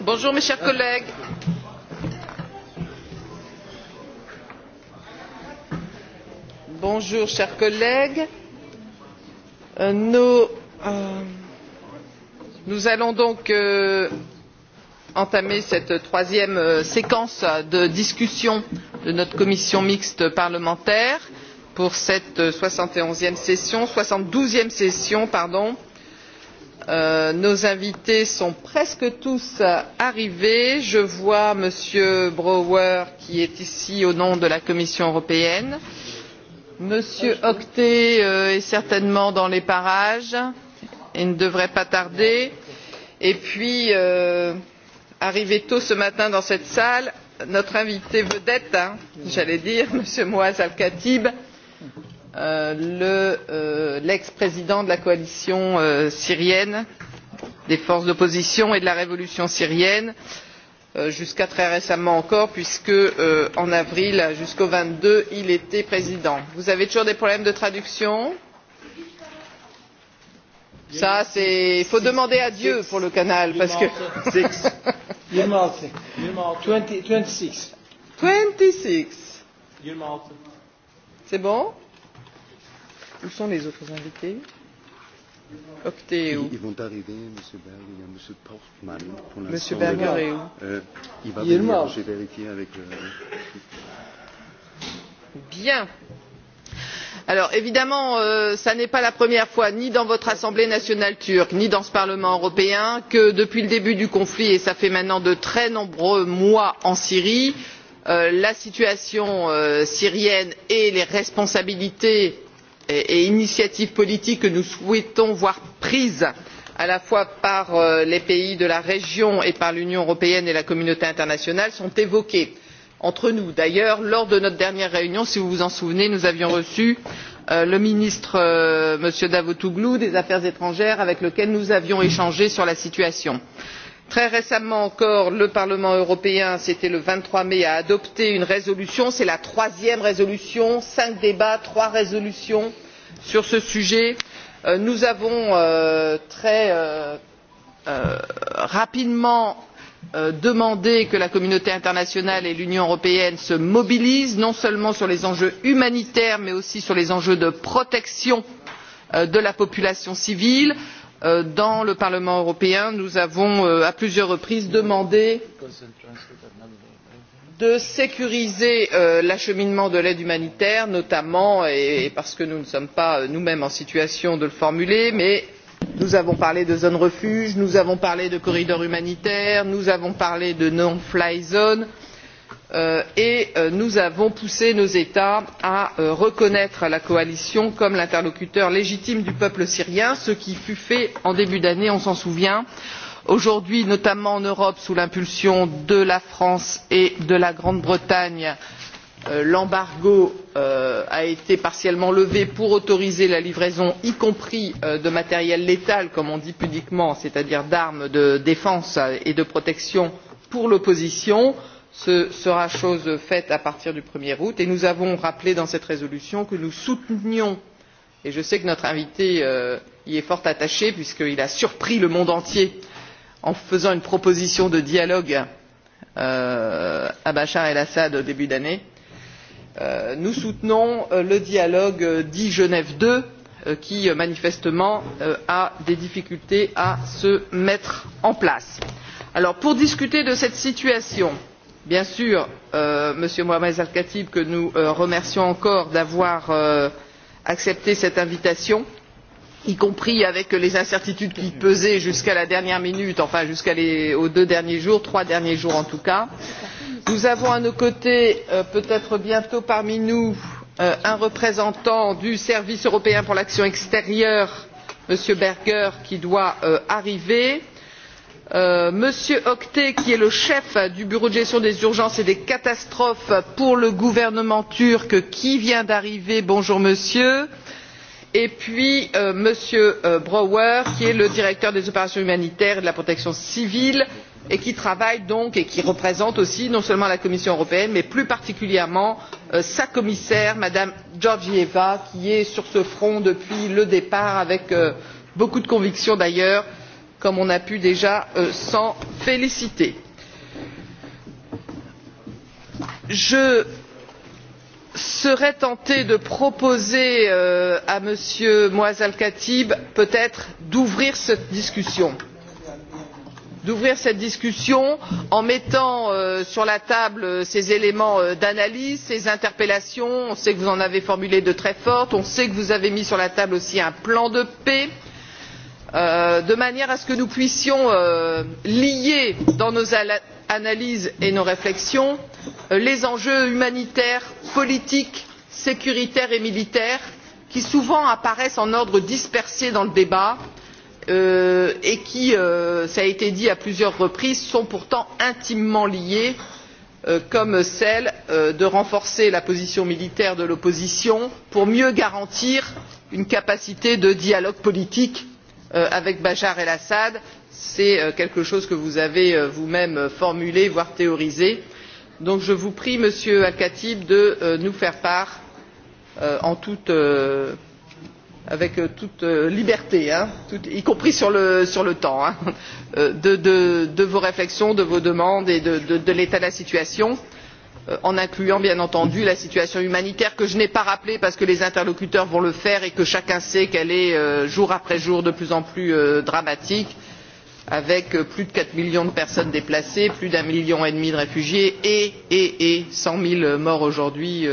Bonjour mes chers collègues. Bonjour chers collègues. Euh, nous, euh, nous allons donc euh, entamer cette troisième euh, séquence de discussion de notre commission mixte parlementaire pour cette soixante et onzième session soixante douzième session pardon Euh, nos invités sont presque tous arrivés je vois m. brouwer qui est ici au nom de la commission européenne m. octet euh, est certainement dans les parages et ne devrait pas tarder et puis euh, arrivé tôt ce matin dans cette salle notre invité vedette j'allais dire m. moaz al khatib Euh, euh, l'ex président de la coalition euh, syrienne des forces d'opposition et de la révolution syrienne jusqu'à très récemment encore puisque en avril jusqu'au vingt deux il était président. vous avez toujours des problèmes de traduction? ça c'est il faut demander à dieu pour le canal parce que c'est bon? Où sont les autres invités Octeo. ils vont arriver, M. Berger, M. Portman pour l'instant. M. Berger est où euh, Il va il venir, est mort. j'ai vérifié avec le... Bien. Alors évidemment, euh, ce n'est pas la première fois, ni dans votre Assemblée nationale turque, ni dans ce Parlement européen, que depuis le début du conflit, et ça fait maintenant de très nombreux mois en Syrie, euh, la situation euh, syrienne et les responsabilités et initiatives politiques que nous souhaitons voir prises à la fois par euh, les pays de la région et par l'union européenne et la communauté internationale sont évoquées entre nous. d'ailleurs lors de notre dernière réunion si vous vous en souvenez nous avions reçu euh, le ministre euh, m. davutolu des affaires étrangères avec lequel nous avions échangé sur la situation en égypte très récemment encore le parlement européen c'était le vingt trois mai a adopté une résolution c'est la troisième résolution cinq débats trois résolutions sur ce sujet. Euh, nous avons euh, très euh, rapidement demandé que la communauté internationale et l'union européenne se mobilisent non seulement sur les enjeux humanitaires mais aussi sur les enjeux de protection de la population civile. Euh, dans le parlement européen nous avons euh, à plusieurs reprises demandé de sécuriser euh, l'acheminement de l'aide humanitaire notamment parce que nous ne sommes pas nous mêmes en situation de le formuler mais nous avons parlé de zones refuges nous avons parlé de corridors humanitaires nous avons parlé de no fly zones. Euh, et euh, nous avons poussé nos états à euh, reconnaître la coalition comme l'interlocuteur légitime du peuple syrien ce qui fut fait en début d'année on s'en souvient. aujourd'hui notamment en europe sous l'impulsion de la france et de la grande bretagne l'embargo a été partiellement levé pour autoriser la livraison y compris de matériel létal comme on dit pudiquement c'est à dire d'armes de défense et de protection pour l'opposition. nous ce sera chose faite à partir du un er août et nous avons rappelé dans cette résolution que nous soutenions et je sais que notre invité euh, y est fort attaché puisqu'il a surpris le monde entier en faisant une proposition de dialogue euh, à bachar el assad au début d'année euh, nous soutenons le dialogue dit genève ii qui manifestement a des difficultés à se mettre en place. pour discuter de cette situation nous bien sûr euh, monsieur mohamed al khatib que nous euh, remercions encore d'avoir euh, accepté cette invitation y compris avec les incertitudes qui pesaient jusqu'à la dernière minute enfin jusqu'aux deux derniers jours trois derniers jours en tout cas. nous avons à nos côtés peut être bientôt parmi nous un représentant du service européen pour l'action extérieure m. berger qui doit arriver. Euh, m. octet qui est le chef du bureau de gestion des urgences et des catastrophes pour le gouvernement turc qui vient d'arriver bonjour monsieur et puis euh, m. Euh, brouwer qui est le directeur des opérations humanitaires et de la protection civile et qui travaille donc et qui représente aussi non seulement la commission européenne mais plus particulièrement sa commissaire mme georgieva qui est sur ce front depuis le départ avec beaucoup de conviction d'ailleurs comme on a pu déjà euh, s'en féliciter. je serais tentée de proposer euh, à m. moaz al khatib peut être d'ouvrir cette discussion d'ouvrir cette discussion en mettant euh, sur la table ces éléments d'analyse ces interpellations on sait que vous en avez formulé de très fortes on sait que vous avez mis sur la table aussi un plan de paix Euh, de manière à ce que nous puissions euh, lier dans nos analyses et nos réflexions euh, les enjeux humanitaires politiques sécuritaires et militaires qui souvent apparaissent en ordre dispersé dans le débat et qui cela a été dit à plusieurs reprises sont pourtant intimement liés comme celui de renforcer la position militaire de l'opposition pour mieux garantir une capacité de dialogue politique Euh, avec bachar el assad c'est euh, quelque chose que vous avez euh, vous même formulé voire théorisé donc je vous prie monsieur al khatib de nous faire part avec toute liberté y compris sur le, temps de, vos réflexions de vos demandes et de, de l'état de la situation Euh, en incluant bien entendu la situation humanitaire que je n'ai pas rappelée parce que les interlocuteurs vont le faire et que chacun sait qu'elle est euh, jour après jour de plus en plus euh, dramatique avec plus de quatre millions de personnes déplacées plus d'un million et demi de réfugiés et cent zéro morts aujourd'hui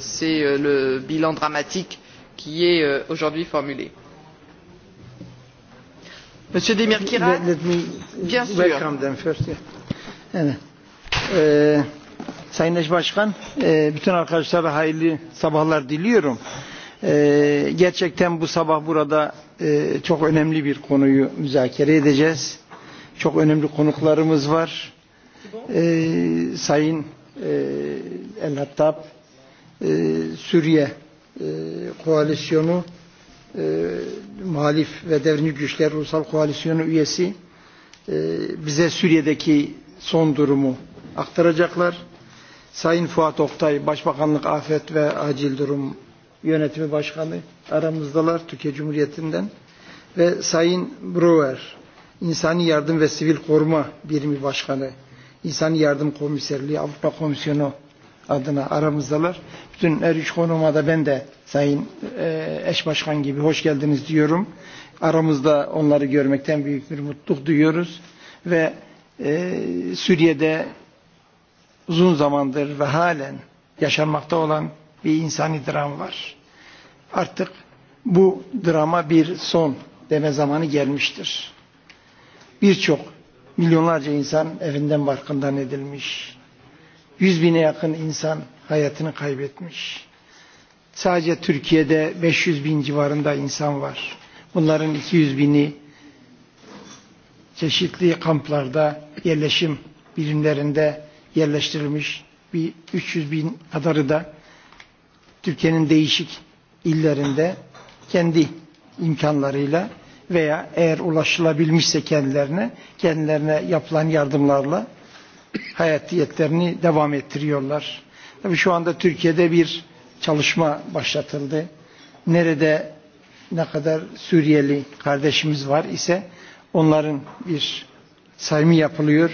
c'est le bilan dramatique qui est aujourd'hui formulé. monsieur demirkiran bien sûr. Sayın Eș Bașkan, bütün arkadașlara hayırlı sabahlar diliyorum. Gerçekten bu sabah burada çok önemli bir konuyu müzakere edeceğiz. Çok önemli konuklarımız var. Sayın El Hattab, Suriye koalisyonu, muhalif ve devrimci güçler ulusal koalisyonu üyesi bize Suriye'deki son durumu aktaracaklar. Sayın Fuat Oktay, Başbakanlık Afet ve Acil Durum Yönetimi Başkanı aramızdalar Türkiye Cumhuriyeti'nden ve Sayın Brewer, İnsani Yardım ve Sivil Koruma Birimi Başkanı, İnsani Yardım Komiserliği Avrupa Komisyonu adına aramızdalar. Bütün her üç konuma da ben de Sayın e, Eș Bașkan gibi hoș geldiniz diyorum. Aramızda onları görmekten büyük bir mutluluk duyuyoruz ve e, Suriye'de uzun zamandır ve halen yașanmakta olan bir insani dram var. Artık bu drama bir son deme zamanı gelmiștir. Birçok milyonlarca insan evinden barkından edilmiș. Yüz bine yakın insan hayatını kaybetmiș. Sadece Türkiye'de 500 bin civarında insan var. Bunların 200 bini çeşitli kamplarda, yerleșim birimlerinde yerleștirilmiș. Bir 300 bin kadarı da Türkiye'nin değişik illerinde kendi imkanlarıyla veya eğer ulaşılabilmişse kendilerine, kendilerine yapılan yardımlarla hayatiyetlerini devam ettiriyorlar. Tabii șu anda Türkiye'de bir çalışma başlatıldı. Nerede ne kadar Suriyeli kardeșimiz var ise onların bir sayımı yapılıyor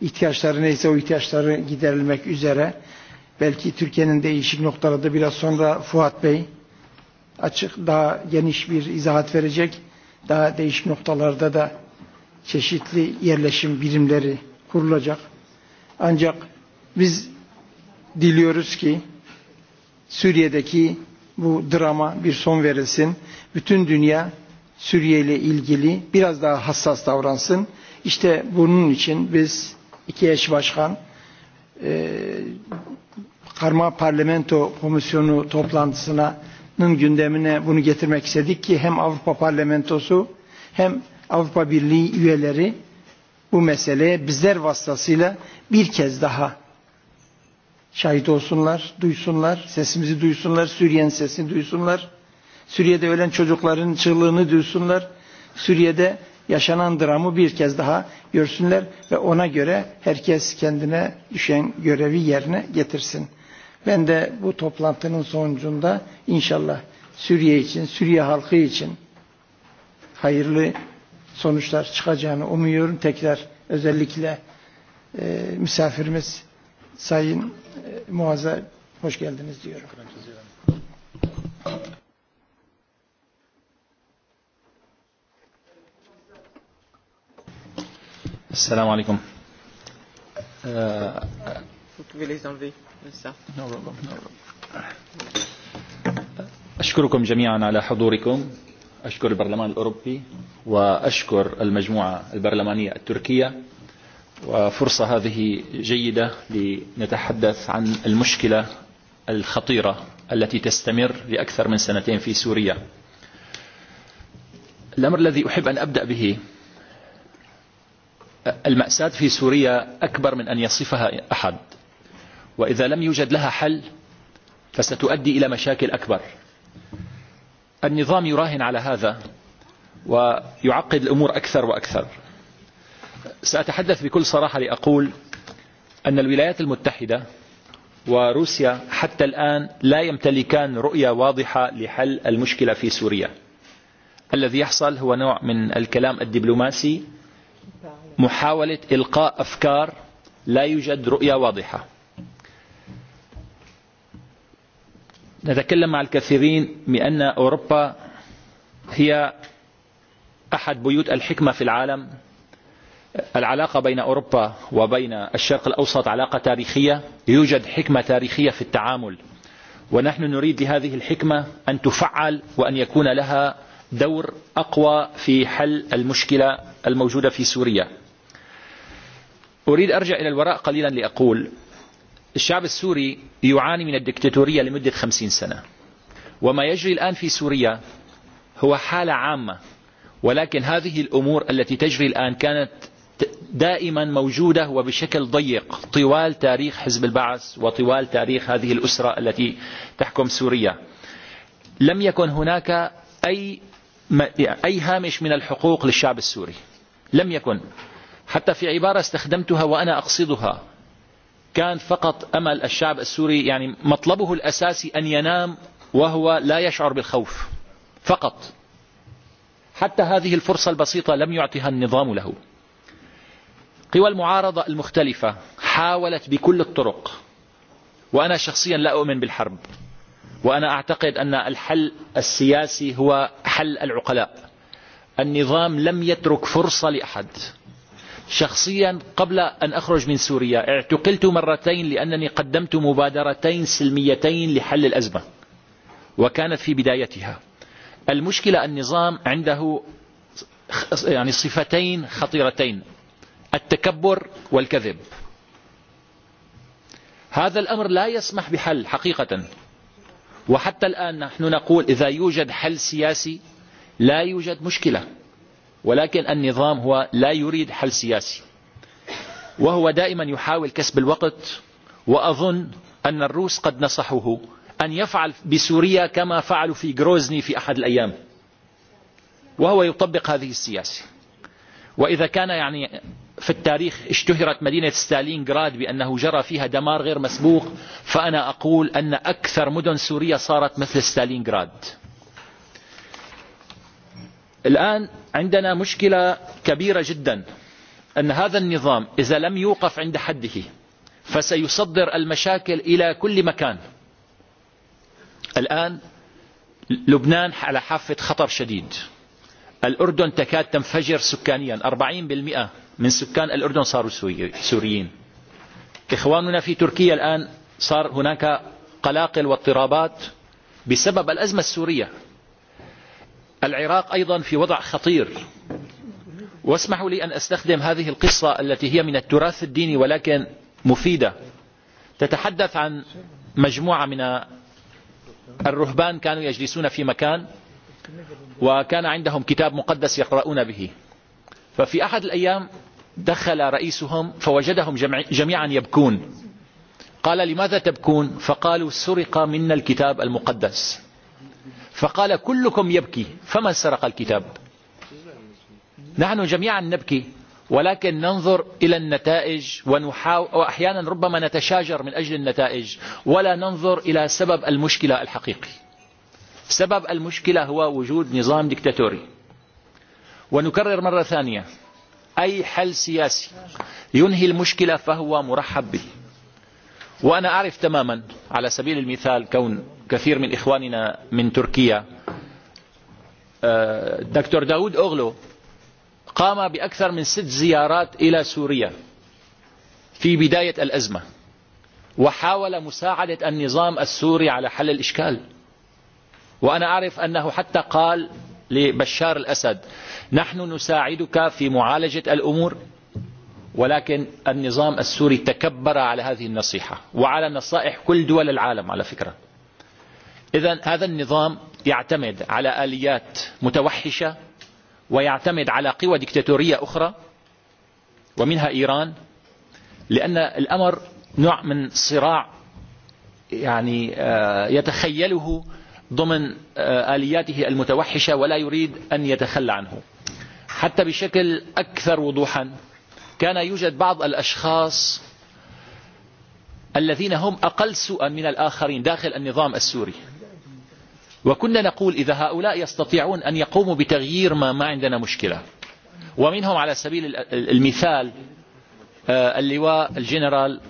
ihtiyaçları neyse o ihtiyaçları giderilmek üzere. Belki Türkiye'nin değişik noktalarda biraz sonra Fuat Bey açık daha geniș bir izahat verecek. Daha değişik noktalarda da çeşitli yerleșim birimleri kurulacak. Ancak biz diliyoruz ki Suriye'deki bu drama bir son verilsin. Bütün dünya Suriye ile ilgili biraz daha hassas davransın. İşte bunun için biz iki eș bașkan e, karma parlamento komisyonu toplantısının gündemine bunu getirmek istedik ki hem Avrupa parlamentosu hem Avrupa Birliği üyeleri bu meseleye bizler vasıtasıyla bir kez daha șahit olsunlar, duysunlar, sesimizi duysunlar, Suriye'nin sesini duysunlar, Suriye'de ölen çocukların çığlığını duysunlar, Suriye'de yașanan dramı bir kez daha görsünler ve ona göre herkes kendine düşen görevi yerine getirsin. Ben de bu toplantının sonucunda inșallah Suriye için, Suriye halkı için hayırlı sonuçlar çıkacağını umuyorum. Tekrar özellikle e, misafirimiz Sayın e, Muazza hoș geldiniz diyorum. Salam alaikum. أشكركم جميعا على حضوركم أشكر البرلمان الأوروبي وأشكر المجموعة البرلمانية التركية وفرصة هذه جيدة لنتحدث عن المشكلة الخطيرة التي تستمر لأكثر من سنتين في سوريا الأمر الذي أحب أن أبدأ به المأساة في سوريا أكبر من أن يصفها أحد وإذا لم يوجد لها حل فستؤدي إلى مشاكل أكبر النظام يراهن على هذا ويعقد الأمور أكثر وأكثر سأتحدث بكل صراحة لأقول أن الولايات المتحدة وروسيا حتى الآن لا يمتلكان رؤية واضحة لحل المشكلة في سوريا الذي يحصل هو نوع من الكلام الدبلوماسي محاولة إلقاء أفكار لا يوجد رؤية واضحة نتكلم مع الكثيرين بأن أوروبا هي أحد بيوت الحكمة في العالم العلاقة بين أوروبا وبين الشرق الأوسط علاقة تاريخية يوجد حكمة تاريخية في التعامل ونحن نريد لهذه الحكمة أن تفعل وأن يكون لها دور أقوى في حل المشكلة الموجودة في سوريا أريد أرجع إلى الوراء قليلا لأقول الشعب السوري يعاني من الدكتاتورية لمدة خمسين سنة وما يجري الآن في سوريا هو حالة عامة ولكن هذه الأمور التي تجري الآن كانت دائما موجودة وبشكل ضيق طوال تاريخ حزب البعث وطوال تاريخ هذه الأسرة التي تحكم سوريا لم يكن هناك أي, أي هامش من الحقوق للشعب السوري لم يكن حتى في عبارة استخدمتها وأنا أقصدها كان فقط أمل الشعب السوري يعني مطلبه الأساسي أن ينام وهو لا يشعر بالخوف فقط حتى هذه الفرصة البسيطة لم يعطها النظام له قوى المعارضة المختلفة حاولت بكل الطرق وأنا شخصيا لا أؤمن بالحرب وأنا أعتقد أن الحل السياسي هو حل العقلاء النظام لم يترك فرصة لأحد شخصيا قبل أن أخرج من سوريا اعتقلت مرتين لأنني قدمت مبادرتين سلميتين لحل الأزمة وكانت في بدايتها المشكلة النظام عنده يعني صفتين خطيرتين التكبر والكذب هذا الأمر لا يسمح بحل حقيقة وحتى الآن نحن نقول إذا يوجد حل سياسي لا يوجد مشكلة ولكن النظام هو لا يريد حل سياسي وهو دائما يحاول كسب الوقت وأظن أن الروس قد نصحوه أن يفعل بسوريا كما فعلوا في جروزني في أحد الأيام وهو يطبق هذه السياسة وإذا كان يعني في التاريخ اشتهرت مدينة ستالينغراد بأنه جرى فيها دمار غير مسبوق فأنا أقول أن أكثر مدن سوريا صارت مثل ستالينغراد الآن عندنا مشكلة كبيرة جدا أن هذا النظام إذا لم يوقف عند حده فسيصدر المشاكل إلى كل مكان الآن لبنان على حافة خطر شديد الأردن تكاد تنفجر سكانيا 40% من سكان الأردن صاروا سوريين إخواننا في تركيا الآن صار هناك قلاقل واضطرابات بسبب الأزمة السورية العراق أيضا في وضع خطير واسمحوا لي أن أستخدم هذه القصة التي هي من التراث الديني ولكن مفيدة تتحدث عن مجموعة من الرهبان كانوا يجلسون في مكان وكان عندهم كتاب مقدس يقرؤون به ففي أحد الأيام دخل رئيسهم فوجدهم جميعا يبكون قال لماذا تبكون فقالوا سرق منا الكتاب المقدس فقال كلكم يبكي فمن سرق الكتاب نحن جميعا نبكي ولكن ننظر إلى النتائج ونحاول وأحيانا ربما نتشاجر من أجل النتائج ولا ننظر إلى سبب المشكلة الحقيقي سبب المشكلة هو وجود نظام ديكتاتوري ونكرر مرة ثانية أي حل سياسي ينهي المشكلة فهو مرحب به وأنا أعرف تماما على سبيل المثال كون كثير من إخواننا من تركيا دكتور داود أغلو قام بأكثر من ست زيارات إلى سوريا في بداية الأزمة وحاول مساعدة النظام السوري على حل الإشكال وأنا أعرف أنه حتى قال لبشار الأسد نحن نساعدك في معالجة الأمور ولكن النظام السوري تكبر على هذه النصيحة وعلى نصائح كل دول العالم على فكرة إذا هذا النظام يعتمد على آليات متوحشة ويعتمد على قوى ديكتاتورية أخرى ومنها إيران لأن الأمر نوع من صراع يعني يتخيله ضمن آلياته المتوحشة ولا يريد أن يتخلى عنه حتى بشكل أكثر وضوحا كان يوجد بعض الأشخاص الذين هم أقل سوءا من الآخرين داخل النظام السوري وكنا نقول إذا هؤلاء يستطيعون أن يقوموا بتغيير ما, ما عندنا مشكلة ومنهم على سبيل المثال اللواء الجنرال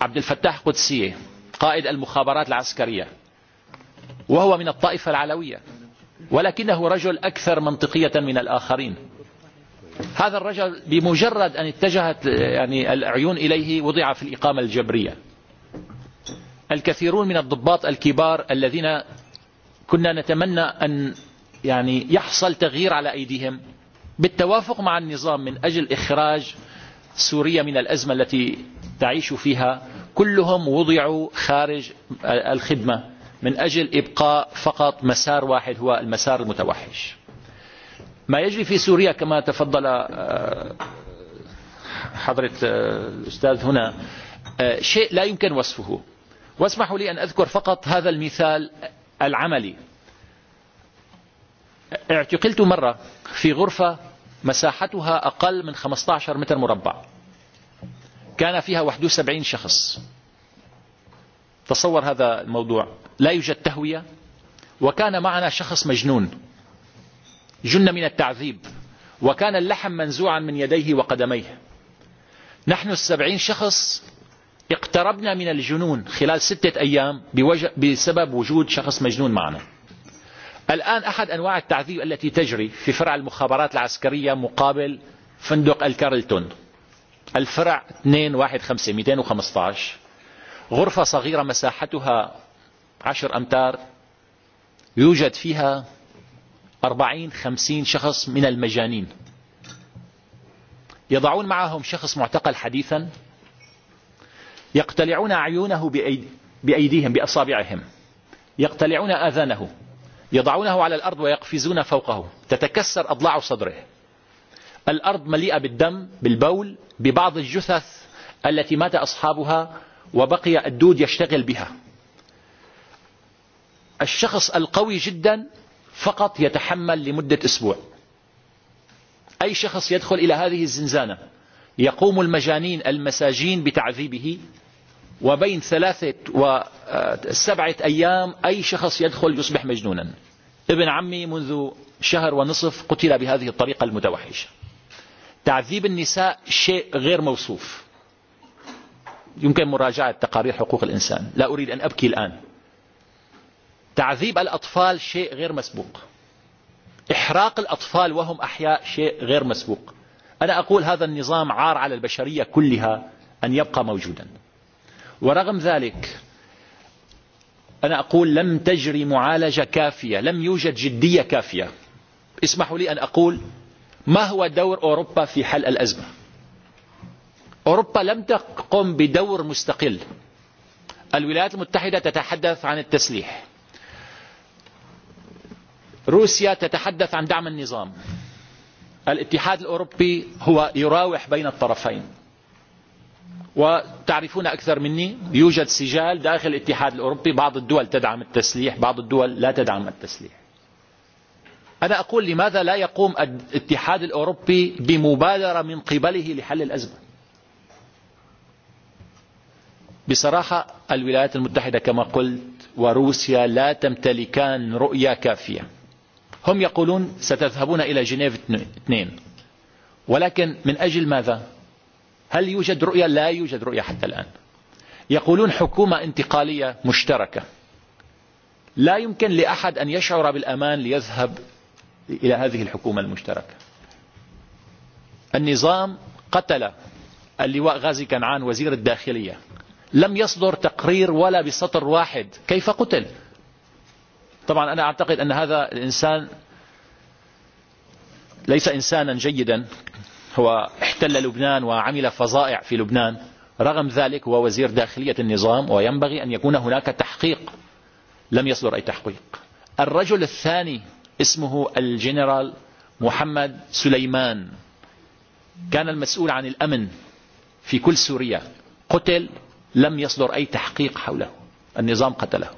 عبد الفتاح قدسية قائد المخابرات العسكرية وهو من الطائفة العلوية ولكنه رجل أكثر منطقية من الآخرين هذا الرجل بمجرد أن اتجهت يعني العيون إليه وضع في الإقامة الجبرية الكثيرون من الضباط الكبار الذين كنا نتمنى أن يعني يحصل تغيير على أيديهم بالتوافق مع النظام من أجل إخراج سوريا من الأزمة التي تعيش فيها كلهم وضعوا خارج الخدمة من أجل إبقاء فقط مسار واحد هو المسار المتوحش ما يجري في سوريا كما تفضل حضرة الأستاذ هنا شيء لا يمكن وصفه واسمحوا لي أن أذكر فقط هذا المثال العملي اعتقلت مرة في غرفة مساحتها أقل من 15 متر مربع كان فيها 71 شخص تصور هذا الموضوع لا يوجد تهوية وكان معنا شخص مجنون جن من التعذيب وكان اللحم منزوعا من يديه وقدميه نحن السبعين شخص اقتربنا من الجنون خلال ستة أيام بسبب وجود شخص مجنون معنا الآن أحد أنواع التعذيب التي تجري في فرع المخابرات العسكرية مقابل فندق الكارلتون الفرع 2-1-5-215 غرفة صغيرة مساحتها 10 أمتار يوجد فيها 40-50 شخص من المجانين يضعون معهم شخص معتقل حديثا يقتلعون عيونه بأيديهم بأصابعهم يقتلعون آذانه يضعونه على الأرض ويقفزون فوقه تتكسر أضلاع صدره الأرض مليئة بالدم بالبول ببعض الجثث التي مات أصحابها وبقي الدود يشتغل بها الشخص القوي جدا فقط يتحمل لمدة أسبوع أي شخص يدخل إلى هذه الزنزانة يقوم المجانين المساجين بتعذيبه وبين ثلاثة وسبعة أيام أي شخص يدخل يصبح مجنونا ابن عمي منذ شهر ونصف قتل بهذه الطريقة المتوحشة تعذيب النساء شيء غير موصوف يمكن مراجعة تقارير حقوق الإنسان لا أريد أن أبكي الآن تعذيب الأطفال شيء غير مسبوق إحراق الأطفال وهم أحياء شيء غير مسبوق أنا أقول هذا النظام عار على البشرية كلها أن يبقى موجوداً ورغم ذلك أنا أقول لم تجري معالجة كافية لم يوجد جدية كافية اسمحوا لي أن أقول ما هو دور أوروبا في حل الأزمة أوروبا لم تقم بدور مستقل الولايات المتحدة تتحدث عن التسليح روسيا تتحدث عن دعم النظام الاتحاد الأوروبي هو يراوح بين الطرفين وتعرفون أكثر مني يوجد سجال داخل الاتحاد الأوروبي بعض الدول تدعم التسليح بعض الدول لا تدعم التسليح أنا أقول لماذا لا يقوم الاتحاد الأوروبي بمبادرة من قبله لحل الأزمة بصراحة الولايات المتحدة كما قلت وروسيا لا تمتلكان رؤية كافية هم يقولون ستذهبون إلى جنيف اثنين ولكن من أجل ماذا هل يوجد رؤية لا يوجد رؤية حتى الآن يقولون حكومة انتقالية مشتركة لا يمكن لأحد أن يشعر بالأمان ليذهب إلى هذه الحكومة المشتركة النظام قتل اللواء غازي كنعان وزير الداخلية لم يصدر تقرير ولا بسطر واحد كيف قتل طبعا أنا أعتقد أن هذا الإنسان ليس إنسانا جيدا هو احتل لبنان وعمل فظائع في لبنان رغم ذلك هو وزير داخلية النظام وينبغي أن يكون هناك تحقيق لم يصدر أي تحقيق الرجل الثاني اسمه الجنرال محمد سليمان كان المسؤول عن الأمن في كل سوريا قتل لم يصدر أي تحقيق حوله النظام قتله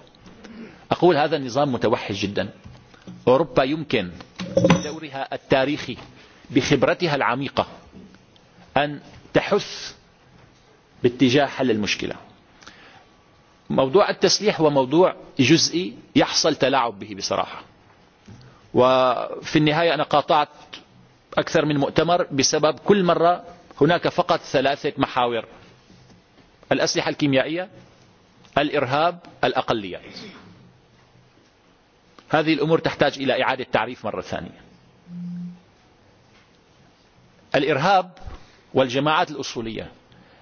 أقول هذا النظام متوحش جدا أوروبا يمكن دورها التاريخي بخبرتها العميقة أن تحث باتجاه حل المشكلة موضوع التسليح هو موضوع جزئي يحصل تلاعب به بصراحة وفي النهاية أنا قاطعت أكثر من مؤتمر بسبب كل مرة هناك فقط ثلاثة محاور الأسلحة الكيميائية الإرهاب الأقليات هذه الأمور تحتاج إلى إعادة تعريف مرة ثانية الإرهاب والجماعات الأصولية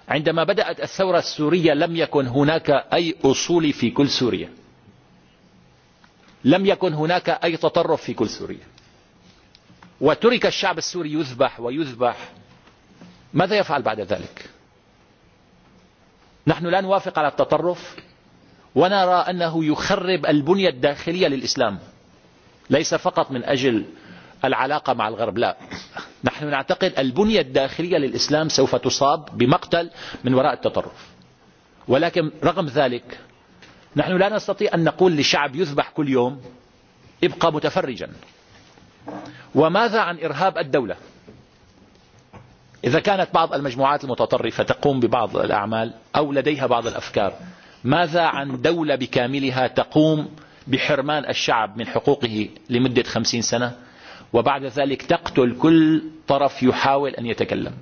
عندما بدأت الثورة السورية لم يكن هناك أي أصول في كل سوريا لم يكن هناك أي تطرف في كل سوريا وترك الشعب السوري يذبح ويذبح ماذا يفعل بعد ذلك نحن لا نوافق على التطرف ونرى أنه يخرب البنية الداخلية للإسلام ليس فقط من أجل العلاقة مع الغرب لا نحن نعتقد البنية الداخلية للإسلام سوف تصاب بمقتل من وراء التطرف ولكن رغم ذلك نحن لا نستطيع أن نقول لشعب يذبح كل يوم ابقى متفرجا وماذا عن إرهاب الدولة إذا كانت بعض المجموعات المتطرفة تقوم ببعض الأعمال أو لديها بعض الأفكار ماذا عن دولة بكاملها تقوم بحرمان الشعب من حقوقه لمدة خمسين سنة وبعد ذلك تقتل كل طرف يحاول أن يتكلم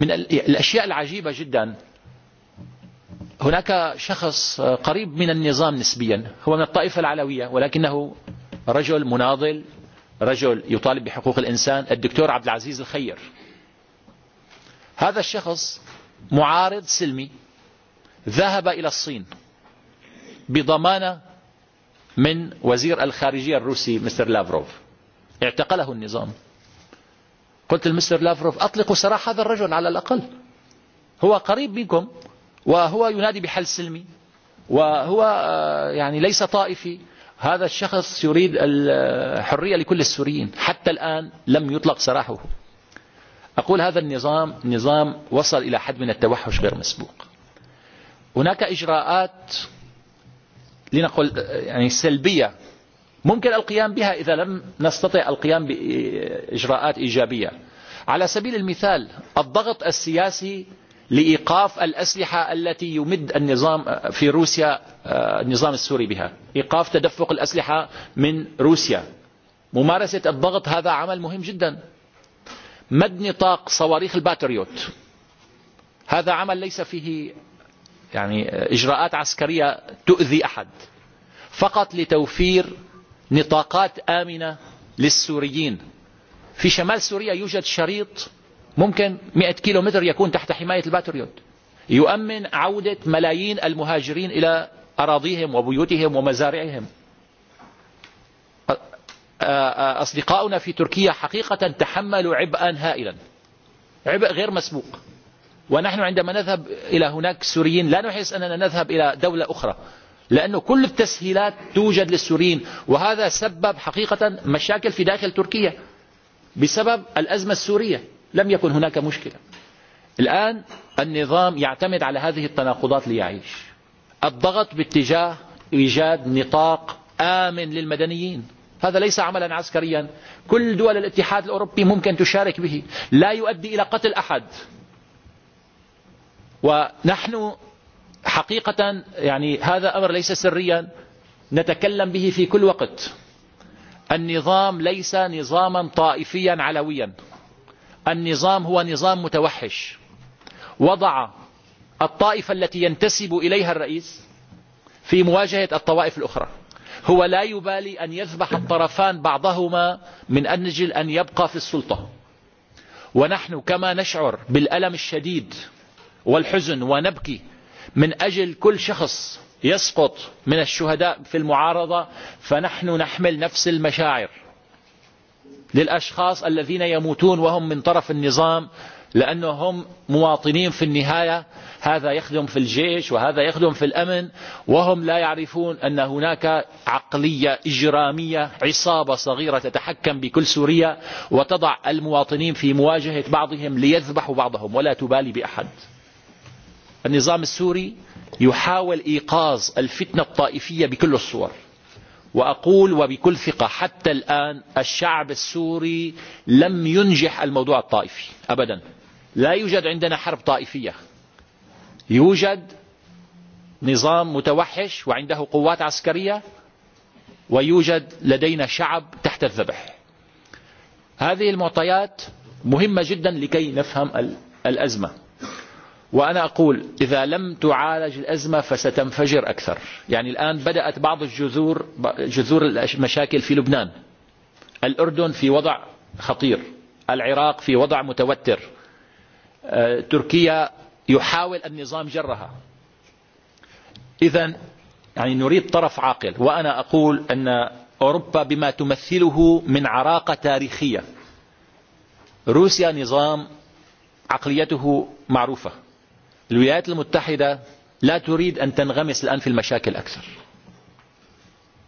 من الأشياء العجيبة جدا هناك شخص قريب من النظام نسبيا هو من الطائفة العلوية ولكنه رجل مناضل رجل يطالب بحقوق الإنسان الدكتور عبد العزيز الخير هذا الشخص معارض سلمي ذهب إلى الصين بضمانة من وزير الخارجية الروسي مستر لافروف اعتقله النظام قلت المستر لافروف أطلقوا سراح هذا الرجل على الأقل هو قريب منكم وهو ينادي بحل سلمي وهو يعني ليس طائفي هذا الشخص يريد الحرية لكل السوريين حتى الآن لم يطلق سراحه أقول هذا النظام نظام وصل إلى حد من التوحش غير مسبوق هناك إجراءات لنقول يعني سلبية ممكن القيام بها إذا لم نستطع القيام بإجراءات إيجابية على سبيل المثال الضغط السياسي لإيقاف الأسلحة التي يمد النظام في روسيا النظام السوري بها إيقاف تدفق الأسلحة من روسيا ممارسة الضغط هذا عمل مهم جدا مد نطاق صواريخ الباتريوت هذا عمل ليس فيه يعني إجراءات عسكرية تؤذي أحد فقط لتوفير نطاقات آمنة للسوريين في شمال سوريا يوجد شريط ممكن 100 كيلو متر يكون تحت حماية الباتريوت يؤمن عودة ملايين المهاجرين إلى أراضيهم وبيوتهم ومزارعهم أصدقاؤنا في تركيا حقيقة تحملوا عبئا هائلا عبء غير مسبوق ونحن عندما نذهب إلى هناك سوريين لا نحس أننا نذهب إلى دولة أخرى لأن كل التسهيلات توجد للسوريين وهذا سبب حقيقة مشاكل في داخل تركيا بسبب الأزمة السورية لم يكن هناك مشكلة الآن النظام يعتمد على هذه التناقضات ليعيش الضغط باتجاه إيجاد نطاق آمن للمدنيين هذا ليس عملا عسكريا كل دول الاتحاد الأوروبي ممكن تشارك به لا يؤدي إلى قتل أحد ونحن حقيقة يعني هذا أمر ليس سريا نتكلم به في كل وقت النظام ليس نظاما طائفيا علويا النظام هو نظام متوحش وضع الطائفة التي ينتسب إليها الرئيس في مواجهة الطوائف الأخرى هو لا يبالي أن يذبح الطرفان بعضهما من أجل أن يبقى في السلطة ونحن كما نشعر بالألم الشديد والحزن ونبكي من أجل كل شخص يسقط من الشهداء في المعارضة فنحن نحمل نفس المشاعر للأشخاص الذين يموتون وهم من طرف النظام لأنهم مواطنين في النهاية هذا يخدم في الجيش وهذا يخدم في الأمن وهم لا يعرفون أن هناك عقلية إجرامية عصابة صغيرة تتحكم بكل سوريا وتضع المواطنين في مواجهة بعضهم ليذبحوا بعضهم ولا تبالي بأحد النظام السوري يحاول إيقاظ الفتنة الطائفية بكل الصور وأقول وبكل ثقة حتى الآن الشعب السوري لم ينجح الموضوع الطائفي أبدا لا يوجد عندنا حرب طائفية يوجد نظام متوحش وعنده قوات عسكرية ويوجد لدينا شعب تحت الذبح هذه المعطيات مهمة جدا لكي نفهم الأزمة وأنا أقول إذا لم تعالج الأزمة فستنفجر أكثر يعني الآن بدأت بعض الجذور جذور المشاكل في لبنان الأردن في وضع خطير العراق في وضع متوتر تركيا يحاول النظام جرها إذا يعني نريد طرف عاقل وأنا أقول أن أوروبا بما تمثله من عراقة تاريخية روسيا نظام عقليته معروفة الولايات المتحدة لا تريد أن تنغمس الآن في المشاكل أكثر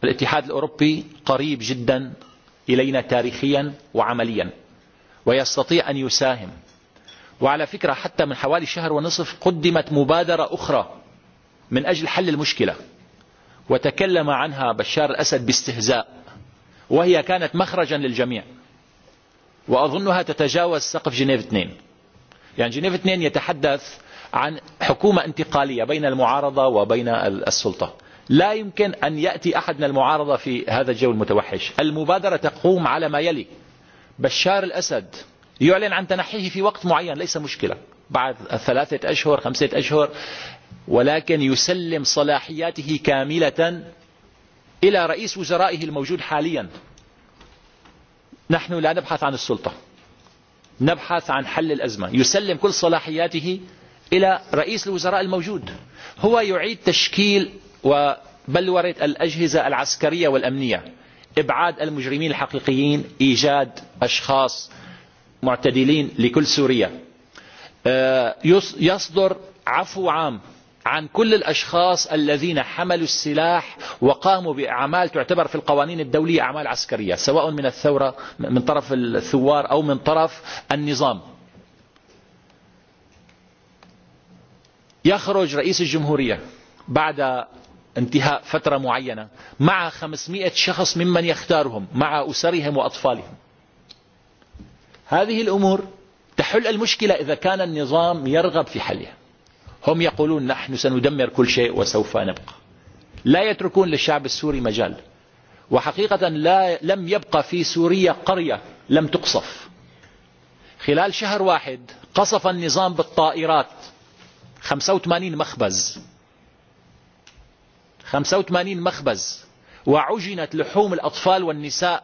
الاتحاد الأوروبي قريب جدا إلينا تاريخيا وعمليا ويستطيع أن يساهم وعلى فكرة حتى من حوالي شهر ونصف قدمت مبادرة أخرى من أجل حل المشكلة وتكلم عنها بشار الأسد باستهزاء وهي كانت مخرجا للجميع وأظنها تتجاوز سقف جنيف 2 يعني جنيف 2 يتحدث عن حكومة انتقالية بين المعارضة وبين السلطة لا يمكن أن يأتي أحد من المعارضة في هذا الجو المتوحش المبادرة تقوم على ما يلي بشار الأسد يعلن عن تنحيه في وقت معين ليس مشكلة بعد ثلاثة أشهر خمسة أشهر ولكن يسلم صلاحياته كاملة إلى رئيس وزرائه الموجود حاليا نحن لا نبحث عن السلطة نبحث عن حل الأزمة يسلم كل صلاحياته إلى رئيس الوزراء الموجود هو يعيد تشكيل وبلورة الأجهزة العسكرية والأمنية إبعاد المجرمين الحقيقيين إيجاد أشخاص معتدلين لكل سوريا يصدر عفو عام عن كل الأشخاص الذين حملوا السلاح وقاموا بأعمال تعتبر في القوانين الدولية أعمال عسكرية سواء من الثورة من طرف الثوار أو من طرف النظام يخرج رئيس الجمهورية بعد انتهاء فترة معينة مع 500 شخص ممن يختارهم مع أسرهم وأطفالهم هذه الأمور تحل المشكلة إذا كان النظام يرغب في حلها هم يقولون نحن سندمر كل شيء وسوف نبقى لا يتركون للشعب السوري مجال وحقيقة لا لم يبقى في سوريا قرية لم تقصف خلال شهر واحد قصف النظام بالطائرات 85 مخبز 85 مخبز وعجنت لحوم الأطفال والنساء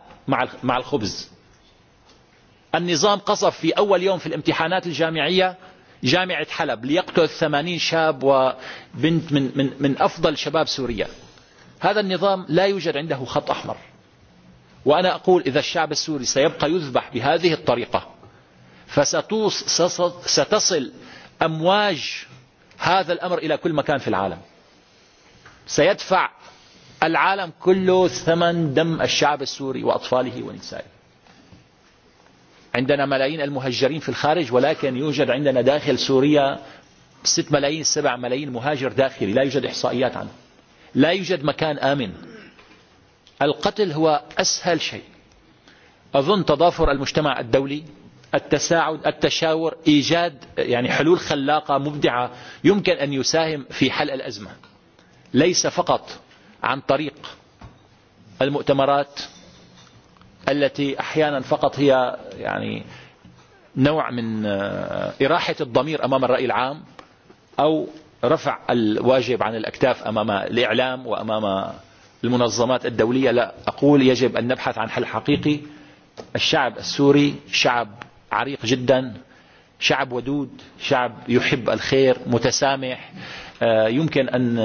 مع الخبز النظام قصف في أول يوم في الامتحانات الجامعية جامعة حلب ليقتل 80 شاب وبنت من, من, من أفضل شباب سوريا هذا النظام لا يوجد عنده خط أحمر وأنا أقول إذا الشعب السوري سيبقى يذبح بهذه الطريقة فستصل أمواج هذا الأمر إلى كل مكان في العالم سيدفع العالم كله ثمن دم الشعب السوري وأطفاله ونسائه عندنا ملايين المهجرين في الخارج ولكن يوجد عندنا داخل سوريا 6 ملايين 7 ملايين مهاجر داخلي لا يوجد إحصائيات عنه لا يوجد مكان آمن القتل هو أسهل شيء أظن تضافر المجتمع الدولي التساعد التشاور إيجاد يعني حلول خلاقة مبدعة يمكن أن يساهم في حل الأزمة ليس فقط عن طريق المؤتمرات التي أحيانا فقط هي يعني نوع من إراحة الضمير أمام الرأي العام أو رفع الواجب عن الأكتاف أمام الإعلام وأمام المنظمات الدولية لا أقول يجب أن نبحث عن حل حقيقي الشعب السوري شعب عريق جدا شعب ودود شعب يحب الخير متسامح يمكن أن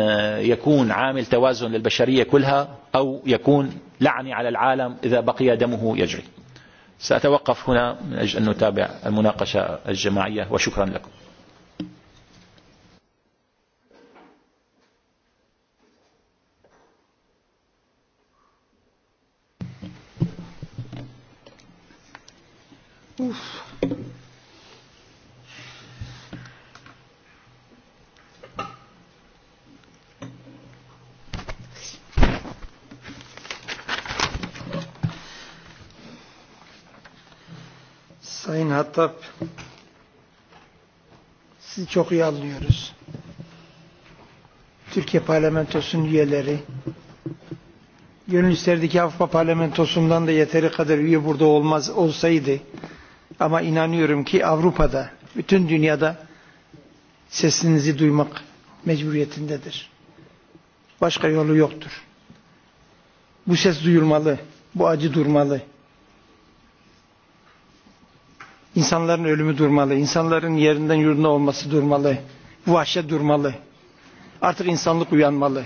يكون عامل توازن للبشرية كلها أو يكون لعني على العالم إذا بقي دمه يجري سأتوقف هنا من أجل أن نتابع المناقشة الجماعية وشكرا لكم Oof. Sayın Hattab, sizi çok iyi anlıyoruz. Türkiye Parlamentosu'nun üyeleri, gönül Avrupa Parlamentosu'ndan da yeteri kadar üye burada olmaz olsaydı. Ama inanıyorum ki Avrupa'da, bütün dünyada sesinizi duymak mecburiyetindedir. Bașka yolu yoktur. Bu ses duyulmalı, bu acı durmalı. İnsanların ölümü durmalı, insanların yerinden yurduna olması durmalı, bu vahșet durmalı. Artık insanlık uyanmalı.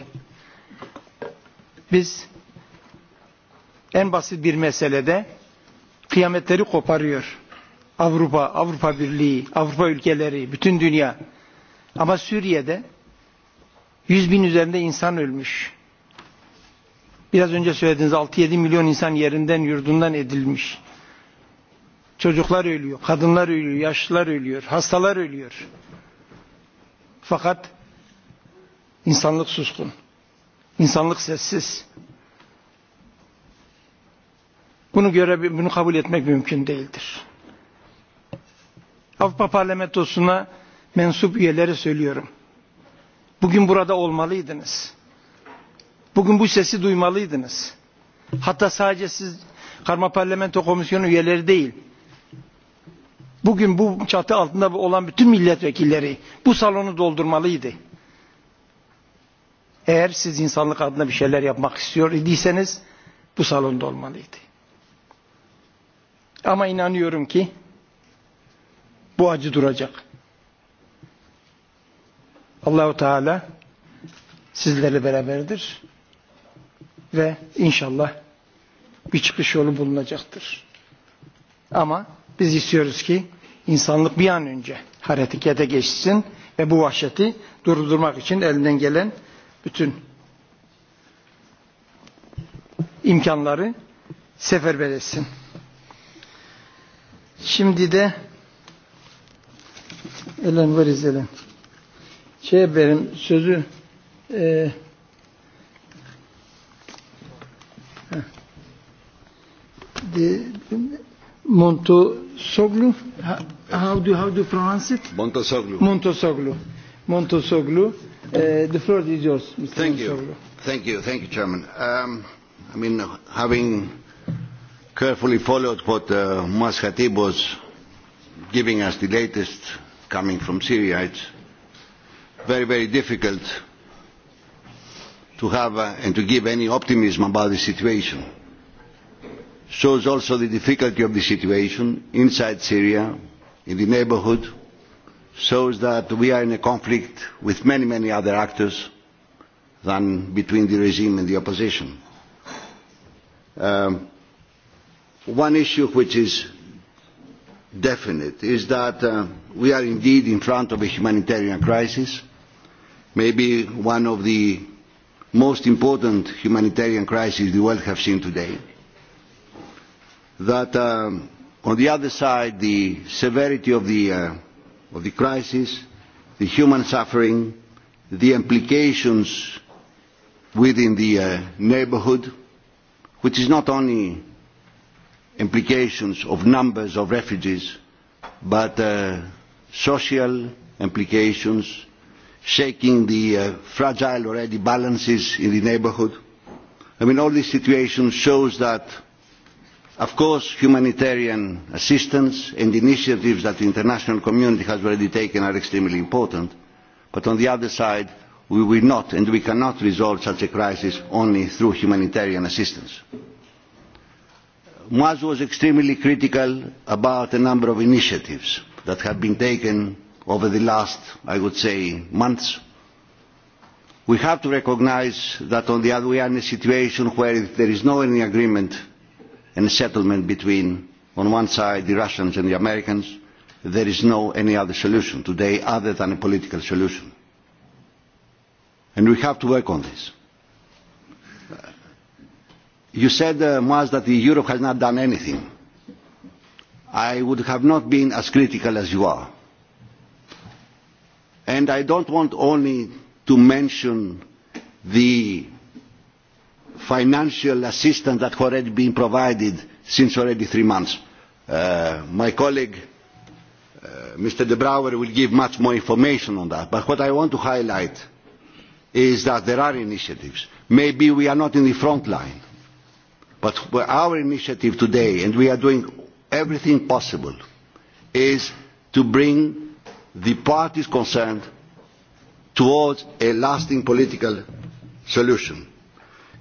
Biz en basit bir meselede kıyametleri koparıyor. Avrupa, Avrupa Birliği, Avrupa ülkeleri, bütün dünya. Ama Suriye'de yüz bin üzerinde insan ölmüş. Biraz önce söylediğiniz 6-7 milyon insan yerinden, yurdundan edilmiș. Çocuklar ölüyor, kadınlar ölüyor, yaşlılar ölüyor, hastalar ölüyor. Fakat insanlık suskun. İnsanlık sessiz. Bunu göre bunu kabul etmek mümkün değildir. Avrupa Parlamentosu'na mensup üyeleri söylüyorum. Bugün burada olmalıydınız. Bugün bu sesi duymalıydınız. Hatta sadece siz Karma Parlamento Komisyonu üyeleri değil, bugün bu çatı altında olan bütün milletvekilleri bu salonu doldurmalıydı. Eğer siz insanlık adına bir șeyler yapmak istiyor idiyseniz bu salonda olmalıydı. Ama inanıyorum ki bu acı duracak. Allahu Teala sizlerle beraberdir ve inșallah bir çıkış yolu bulunacaktır. Ama Biz istiyoruz ki insanlık bir an önce harekete geçsin ve bu vahșeti durdurmak için elinden gelen bütün imkanları seferber etsin. Șimdi de Elen var izlenen. Șey benim sözü e, de, Montosoglu? How do, how do you pronounce it? Montosoglu. Montosoglu. Montosoglu. Uh, the floor is yours, Mr. Thank Montosoglu. you. Thank you. Thank you, Chairman. Um, I mean, having carefully followed what uh, Maschatib was giving us the latest coming from Syria, it's very, very difficult to have uh, and to give any optimism about the situation shows also the difficulty of the situation inside Syria, in the neighbourhood, shows that we are in a conflict with many, many other actors than between the regime and the opposition. Um, one issue which is definite is that uh, we are indeed in front of a humanitarian crisis, maybe one of the most important humanitarian crises the world has seen today that um, on the other side the severity of the, uh, of the crisis, the human suffering, the implications within the uh, neighbourhood, which is not only implications of numbers of refugees, but uh, social implications, shaking the uh, fragile already balances in the neighbourhood. I mean, all this situation shows that Of course, humanitarian assistance and initiatives that the international community has already taken are extremely important. But on the other side, we will not and we cannot resolve such a crisis only through humanitarian assistance. Moaz was extremely critical about a number of initiatives that have been taken over the last, I would say, months. We have to recognise that on the other we are in a situation where if there is no any agreement and settlement between, on one side, the Russians and the Americans. There is no any other solution today other than a political solution. And we have to work on this. You said, uh, Mas, that Europe has not done anything. I would have not been as critical as you are. And I don't want only to mention the financial assistance that has already been provided since already three months. Uh, my colleague uh, Mr De Brouwer will give much more information on that. But what I want to highlight is that there are initiatives. Maybe we are not in the front line, but our initiative today, and we are doing everything possible, is to bring the parties concerned towards a lasting political solution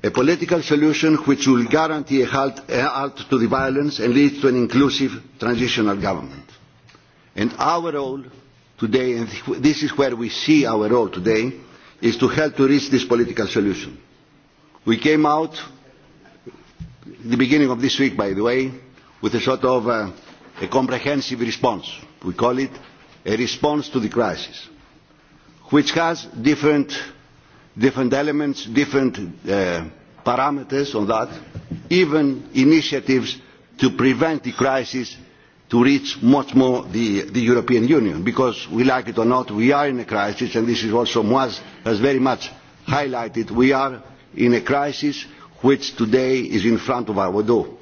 a political solution which will guarantee a halt, a halt to the violence and lead to an inclusive transitional government. And our role today, and this is where we see our role today, is to help to reach this political solution. We came out, the beginning of this week by the way, with a sort of uh, a comprehensive response. We call it a response to the crisis, which has different different elements, different uh, parameters on that, even initiatives to prevent the crisis to reach much more the, the European Union, because we like it or not, we are in a crisis, and this is also Moaz has very much highlighted, we are in a crisis which today is in front of our door.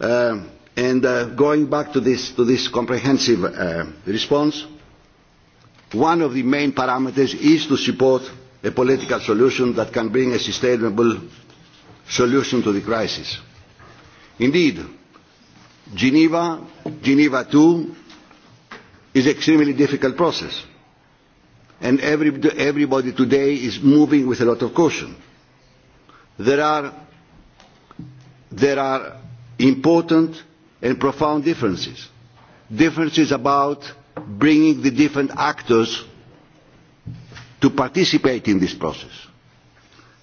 Uh, and uh, going back to this, to this comprehensive uh, response, one of the main parameters is to support a political solution that can bring a sustainable solution to the crisis. Indeed, Geneva, Geneva II, is an extremely difficult process. And every, everybody today is moving with a lot of caution. There are, there are important and profound differences. Differences about bringing the different actors to participate in this process.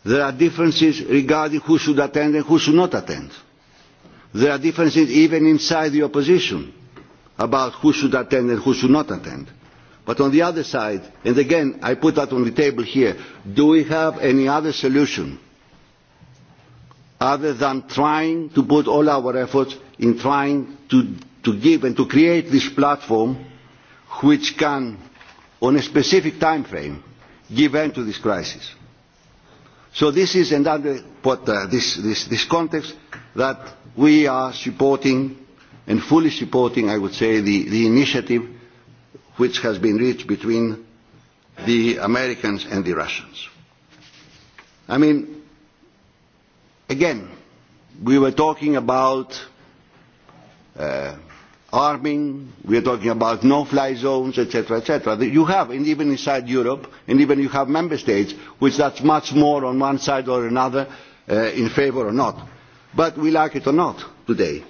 There are differences regarding who should attend and who should not attend. There are differences even inside the opposition about who should attend and who should not attend. But on the other side, and again I put that on the table here, do we have any other solution other than trying to put all our efforts in trying to, to give and to create this platform which can, on a specific time frame, give end to this crisis. So this is another what, uh, this, this, this context that we are supporting and fully supporting, I would say, the, the initiative which has been reached between the Americans and the Russians. I mean, again, we were talking about uh, arming, we are talking about no-fly zones, etc., etc. You have, and even inside Europe, and even you have member states, which that's much more on one side or another, uh, in favour or not. But we like it or not today,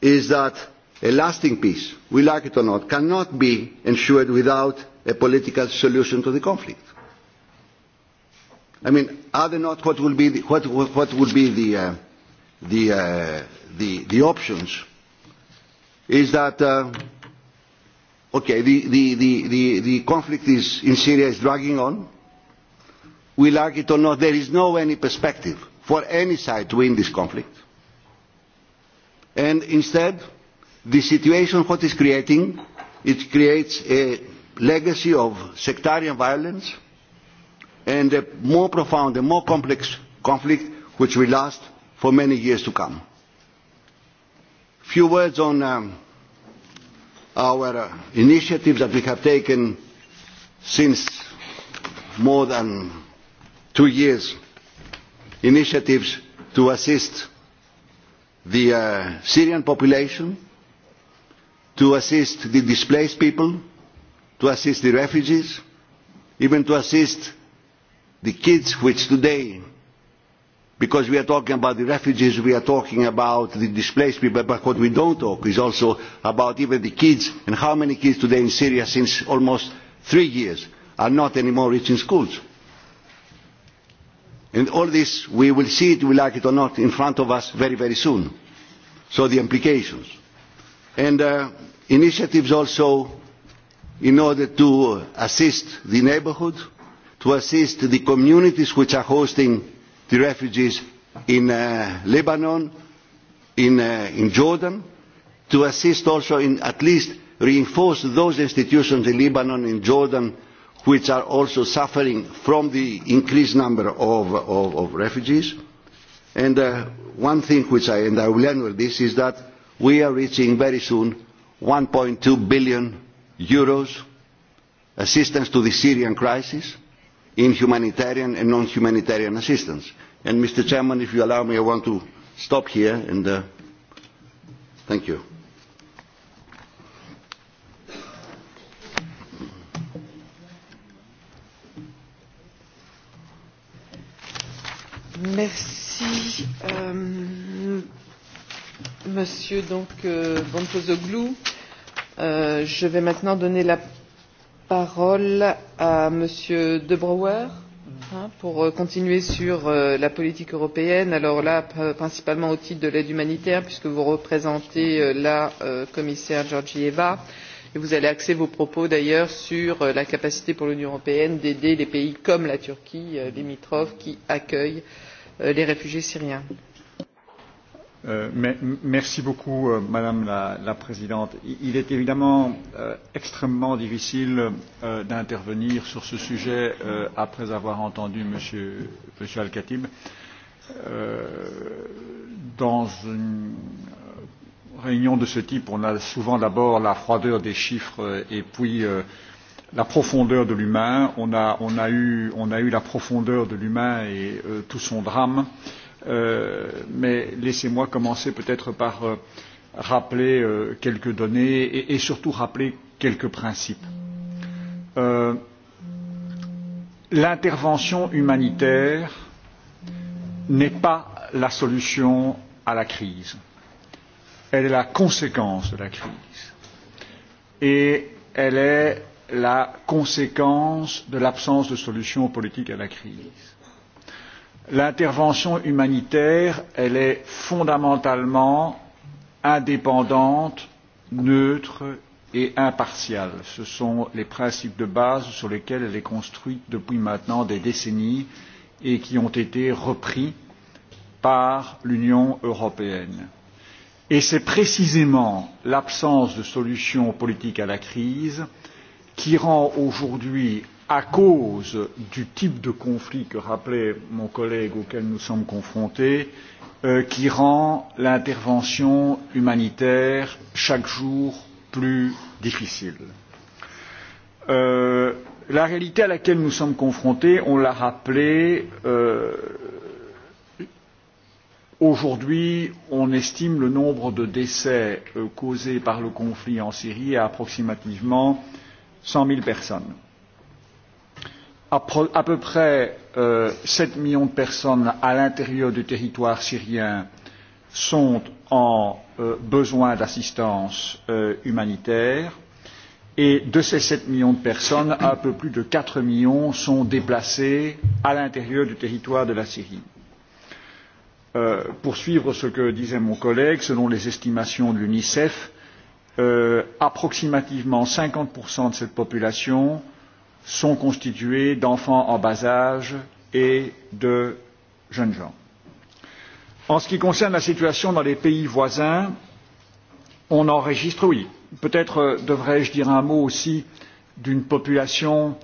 is that a lasting peace, we like it or not, cannot be ensured without a political solution to the conflict. I mean, are there not what would be the, what, what would be the, uh, the, uh, the, the options is that uh, okay, the, the, the, the, the conflict is, in Syria is dragging on. We like it or not, there is no any perspective for any side to win this conflict. And instead, the situation what is creating, it creates a legacy of sectarian violence and a more profound and more complex conflict which will last for many years to come few words on um, our uh, initiatives that we have taken since more than two years initiatives to assist the uh, syrian population to assist the displaced people to assist the refugees even to assist the kids which today because we are talking about the refugees we are talking about the displaced people but what we do not talk is also about even the kids and how many kids today in syria since almost three years are not any more reaching schools. And all this we will see it we like it or not in front of us very very soon so the implications and uh, initiatives also in order to assist the neighbourhood to assist the communities which are hosting the refugees in uh, Lebanon, in, uh, in Jordan, to assist also in at least reinforce those institutions in Lebanon and Jordan which are also suffering from the increased number of, of, of refugees. And uh, one thing which I, and I will end with this, is that we are reaching very soon 1.2 billion euros assistance to the Syrian crisis in humanitarian and non-humanitarian assistance. And Mr. Chairman, if you allow me, I want to stop here and uh, thank you. Merci, euh, Monsieur donc euh, Bontozoglou. Euh, je vais maintenant donner la parole à m. de brouwer pour euh, continuer sur euh, la politique européenne alors là euh, principalement au titre de l'aide humanitaire puisque vous représentez la commissaire georgieva et vous allez axer vos propos d'ailleurs sur la capacité pour l'union européenne d'aider les pays comme la turquie limitrophe qui accueillent les réfugiés syriens. Euh, euh, madame la, Présidente. Il, est évidemment euh, extrêmement difficile d'intervenir sur ce sujet après avoir entendu m. Al-Khatib. dans une réunion de ce type, on a souvent d'abord la froideur des chiffres et puis la profondeur de l'humain. On a, eu, la profondeur de l'humain et tout son drame. Euh, Euh, mais laissez-moi commencer peut-être par euh, rappeler euh, quelques données et, et surtout rappeler quelques principes. Euh, L'intervention humanitaire n'est pas la solution à la crise. Elle est la conséquence de la crise. Et elle est la conséquence de l'absence de solution politique à la crise l'intervention humanitaire elle est fondamentalement indépendante neutre et impartiale. ce sont les principes de base sur lesquels elle est construite depuis maintenant des décennies et qui ont été repris par l'union européenne. et c'est précisément l'absence de solution politique à la crise qui qui rend aujourd'hui, à cause du type de conflit que rappelait mon collègue auquel nous sommes confrontés, euh, qui rend l'intervention humanitaire chaque jour plus difficile. Euh, la réalité à laquelle nous sommes confrontés, on l'a rappelé, euh, aujourd'hui, on estime le nombre de décès euh, causés par le conflit en Syrie à approximativement euh, 100 000 personnes. À, peu près euh, 7 millions de personnes à l'intérieur du territoire syrien sont en euh, besoin d'assistance euh, humanitaire et de ces 7 millions de personnes un peu plus de 4 millions sont déplacés à l'intérieur du territoire de la syrie. Euh, pour suivre ce que disait mon collègue selon les estimations de l'unicef euh, approximativement 50% de cette population sont constitués d'enfants en bas âge et de jeunes gens. En ce qui concerne la situation dans les pays voisins, on enregistre, oui, peut-être euh, devrais-je dire un mot aussi d'une population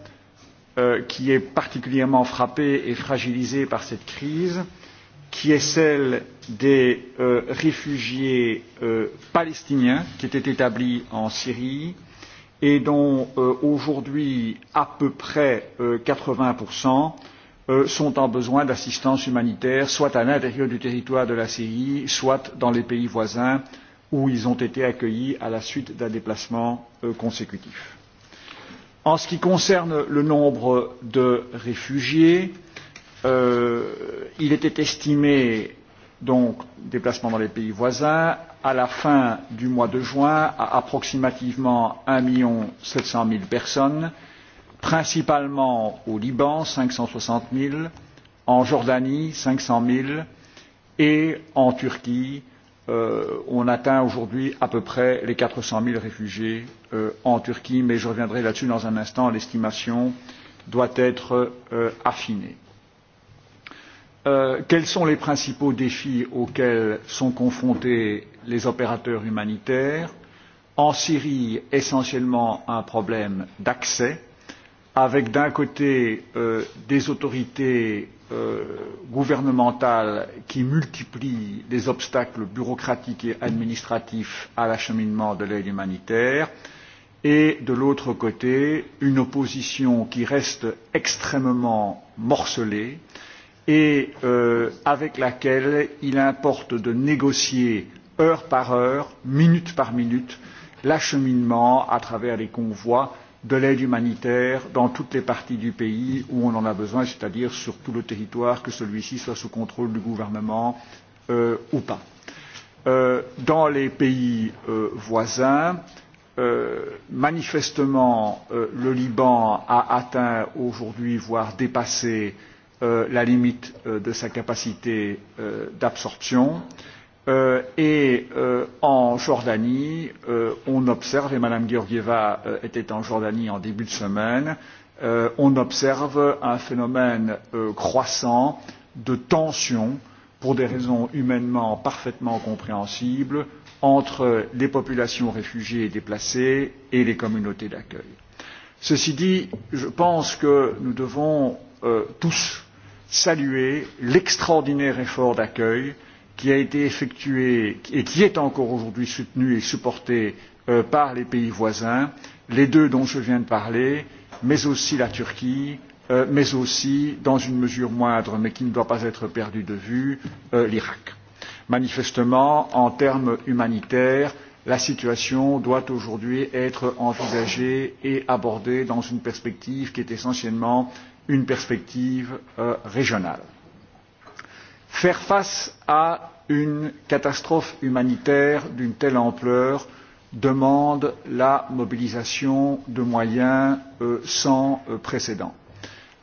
euh, qui est particulièrement frappée et fragilisée par cette crise. Euh, qui est celle des euh, réfugiés euh, palestiniens qui étaient établis en Syrie et dont euh, aujourd'hui à peu près euh, 80% euh, sont en besoin d'assistance humanitaire, soit à l'intérieur du territoire de la Syrie, soit dans les pays voisins où ils ont été accueillis à la suite d'un déplacement euh, consécutif. En ce qui concerne le nombre de réfugiés, euh, euh, il était estimé donc déplacement dans les pays voisins à la fin du mois de juin à approximativement un million sept cent mille personnes principalement au Liban cinq cent soixante zéro en Jordanie cinq cents zéro et en Turquie euh, on atteint aujourd'hui à peu près les quatre cents zéro réfugiés euh, en Turquie mais je reviendrai là-dessus dans un instant l'estimation doit être euh, affinée Euh, quels sont les principaux défis auxquels sont confrontés les opérateurs humanitaires En Syrie, essentiellement un problème d'accès, avec d'un côté euh, des autorités euh, gouvernementales qui multiplient les obstacles bureaucratiques et administratifs à l'acheminement de l'aide humanitaire, et de l'autre côté une opposition qui reste extrêmement morcelée et euh, avec laquelle il importe de négocier heure par heure, minute par minute, l'acheminement à travers les convois de l'aide humanitaire dans toutes les parties du pays où on en a besoin, c'est-à-dire sur tout le territoire, que celui-ci soit sous contrôle du gouvernement euh, ou pas. Euh, dans les pays euh, voisins, euh, manifestement, euh, le Liban a atteint aujourd'hui, voire dépassé, euh, Euh, la limite euh, de sa capacité euh, d'absorption et en Jordanie, on observe et Mme Georgieva était en Jordanie en début de semaine on observe un phénomène croissant de tension pour des raisons humainement parfaitement compréhensibles entre les populations réfugiées et déplacées et les communautés d'accueil. Ceci dit, je pense que nous devons euh, tous saluer l'extraordinaire effort d'accueil qui a été effectué et qui est encore aujourd'hui soutenu et supporté euh, par les pays voisins, les deux dont je viens de parler, mais aussi la Turquie, euh, mais aussi, dans une mesure moindre, mais qui ne doit pas être perdue de vue, euh, l'Irak. Manifestement, en termes humanitaires, la situation doit aujourd'hui être envisagée et abordée dans une perspective qui est essentiellement une perspective euh, régionale. Faire face à une catastrophe humanitaire d'une telle ampleur demande la mobilisation de moyens euh, sans euh, précédent.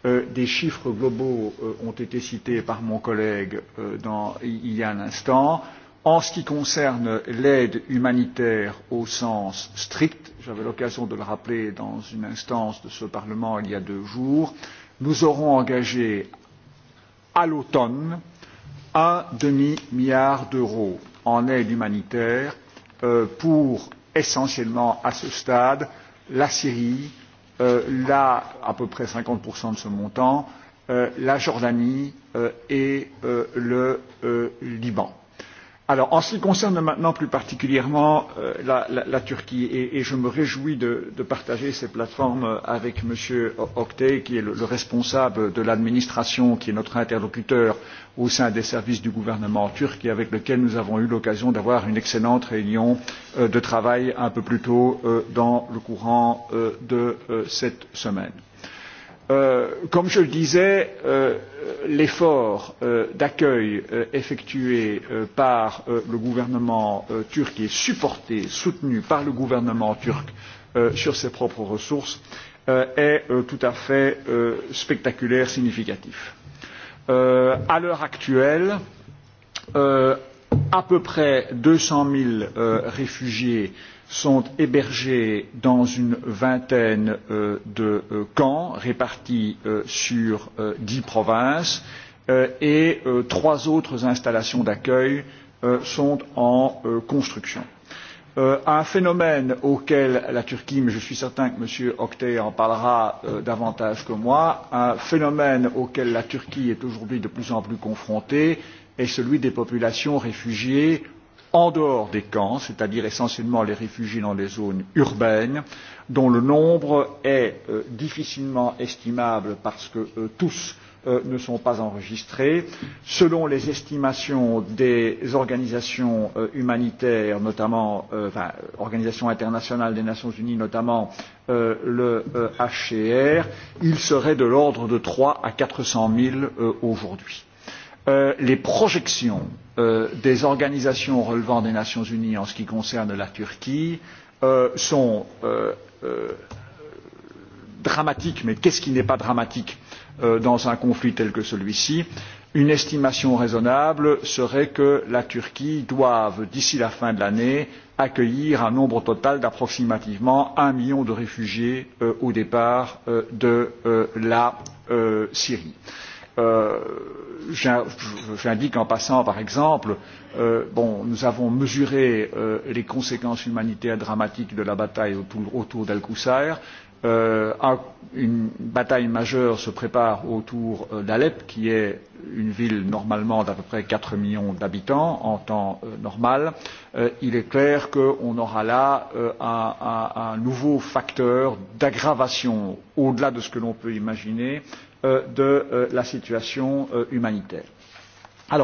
Euh, des chiffres globaux euh, ont été cités par mon collègue euh, dans, il y a un instant. En ce qui concerne l'aide humanitaire au sens strict, j'avais l'occasion de le rappeler dans une instance de ce Parlement il y a deux jours, euh, nous aurons engagé à l'automne un demi milliard d'euros en aide humanitaire euh, pour essentiellement à ce stade la Syrie, euh, là à peu près 50% de ce montant, euh, la Jordanie et le Liban Alors, en ce qui concerne maintenant plus particulièrement euh, la, la, la Turquie, et, et je me réjouis de, de partager ces plateformes avec M. Octay, qui est le, le responsable de l'administration, qui est notre interlocuteur au sein des services du gouvernement turc, et avec lequel nous avons eu l'occasion d'avoir une excellente réunion euh, de travail un peu plus tôt euh, dans le courant euh, de euh, cette semaine. Euh, Euh, comme je le disais, euh, l'effort euh, d'accueil effectué par le gouvernement turc et supporté, soutenu par le gouvernement turc sur ses propres ressources est tout à fait spectaculaire, significatif. à l'heure actuelle, à peu près 200 000 zéro réfugiés sont hébergés dans une vingtaine euh, de euh, camps répartis euh, sur dix provinces et trois autres installations d'accueil sont en construction. un phénomène auquel la turquie mais je suis certain que m. oktay en parlera davantage que moi est aujourd'hui de plus en plus confrontée est celui des populations réfugiées en dehors des camps, c'est-à-dire essentiellement les réfugiés dans les zones urbaines, dont le nombre est euh, difficilement estimable parce que euh, tous euh, ne sont pas enregistrés. Selon les estimations des organisations euh, humanitaires, notamment euh, enfin, organisations internationales des Nations Unies, notamment euh, le euh, HCR, il serait de l'ordre de 3 à 400 000 euh, aujourd'hui Euh, les projections euh, des organisations relevant des Nations Unies en ce qui concerne la Turquie euh, sont dramatiques, mais qu'est-ce qui n'est pas dramatique dans un conflit tel que celui-ci Une estimation raisonnable serait que la Turquie doive, d'ici la fin de l'année, accueillir un nombre total d'approximativement un million de réfugiés au départ de la Syrie. Euh, J'indique en passant, par exemple, euh, bon, nous avons mesuré euh, les conséquences humanitaires dramatiques de la bataille autour, autour dal Qusair. Euh, un, une bataille majeure se prépare autour euh, d'Alep, qui est une ville normalement d'à peu près 4 millions d'habitants en temps euh, normal. Euh, il est clair qu'on aura là euh, un, un, un nouveau facteur d'aggravation, au-delà de ce que l'on peut imaginer, Euh, de euh, la situation euh, humanitaire.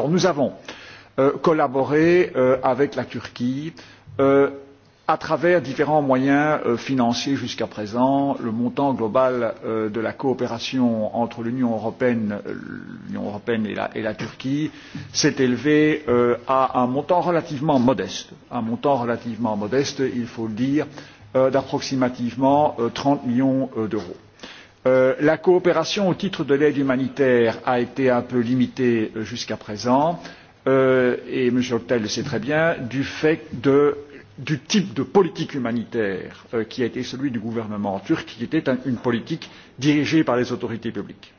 nous avons collaboré avec la Turquie à travers différents moyens financiers jusqu'à présent, le montant global de la coopération entre l'Union européenne, et, la, Turquie s'est élevé à un montant relativement modeste, un montant relativement modeste, il faut le dire, d'approximativement trente millions d'euros Euh, la coopération au titre de l'aide humanitaire a été un peu limitée euh, jusqu'à présent euh, et M. hautel le sait très bien du fait du type de politique humanitaire qui a été celui du gouvernement turc qui était une politique dirigée par les autorités publiques.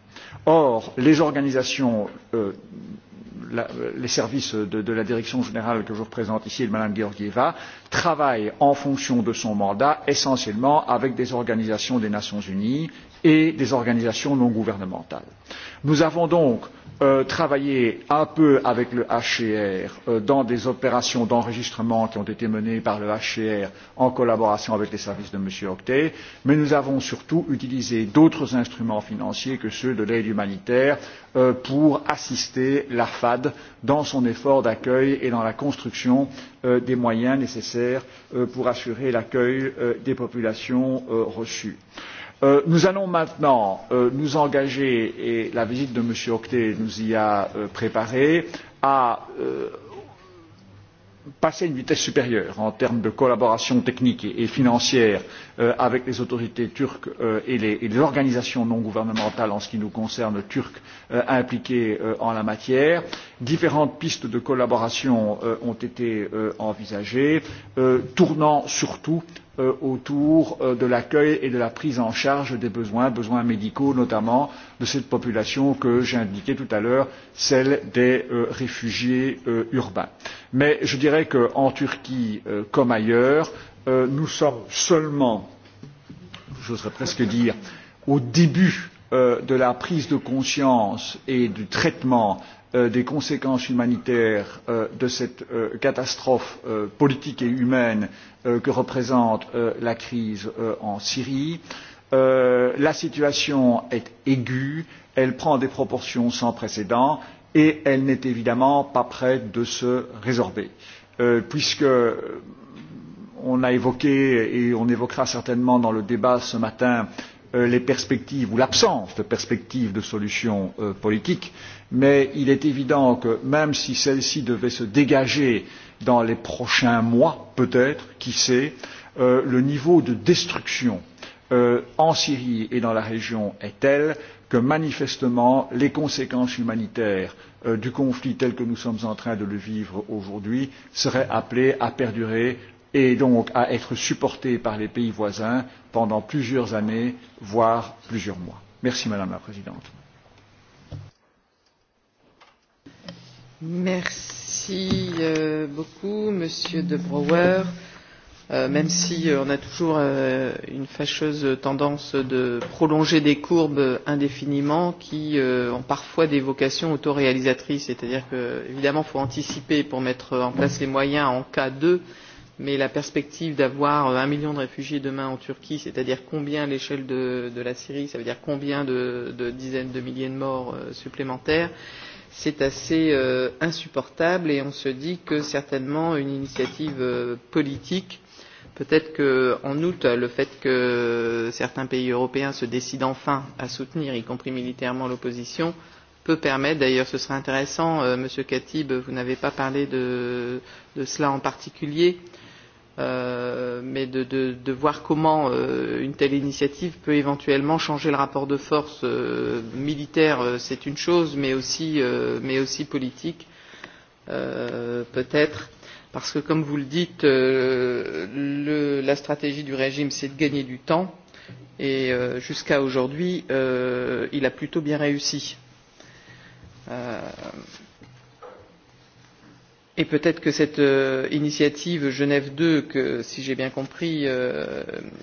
Or, les organisations les services de, la direction générale que je représente ici, de Mme Georgieva, travaillent en fonction de son mandat essentiellement avec des organisations des Nations Unies et des organisations non gouvernementales. nous avons donc euh, travaillé un peu avec le hcr euh, dans des opérations d'enregistrement qui ont été menées par le hcr en collaboration avec les services de m. octay mais nous avons surtout utilisé d'autres instruments financiers que ceux de l'aide humanitaire euh, pour assister la fad dans son effort d'accueil et dans la construction euh, des moyens nécessaires euh, pour assurer l'accueil euh, des populations reçues. Euh, nous allons maintenant euh, nous engager et la visite de m. octet nous y a euh, préparés à passer à une vitesse supérieure en termes de collaboration technique et financière avec les autorités turques et les organisations non gouvernementales en ce qui nous concerne turques impliquées en la matière. différentes pistes de collaboration ont été envisagées tournant surtout euh, autour euh, de l'accueil et de la prise en charge des besoins, besoins médicaux notamment, de cette population que j'ai indiquée tout à l'heure, celle des euh, réfugiés euh, urbains. Mais je dirais qu'en Turquie, euh, comme ailleurs, euh, nous sommes seulement, j'oserais presque dire, au début euh, de la prise de conscience et du traitement Euh, des conséquences humanitaires euh, de cette euh, catastrophe politique et humaine que représente la crise en syrie. la situation est aiguë elle prend des proportions sans précédent et elle n'est évidemment pas près de se résorber puisque on a évoqué et on évoquera certainement dans le débat ce matin Euh, les perspectives ou l'absence de perspectives de solution euh, politique mais il est évident que même si celles-ci devaient se dégager dans les prochains mois, peut-être, qui sait, euh, le niveau de destruction en Syrie et dans la région est tel que manifestement les conséquences humanitaires du conflit tel que nous sommes en train de le vivre aujourd'hui seraient appelées à perdurer et donc à être supportée par les pays voisins pendant plusieurs années, voire plusieurs mois. Merci Madame la Présidente. Merci euh, beaucoup Monsieur De Brouwer. Euh, même si euh, on a toujours une fâcheuse tendance de prolonger des courbes indéfiniment qui ont parfois des vocations autoréalisatrices, c'est-à-dire que évidemment faut anticiper pour mettre en place les moyens en cas de mais la perspective d'avoir un million de réfugiés demain en Turquie, c'est-à-dire combien à l'échelle de, de la Syrie, ça veut dire combien de, de dizaines de milliers de morts euh, supplémentaires, c'est assez euh, insupportable et on se dit que certainement une initiative euh, politique Peut-être qu'en août, le fait que certains pays européens se décident enfin à soutenir, y compris militairement, l'opposition, peut permettre, d'ailleurs ce serait intéressant, euh, Monsieur Katib, vous n'avez pas parlé de, de cela en particulier, euh, Euh, mais de, de, de voir comment euh, une telle initiative peut éventuellement changer le rapport de force euh, militaire, euh, c'est une chose, mais aussi, euh, mais aussi politique, euh, peut-être. Parce que, comme vous le dites, euh, le, la stratégie du régime, c'est de gagner du temps. Et euh, jusqu'à aujourd'hui, euh, il a plutôt bien réussi. Euh, Et peut-être que cette euh, initiative Genève II, que si j'ai bien compris, euh,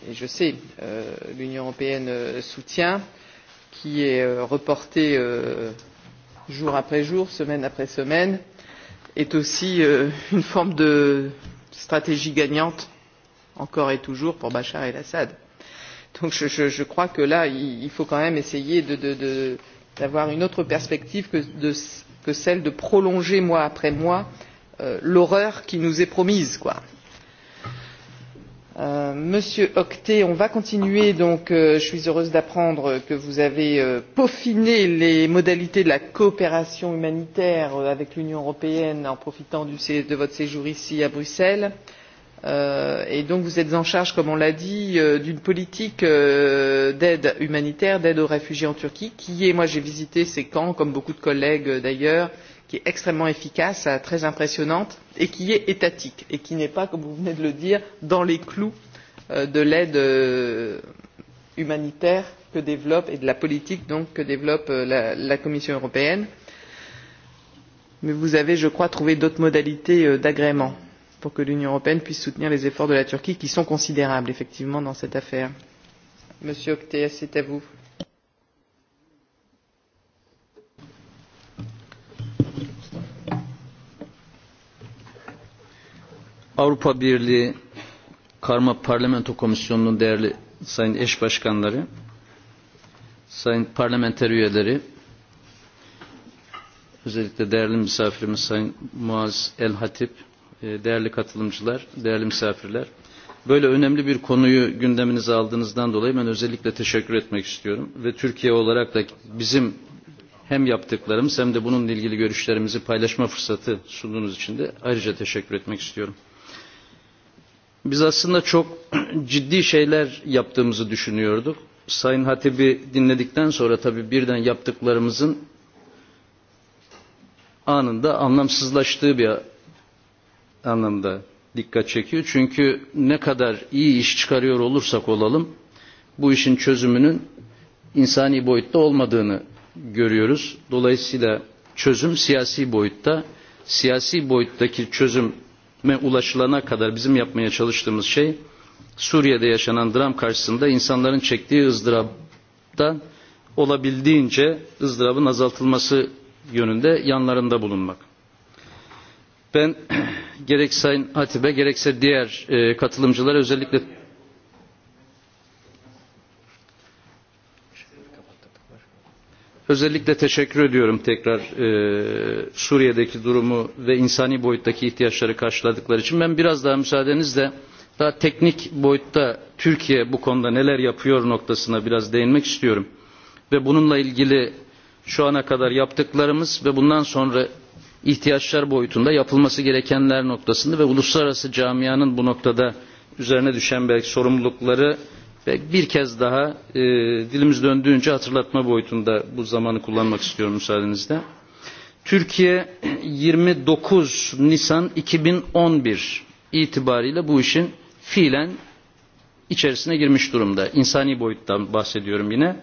et je sais, euh, l'Union européenne euh, soutient, qui est euh, reportée euh, jour après jour, semaine après semaine, est aussi euh, une forme de stratégie gagnante, encore et toujours, pour Bachar el-Assad. Donc je, je, je crois que là, il, il faut quand même essayer d'avoir de, de, de, une autre perspective que, de, que celle de prolonger mois après mois euh, Euh, l'horreur qui nous est promise euh, monsieur octet on va continuer donc euh, je suis heureuse d'apprendre que vous avez peaufiné les modalités de la coopération humanitaire avec l'union européenne en profitant de votre séjour ici à bruxelles et donc vous êtes en charge comme on l'a dit d'une politique d'aide humanitaire d'aide aux réfugiés en turquie qui est moi j'ai visité ces camps comme beaucoup de collègues d'ailleurs qui est extrêmement efficace euh, très impressionnante et qui est étatique et qui n'est pas comme vous venez de le dire dans les clous euh, de l'aide euh, humanitaire que développe et de la politique donc que développe la, commission européenne mais vous avez je crois trouvé d'autres modalités d'agrément pour que l'union européenne puisse soutenir les efforts de la turquie qui sont considérables effectivement dans cette affaire. monsieur chrétien c'est à vous. Avrupa Birliği Karma Parlamento Komisyonu'nun değerli sayın eș başkanları, sayın parlamenter üyeleri, özellikle değerli misafirimiz sayın Muaz El Hatip, değerli katılımcılar, değerli misafirler. Böyle önemli bir konuyu gündeminize aldığınızdan dolayı ben özellikle teşekkür etmek istiyorum. Ve Türkiye olarak da bizim hem yaptıklarımız hem de bununla ilgili görüşlerimizi paylașma fırsatı sunduğunuz için de ayrıca teşekkür etmek istiyorum. Biz aslında çok ciddi șeyler yaptığımızı düşünüyorduk. Sayın Hatibi dinledikten sonra tabii birden yaptıklarımızın anında anlamsızlaştığı bir anlamda dikkat çekiyor. Çünkü ne kadar iyi iș çıkarıyor olursak olalım bu ișin çözümünün insani boyutta olmadığını görüyoruz. Dolayısıyla çözüm siyasi boyutta. Siyasi boyuttaki çözüm ulaşılana kadar bizim yapmaya çalıştığımız șey Suriye'de yașanan dram karşısında insanların çektiği ızdıraptan olabildiğince ızdırabın azaltılması yönünde yanlarında bulunmak. Ben gerek Sayın Hatip'e gerekse diğer e, katılımcılara özellikle Özellikle teşekkür ediyorum tekrar e, Suriye'deki durumu ve insani boyuttaki ihtiyaçları karşıladıkları için. Ben biraz daha müsaadenizle daha teknik boyutta Türkiye bu konuda neler yapıyor noktasına biraz değinmek istiyorum. Ve bununla ilgili șu ana kadar yaptıklarımız ve bundan sonra ihtiyaçlar boyutunda yapılması gerekenler noktasında ve uluslararası camianın bu noktada üzerine düşen belki sorumlulukları Ve bir kez daha e, dilimiz döndüğünce hatırlatma boyutunda bu zamanı kullanmak istiyorum müsaadenizle. Türkiye 29 Nisan 2011 itibariyle bu ișin fiilen içerisine girmiș durumda. İnsani boyuttan bahsediyorum yine.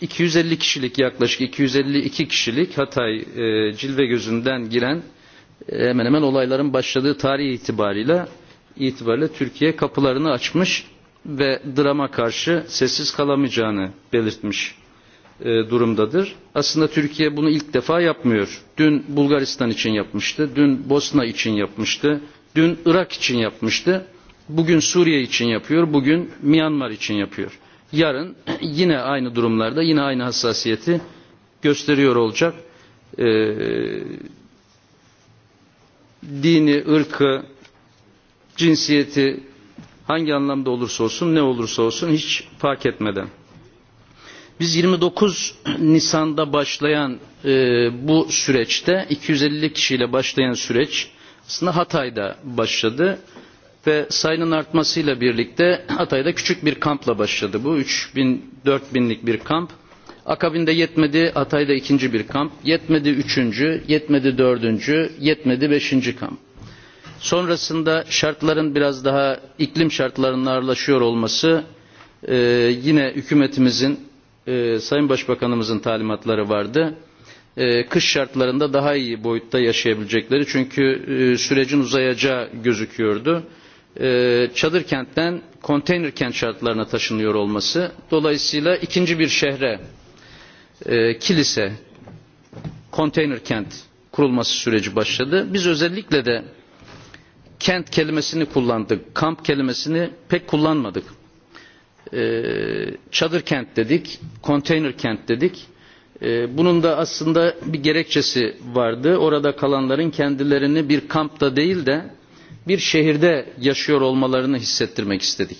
250 kișilik yaklaşık 252 kișilik Hatay e, cilve gözünden giren e, hemen hemen olayların başladığı tarih itibariyle itibariyle Türkiye kapılarını açmış ve drama karşı sessiz kalamayacağını belirtmiș e, durumdadır. Aslında Türkiye bunu ilk defa yapmıyor. Dün Bulgaristan için yapmıştı, dün Bosna için yapmıştı, dün Irak için yapmıştı, bugün Suriye için yapıyor, bugün Myanmar için yapıyor. Yarın yine aynı durumlarda yine aynı hassasiyeti gösteriyor olacak. E, dini, ırkı, cinsiyeti hangi anlamda olursa olsun ne olursa olsun hiç fark etmeden. Biz 29 Nisan'da bașlayan e, bu süreçte 250 kișiyle bașlayan süreç aslında Hatay'da başladı ve sayının artmasıyla birlikte Hatay'da küçük bir kampla başladı bu 3000-4000'lik bir kamp. Akabinde yetmedi Hatay'da ikinci bir kamp, yetmedi üçüncü, yetmedi dördüncü, yetmedi beșinci kamp. Sonrasında şartların biraz daha iklim şartlarının ağırlaşıyor olması e, yine hükümetimizin e, Sayın Başbakanımızın talimatları vardı. E, kış şartlarında daha iyi boyutta yașayabilecekleri çünkü e, sürecin uzayacağı gözüküyordu. E, çadır kentten konteyner kent şartlarına taşınıyor olması dolayısıyla ikinci bir șehre e, kilise konteyner kent kurulması süreci başladı. Biz özellikle de kent kelimesini kullandık, kamp kelimesini pek kullanmadık. E, çadır kent dedik, konteyner kent dedik. E, bunun da aslında bir gerekçesi vardı. Orada kalanların kendilerini bir kampta değil de bir șehirde yaşıyor olmalarını hissettirmek istedik.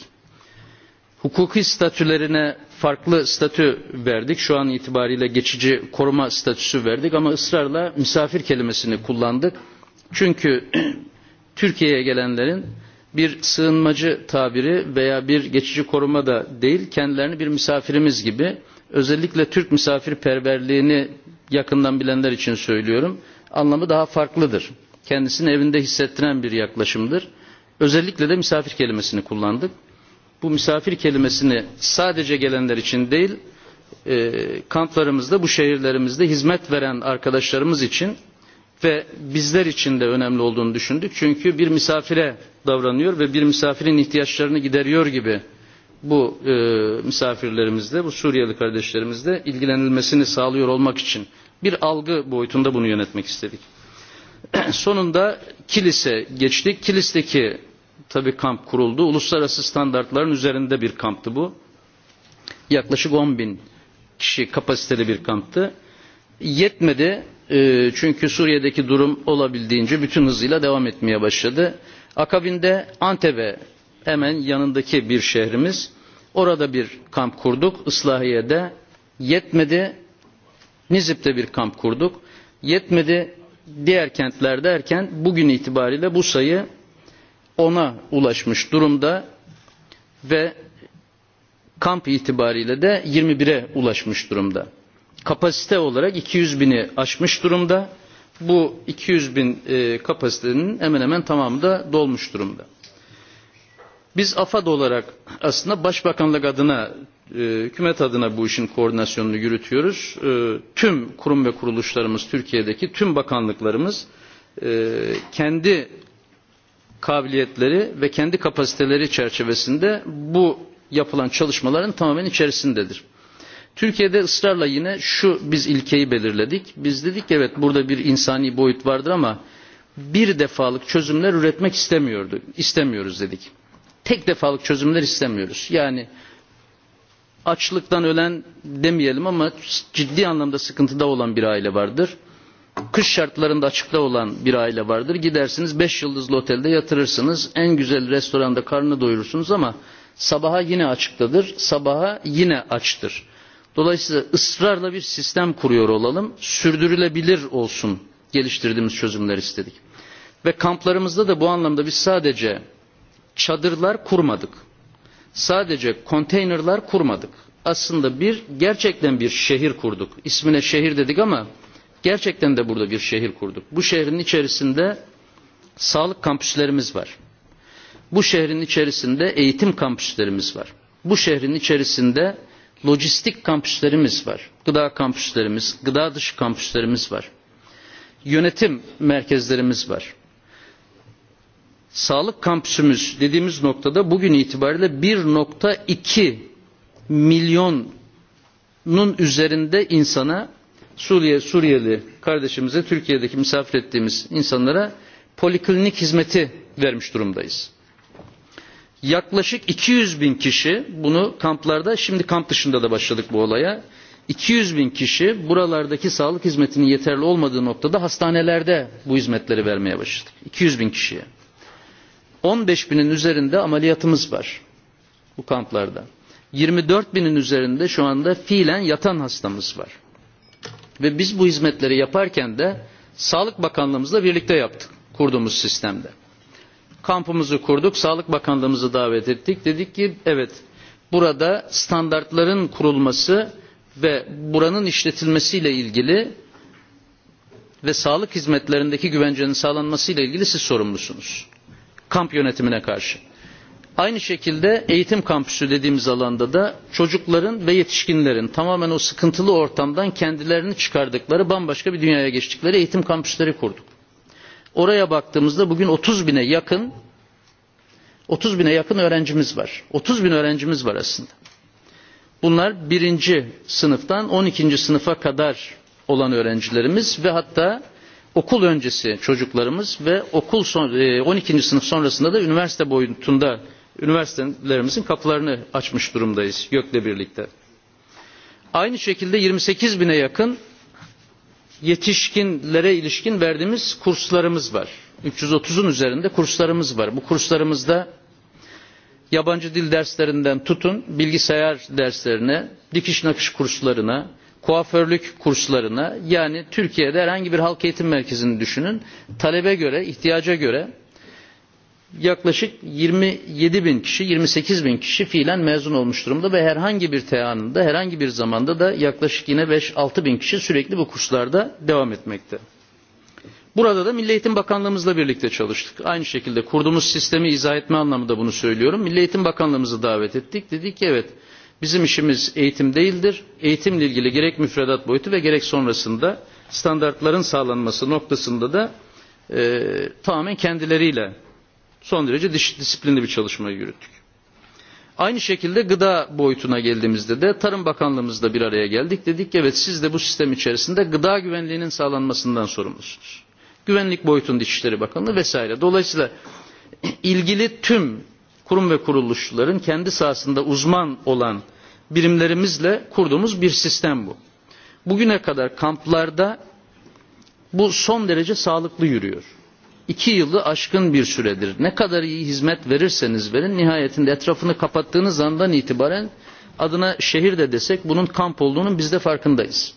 Hukuki statülerine farklı statü verdik. Șu an itibariyle geçici koruma statüsü verdik ama ısrarla misafir kelimesini kullandık. Çünkü Türkiye'ye gelenlerin bir sığınmacı tabiri veya bir geçici koruma da değil, kendilerini bir misafirimiz gibi özellikle Türk misafirperverliğini yakından bilenler için söylüyorum. Anlamı daha farklıdır. Kendisini evinde hissettiren bir yaklaşımdır. Özellikle de misafir kelimesini kullandık. Bu misafir kelimesini sadece gelenler için değil, e, kamplarımızda, bu șehirlerimizde hizmet veren arkadaşlarımız için ve bizler için de önemli olduğunu düşündük. Çünkü bir misafire davranıyor ve bir misafirin ihtiyaçlarını gideriyor gibi bu e, misafirlerimizde, bu Suriyeli kardeșlerimizde ilgilenilmesini sağlıyor olmak için bir algı boyutunda bunu yönetmek istedik. Sonunda kilise geçtik. Kilisteki tabi kamp kuruldu. Uluslararası standartların üzerinde bir kamptı bu. Yaklaşık 10 bin kiși kapasiteli bir kamptı. Yetmedi. E, çünkü Suriye'deki durum olabildiğince bütün hızıyla devam etmeye başladı. Akabinde Antep'e hemen yanındaki bir șehrimiz. Orada bir kamp kurduk. Islahiye'de yetmedi. Nizip'te bir kamp kurduk. Yetmedi diğer kentler derken bugün itibariyle bu sayı ona ulaşmış durumda ve kamp itibariyle de 21'e ulaşmış durumda kapasite olarak 200 bini aşmış durumda. Bu 200 bin e, kapasitenin hemen hemen tamamı da dolmuș durumda. Biz AFAD olarak aslında başbakanlık adına, e, hükümet adına bu ișin koordinasyonunu yürütüyoruz. E, tüm kurum ve kuruluşlarımız, Türkiye'deki tüm bakanlıklarımız e, kendi kabiliyetleri ve kendi kapasiteleri çerçevesinde bu yapılan çalışmaların tamamen içerisindedir. Türkiye'de ısrarla yine șu biz ilkeyi belirledik. Biz dedik ki evet burada bir insani boyut vardır ama bir defalık çözümler üretmek istemiyordu. İstemiyoruz dedik. Tek defalık çözümler istemiyoruz. Yani açlıktan ölen demeyelim ama ciddi anlamda sıkıntıda olan bir aile vardır. Kış şartlarında açıkta olan bir aile vardır. Gidersiniz beș yıldızlı otelde yatırırsınız. En güzel restoranda karnını doyurursunuz ama sabaha yine açıktadır. Sabaha yine açtır Dolayısıyla ısrarla bir sistem kuruyor olalım, sürdürülebilir olsun geliştirdiğimiz çözümler istedik. Ve kamplarımızda da bu anlamda biz sadece çadırlar kurmadık. Sadece konteynerlar kurmadık. Aslında bir gerçekten bir șehir kurduk. İsmine șehir dedik ama gerçekten de burada bir șehir kurduk. Bu șehrin içerisinde sağlık kampüslerimiz var. Bu șehrin içerisinde eğitim kampüslerimiz var. Bu șehrin içerisinde lojistik kampüslerimiz var. Gıda kampüslerimiz, gıda dışı kampüslerimiz var. Yönetim merkezlerimiz var. Sağlık kampüsümüz dediğimiz noktada bugün itibariyle 1.2 milyonun üzerinde insana Suriye Suriyeli kardeșimize Türkiye'deki misafir ettiğimiz insanlara poliklinik hizmeti vermiș durumdayız. Yaklaşık 200 bin kiși bunu kamplarda, șimdi kamp dışında da başladık bu olaya. 200 bin kiși buralardaki sağlık hizmetinin yeterli olmadığı noktada hastanelerde bu hizmetleri vermeye başladık. 200 bin kișiye. 15 binin üzerinde ameliyatımız var bu kamplarda. 24 binin üzerinde șu anda fiilen yatan hastamız var. Ve biz bu hizmetleri yaparken de Sağlık Bakanlığımızla birlikte yaptık kurduğumuz sistemde kampımızı kurduk. Sağlık Bakanlığımızı davet ettik. Dedik ki evet burada standartların kurulması ve buranın ișletilmesiyle ilgili ve sağlık hizmetlerindeki güvencenin sağlanmasıyla ilgili siz sorumlusunuz. Kamp yönetimine karşı. Aynı șekilde eğitim kampüsü dediğimiz alanda da çocukların ve yetișkinlerin tamamen o sıkıntılı ortamdan kendilerini çıkardıkları bambașka bir dünyaya geçtikleri eğitim kampüsleri kurduk. Oraya baktığımızda bugün 30 bine yakın 30 bine yakın öğrencimiz var. 30 bin öğrencimiz var aslında. Bunlar birinci sınıftan 12. sınıfa kadar olan öğrencilerimiz ve hatta okul öncesi çocuklarımız ve okul son, 12. sınıf sonrasında da üniversite boyutunda üniversitelerimizin kapılarını açmış durumdayız YÖK'le birlikte. Aynı șekilde 28 bine yakın yetișkinlere ilișkin verdiğimiz kurslarımız var. 330'un üzerinde kurslarımız var. Bu kurslarımızda yabancı dil derslerinden tutun bilgisayar derslerine, dikiș nakış kurslarına, kuaförlük kurslarına yani Türkiye'de herhangi bir halk eğitim merkezini düşünün. Talebe göre, ihtiyaca göre yaklaşık 27 bin kiși, 28 bin kiși fiilen mezun olmuș durumda ve herhangi bir teanında, herhangi bir zamanda da yaklaşık yine 5-6 bin kiși sürekli bu kurslarda devam etmekte. Burada da Milli Eğitim Bakanlığımızla birlikte çalıştık. Aynı șekilde kurduğumuz sistemi izah etme anlamında bunu söylüyorum. Milli Eğitim Bakanlığımızı davet ettik. Dedik ki evet bizim ișimiz eğitim değildir. Eğitimle ilgili gerek müfredat boyutu ve gerek sonrasında standartların sağlanması noktasında da e, tamamen kendileriyle son derece disiplinli bir çalışmayı yürüttük. Aynı șekilde gıda boyutuna geldiğimizde de Tarım Bakanlığımızla bir araya geldik. Dedik ki evet siz de bu sistem içerisinde gıda güvenliğinin sağlanmasından sorumlusunuz. Güvenlik boyutunda İçişleri Bakanlığı vesaire. Dolayısıyla ilgili tüm kurum ve kuruluşların kendi sahasında uzman olan birimlerimizle kurduğumuz bir sistem bu. Bugüne kadar kamplarda bu son derece sağlıklı yürüyor iki yılı aşkın bir süredir. Ne kadar iyi hizmet verirseniz verin nihayetinde etrafını kapattığınız andan itibaren adına șehir de desek bunun kamp olduğunun biz de farkındayız.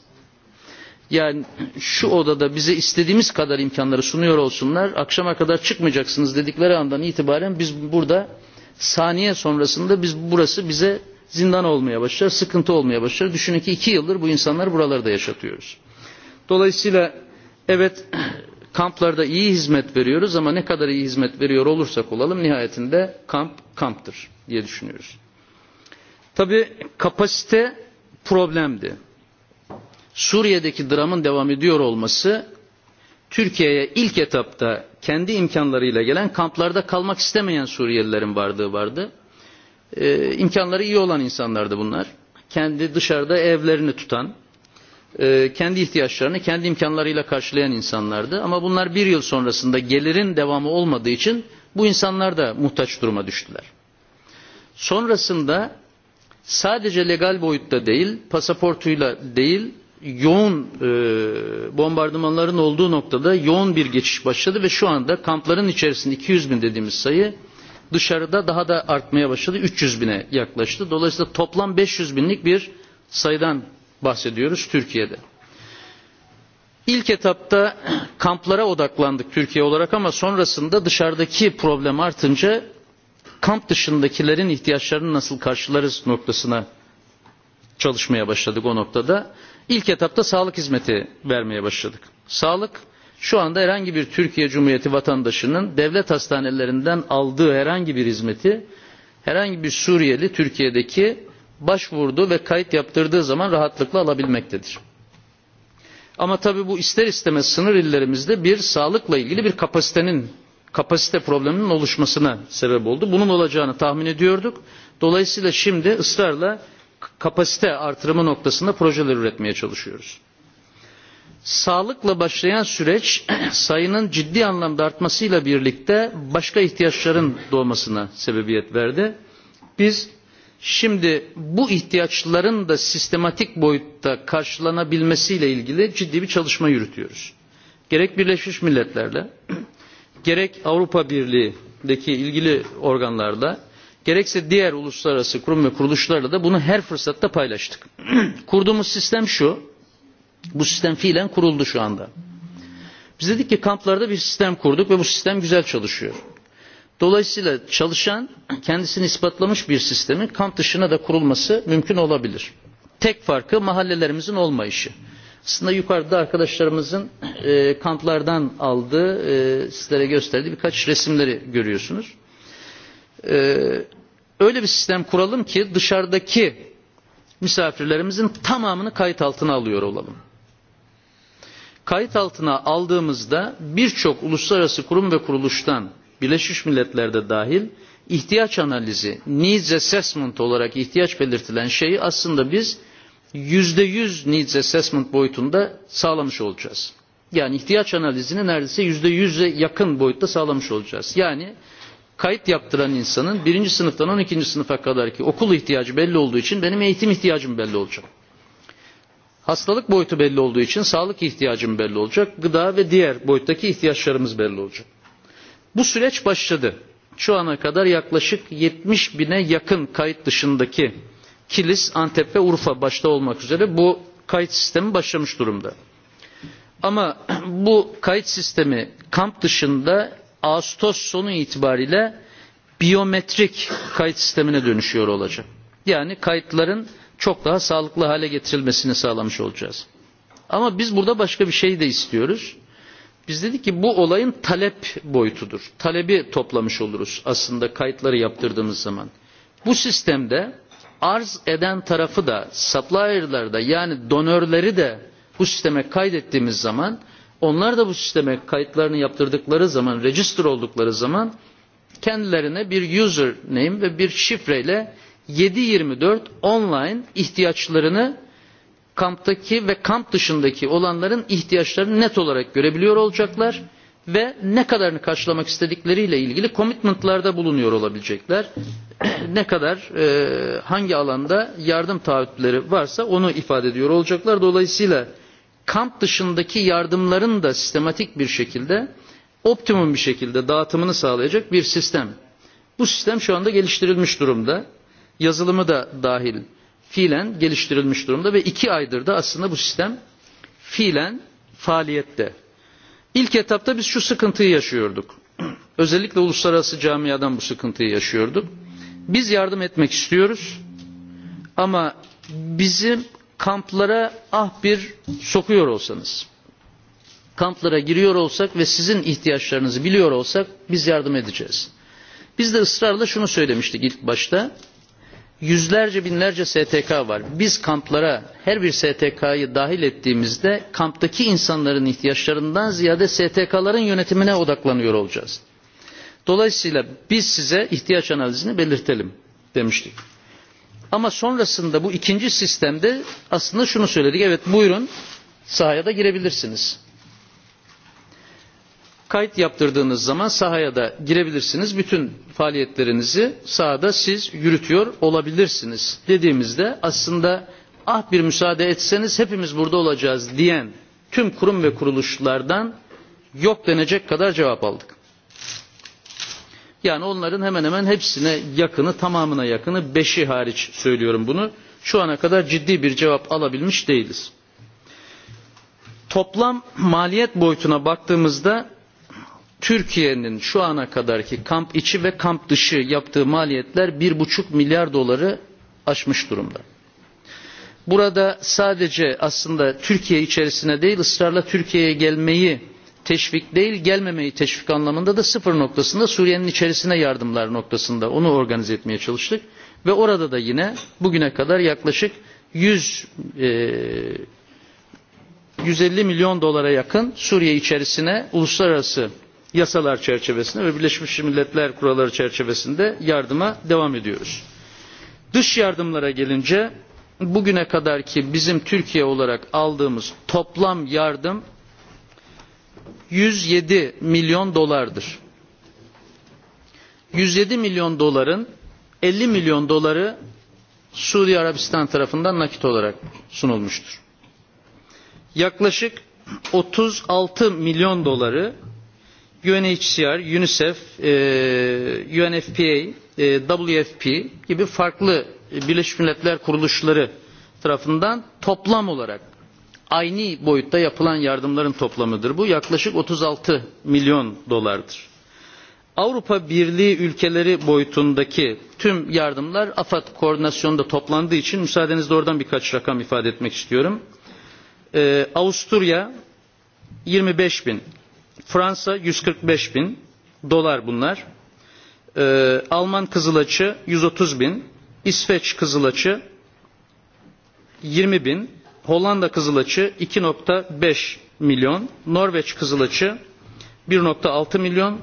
Yani șu odada bize istediğimiz kadar imkanları sunuyor olsunlar akșama kadar çıkmayacaksınız dedikleri andan itibaren biz burada saniye sonrasında biz burası bize zindan olmaya bașlar, sıkıntı olmaya bașlar. Düşünün ki iki yıldır bu insanlar buralarda yaşatıyoruz. Dolayısıyla evet Kamplarda iyi hizmet veriyoruz ama ne kadar iyi hizmet veriyor olursak olalım nihayetinde kamp kamptır diye düşünüyoruz. Tabi kapasite problemdi. Suriye'deki dramın devam ediyor olması Türkiye'ye ilk etapta kendi imkanlarıyla gelen kamplarda kalmak istemeyen Suriyelilerin vardığı vardı. Ee, imkanları iyi olan insanlardı bunlar. Kendi dışarıda evlerini tutan, kendi ihtiyaçlarını kendi imkanlarıyla karşılayan insanlardı. Ama bunlar bir yıl sonrasında gelirin devamı olmadığı için bu insanlar da muhtaç duruma düştüler. Sonrasında sadece legal boyutta değil, pasaportuyla değil, yoğun e, bombardımanların olduğu noktada yoğun bir geçiş başladı ve șu anda kampların içerisinde 200 bin dediğimiz sayı dışarıda daha da artmaya başladı. 300 bine yaklaştı. Dolayısıyla toplam 500 binlik bir sayıdan bahsediyoruz Türkiye'de. İlk etapta kamplara odaklandık Türkiye olarak ama sonrasında dışarıdaki problem artınca kamp dışındakilerin ihtiyaçlarını nasıl karşılarız noktasına çalışmaya başladık o noktada. İlk etapta sağlık hizmeti vermeye başladık. Sağlık șu anda herhangi bir Türkiye Cumhuriyeti vatandaşının devlet hastanelerinden aldığı herhangi bir hizmeti herhangi bir Suriyeli Türkiye'deki başvurduğu ve kayıt yaptırdığı zaman rahatlıkla alabilmektedir. Ama tabii bu ister istemez sınır illerimizde bir sağlıkla ilgili bir kapasitenin kapasite probleminin oluşmasına sebep oldu. Bunun olacağını tahmin ediyorduk. Dolayısıyla șimdi ısrarla kapasite artırımı noktasında projeler üretmeye çalışıyoruz. Sağlıkla bașlayan süreç sayının ciddi anlamda artmasıyla birlikte bașka ihtiyaçların doğmasına sebebiyet verdi. Biz Șimdi bu ihtiyaçların da sistematik boyutta karşılanabilmesiyle ilgili ciddi bir çalışma yürütüyoruz. Gerek Birleșmiș Milletler'le, gerek Avrupa Birliği'deki ilgili organlarla, gerekse diğer uluslararası kurum ve kurulușlarla da bunu her fırsatta paylaştık. Kurduğumuz sistem șu, bu sistem fiilen kuruldu șu anda. Biz dedik ki kamplarda bir sistem kurduk ve bu sistem güzel çalışıyor Dolayısıyla çalışan kendisini ispatlamış bir sistemin kamp dışına da kurulması mümkün olabilir. Tek farkı mahallelerimizin olmayışı. Aslında yukarıda arkadaşlarımızın e, kamplardan aldığı, e, sizlere gösterdiği birkaç resimleri görüyorsunuz. E, öyle bir sistem kuralım ki dışarıdaki misafirlerimizin tamamını kayıt altına alıyor olalım. Kayıt altına aldığımızda birçok uluslararası kurum ve kuruluștan Birleșmiș Milletler de dahil ihtiyaç analizi, needs assessment olarak ihtiyaç belirtilen șeyi aslında biz yüzde yüz needs assessment boyutunda sağlamış olacağız. Yani ihtiyaç analizini neredeyse yüzde yüze yakın boyutta sağlamış olacağız. Yani kayıt yaptıran insanın birinci sınıftan on ikinci sınıfa kadar ki okul ihtiyacı belli olduğu için benim eğitim ihtiyacım belli olacak. Hastalık boyutu belli olduğu için sağlık ihtiyacım belli olacak. Gıda ve diğer boyuttaki ihtiyaçlarımız belli olacak. Bu süreç başladı. Șu ana kadar yaklaşık 70 bine yakın kayıt dışındaki Kilis, Antep ve Urfa bașta olmak üzere bu kayıt sistemi başlamış durumda. Ama bu kayıt sistemi kamp dışında Ağustos sonu itibariyle biyometrik kayıt sistemine dönüşüyor olacak. Yani kayıtların çok daha sağlıklı hale getirilmesini sağlamış olacağız. Ama biz burada bașka bir șey de istiyoruz. Biz dedik ki bu olayın talep boyutudur. Talebi toplamış oluruz aslında kayıtları yaptırdığımız zaman. Bu sistemde arz eden tarafı da supplier'ları da yani donörleri de bu sisteme kaydettiğimiz zaman onlar da bu sisteme kayıtlarını yaptırdıkları zaman, register oldukları zaman kendilerine bir username ve bir șifreyle 7/24 online ihtiyaçlarını kamptaki ve kamp dışındaki olanların ihtiyaçlarını net olarak görebiliyor olacaklar ve ne kadarını karşılamak istedikleriyle ilgili komitmentlarda bulunuyor olabilecekler. ne kadar e, hangi alanda yardım taahhütleri varsa onu ifade ediyor olacaklar. Dolayısıyla kamp dışındaki yardımların da sistematik bir șekilde optimum bir șekilde dağıtımını sağlayacak bir sistem. Bu sistem șu anda geliștirilmiș durumda. Yazılımı da dahil fiilen geliștirilmiș durumda ve iki aydır da aslında bu sistem fiilen faaliyette. İlk etapta biz șu sıkıntıyı yaşıyorduk. Özellikle uluslararası camiadan bu sıkıntıyı yaşıyorduk. Biz yardım etmek istiyoruz ama bizim kamplara ah bir sokuyor olsanız, kamplara giriyor olsak ve sizin ihtiyaçlarınızı biliyor olsak biz yardım edeceğiz. Biz de ısrarla șunu söylemiştik ilk bașta yüzlerce binlerce STK var. Biz kamplara her bir STK'yı dahil ettiğimizde kamptaki insanların ihtiyaçlarından ziyade STK'ların yönetimine odaklanıyor olacağız. Dolayısıyla biz size ihtiyaç analizini belirtelim demiștik. Ama sonrasında bu ikinci sistemde aslında șunu söyledik. Evet buyurun sahaya da girebilirsiniz. Kayıt yaptırdığınız zaman sahaya da girebilirsiniz. Bütün faaliyetlerinizi sahada siz yürütüyor olabilirsiniz dediğimizde aslında ah bir müsaade etseniz hepimiz burada olacağız diyen tüm kurum ve kurulușlardan yok denecek kadar cevap aldık. Yani onların hemen hemen hepsine yakını, tamamına yakını, beși hariç söylüyorum bunu. Șu ana kadar ciddi bir cevap alabilmiș değiliz. Toplam maliyet boyutuna baktığımızda Türkiye'nin șu ana kadarki kamp içi ve kamp dışı yaptığı maliyetler bir buçuk milyar doları aşmış durumda. Burada sadece aslında Türkiye içerisine değil ısrarla Türkiye'ye gelmeyi teșvik değil gelmemeyi teșvik anlamında da sıfır noktasında Suriye'nin içerisine yardımlar noktasında onu organize etmeye çalıştık. Ve orada da yine bugüne kadar yaklaşık 100 e, 150 milyon dolara yakın Suriye içerisine uluslararası yasalar çerçevesinde ve Birleșmiș Milletler kuralları çerçevesinde yardıma devam ediyoruz. Dış yardımlara gelince bugüne kadar ki bizim Türkiye olarak aldığımız toplam yardım 107 milyon dolardır. 107 milyon doların 50 milyon doları Suudi Arabistan tarafından nakit olarak sunulmuștur. Yaklaşık 36 milyon doları UNHCR, UNICEF, UNFPA, WFP gibi farklı Birleșmiș Milletler kuruluşları tarafından toplam olarak aynı boyutta yapılan yardımların toplamıdır. Bu yaklaşık 36 milyon dolardır. Avrupa Birliği ülkeleri boyutundaki tüm yardımlar AFAD koordinasyonunda toplandığı için müsaadenizle oradan birkaç rakam ifade etmek istiyorum. Ee, Avusturya 25 bin, Fransa 145 bin dolar bunlar. Ee, Alman kızılaçı 130 bin. İsveç kızılaçı 20 bin. Hollanda kızılaçı 2.5 milyon. Norveç kızılaçı 1.6 milyon.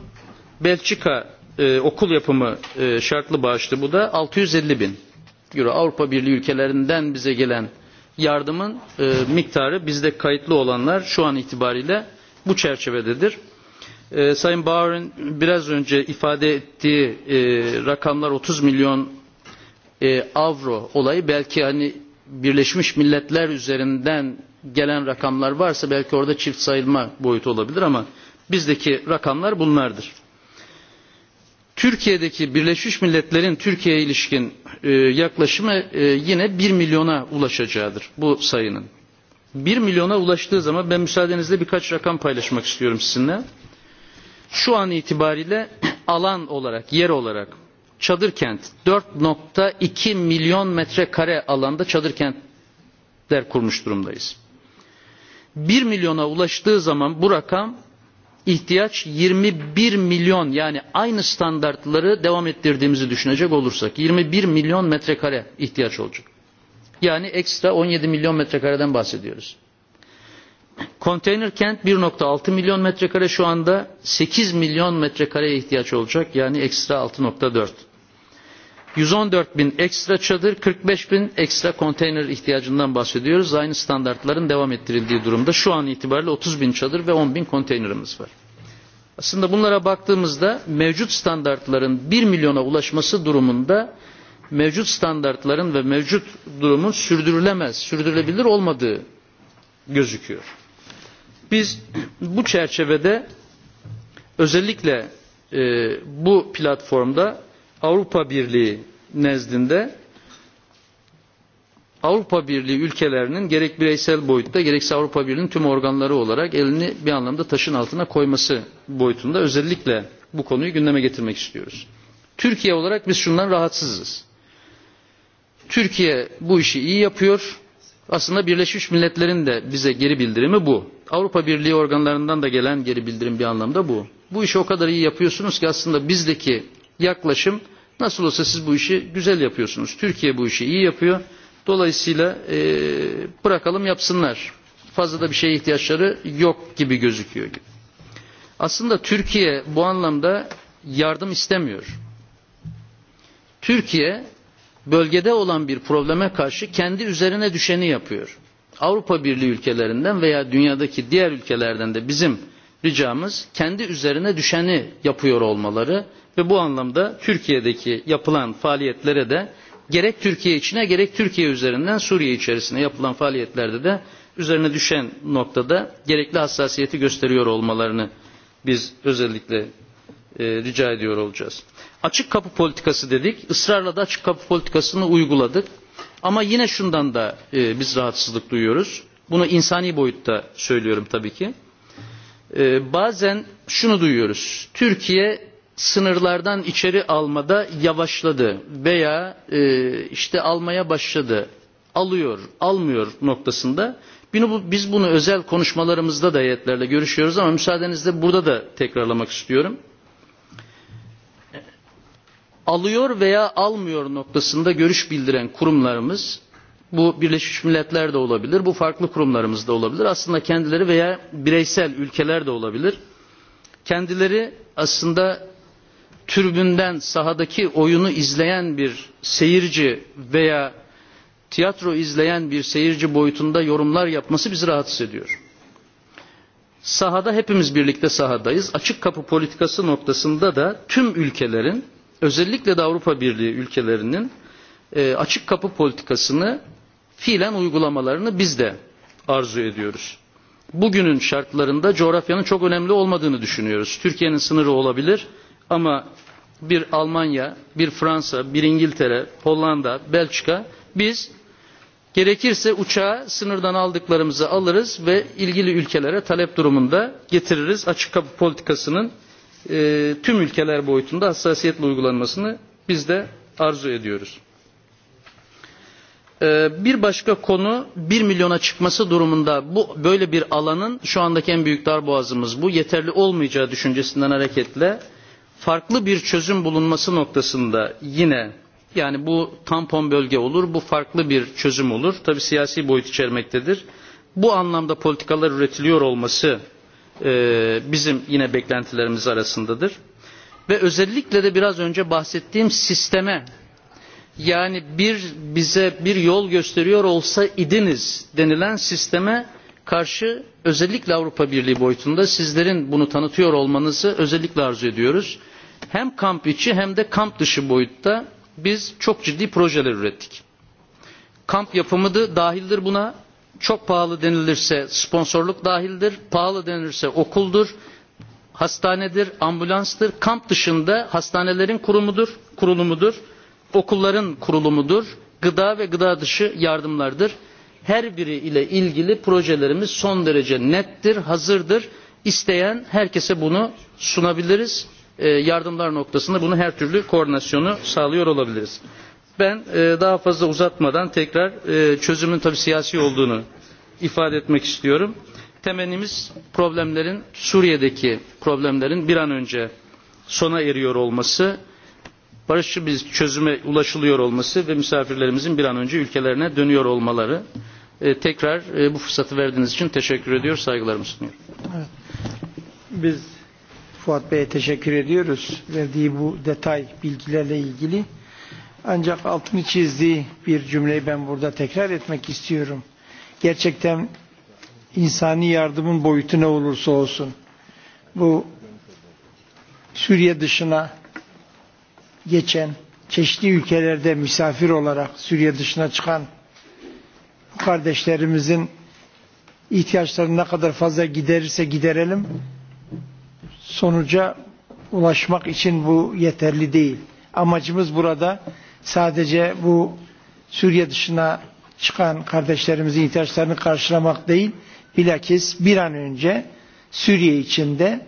Belçika e, okul yapımı e, şartlı bağışlı bu da 650 bin euro. Avrupa Birliği ülkelerinden bize gelen yardımın e, miktarı bizde kayıtlı olanlar șu an itibariyle bu çerçevededir. E, Sayın Bağır'ın biraz önce ifade ettiği e, rakamlar 30 milyon e, avro olayı belki hani Birleșmiș Milletler üzerinden gelen rakamlar varsa belki orada çift sayılma boyutu olabilir ama bizdeki rakamlar bunlardır. Türkiye'deki Birleșmiș Milletler'in Türkiye'ye ilișkin e, yaklaşımı e, yine 1 milyona ulaşacağıdır bu sayının. 1 milyona ulaştığı zaman ben müsaadenizle birkaç rakam paylașmak istiyorum sizinle. Șu an itibariyle alan olarak, yer olarak çadır kent 4.2 milyon metrekare alanda çadır kentler kurmuș durumdayız. 1 milyona ulaştığı zaman bu rakam ihtiyaç 21 milyon yani aynı standartları devam ettirdiğimizi düşünecek olursak 21 milyon metrekare ihtiyaç olacak. Yani ekstra 17 milyon metrekareden bahsediyoruz. Konteyner kent 1.6 milyon metrekare șu anda 8 milyon metrekareye ihtiyaç olacak. Yani ekstra 6.4. 114 bin ekstra çadır, 45 bin ekstra konteyner ihtiyacından bahsediyoruz. Aynı standartların devam ettirildiği durumda. Șu an itibariyle 30 bin çadır ve 10 bin konteynerimiz var. Aslında bunlara baktığımızda mevcut standartların 1 milyona ulaşması durumunda mevcut standartların ve mevcut durumun sürdürülemez, sürdürülebilir olmadığı gözüküyor. Biz bu çerçevede özellikle e, bu platformda Avrupa Birliği nezdinde Avrupa Birliği ülkelerinin gerek bireysel boyutta gerekse Avrupa Birliği'nin tüm organları olarak elini bir anlamda taşın altına koyması boyutunda özellikle bu konuyu gündeme getirmek istiyoruz. Türkiye olarak biz șundan rahatsızız. Türkiye bu iși iyi yapıyor. Aslında Birleșmiș Milletler'in de bize geri bildirimi bu. Avrupa Birliği organlarından da gelen geri bildirim bir anlamda bu. Bu iși o kadar iyi yapıyorsunuz ki aslında bizdeki yaklaşım nasıl olsa siz bu iși güzel yapıyorsunuz. Türkiye bu iși iyi yapıyor. Dolayısıyla e, bırakalım yapsınlar. Fazla da bir șeye ihtiyaçları yok gibi gözüküyor. Aslında Türkiye bu anlamda yardım istemiyor. Türkiye bölgede olan bir probleme karşı kendi üzerine düşeni yapıyor. Avrupa Birliği ülkelerinden veya dünyadaki diğer ülkelerden de bizim ricamız kendi üzerine düşeni yapıyor olmaları ve bu anlamda Türkiye'deki yapılan faaliyetlere de gerek Türkiye içine gerek Türkiye üzerinden Suriye içerisine yapılan faaliyetlerde de üzerine düşen noktada gerekli hassasiyeti gösteriyor olmalarını biz özellikle e, rica ediyor olacağız. Açık kapı politikası dedik. Israrla da açık kapı politikasını uyguladık. Ama yine șundan da e, biz rahatsızlık duyuyoruz. Bunu insani boyutta söylüyorum tabii ki. E, bazen șunu duyuyoruz. Türkiye sınırlardan içeri almada yavaşladı veya e, iște almaya başladı. Alıyor, almıyor noktasında. Biz bunu özel konuşmalarımızda da heyetlerle görüşüyoruz ama müsaadenizle burada da tekrarlamak istiyorum alıyor veya almıyor noktasında görüş bildiren kurumlarımız bu Birleșmiș Milletler de olabilir, bu farklı kurumlarımız da olabilir. Aslında kendileri veya bireysel ülkeler de olabilir. Kendileri aslında türbünden sahadaki oyunu izleyen bir seyirci veya tiyatro izleyen bir seyirci boyutunda yorumlar yapması bizi rahatsız ediyor. Sahada hepimiz birlikte sahadayız. Açık kapı politikası noktasında da tüm ülkelerin özellikle de Avrupa Birliği ülkelerinin e, açık kapı politikasını fiilen uygulamalarını biz de arzu ediyoruz. Bugünün şartlarında coğrafyanın çok önemli olmadığını düşünüyoruz. Türkiye'nin sınırı olabilir ama bir Almanya, bir Fransa, bir İngiltere, Hollanda, Belçika biz gerekirse uçağı sınırdan aldıklarımızı alırız ve ilgili ülkelere talep durumunda getiririz. Açık kapı politikasının e, tüm ülkeler boyutunda hassasiyetle uygulanmasını biz de arzu ediyoruz. E, bir bașka konu 1 milyona çıkması durumunda bu böyle bir alanın șu andaki en büyük darboğazımız bu yeterli olmayacağı düşüncesinden hareketle farklı bir çözüm bulunması noktasında yine yani bu tampon bölge olur bu farklı bir çözüm olur tabi siyasi boyut içermektedir bu anlamda politikalar üretiliyor olması bizim yine beklentilerimiz arasındadır. Ve özellikle de biraz önce bahsettiğim sisteme yani bir bize bir yol gösteriyor olsa idiniz denilen sisteme karşı özellikle Avrupa Birliği boyutunda sizlerin bunu tanıtıyor olmanızı özellikle arzu ediyoruz. Hem kamp içi hem de kamp dışı boyutta biz çok ciddi projeler ürettik. Kamp yapımı da dahildir buna, çok pahalı denilirse sponsorluk dahildir, pahalı denilirse okuldur, hastanedir, ambulanstır, kamp dışında hastanelerin kurumudur, kurulumudur, okulların kurulumudur, gıda ve gıda dışı yardımlardır. Her biri ile ilgili projelerimiz son derece nettir, hazırdır. İsteyen herkese bunu sunabiliriz. E, yardımlar noktasında bunu her türlü koordinasyonu sağlıyor olabiliriz ben daha fazla uzatmadan tekrar çözümün tabii siyasi olduğunu ifade etmek istiyorum. Temennimiz problemlerin Suriye'deki problemlerin bir an önce sona eriyor olması, barışçı bir çözüme ulaşılıyor olması ve misafirlerimizin bir an önce ülkelerine dönüyor olmaları. E, tekrar e, bu fırsatı verdiğiniz için teşekkür ediyor, saygılarımı sunuyorum. Evet. Biz Fuat Bey'e teşekkür ediyoruz verdiği bu detay bilgilerle ilgili. Ancak altını çizdiği bir cümleyi ben burada tekrar etmek istiyorum. Gerçekten insani yardımın boyutu ne olursa olsun bu Suriye dışına geçen çeşitli ülkelerde misafir olarak Suriye dışına çıkan bu kardeșlerimizin ihtiyaçlarını ne kadar fazla giderirse giderelim sonuca ulașmak için bu yeterli değil. Amacımız burada sadece bu Suriye dışına çıkan kardeșlerimizin ihtiyaçlarını karşılamak değil, bilakis bir an önce Suriye içinde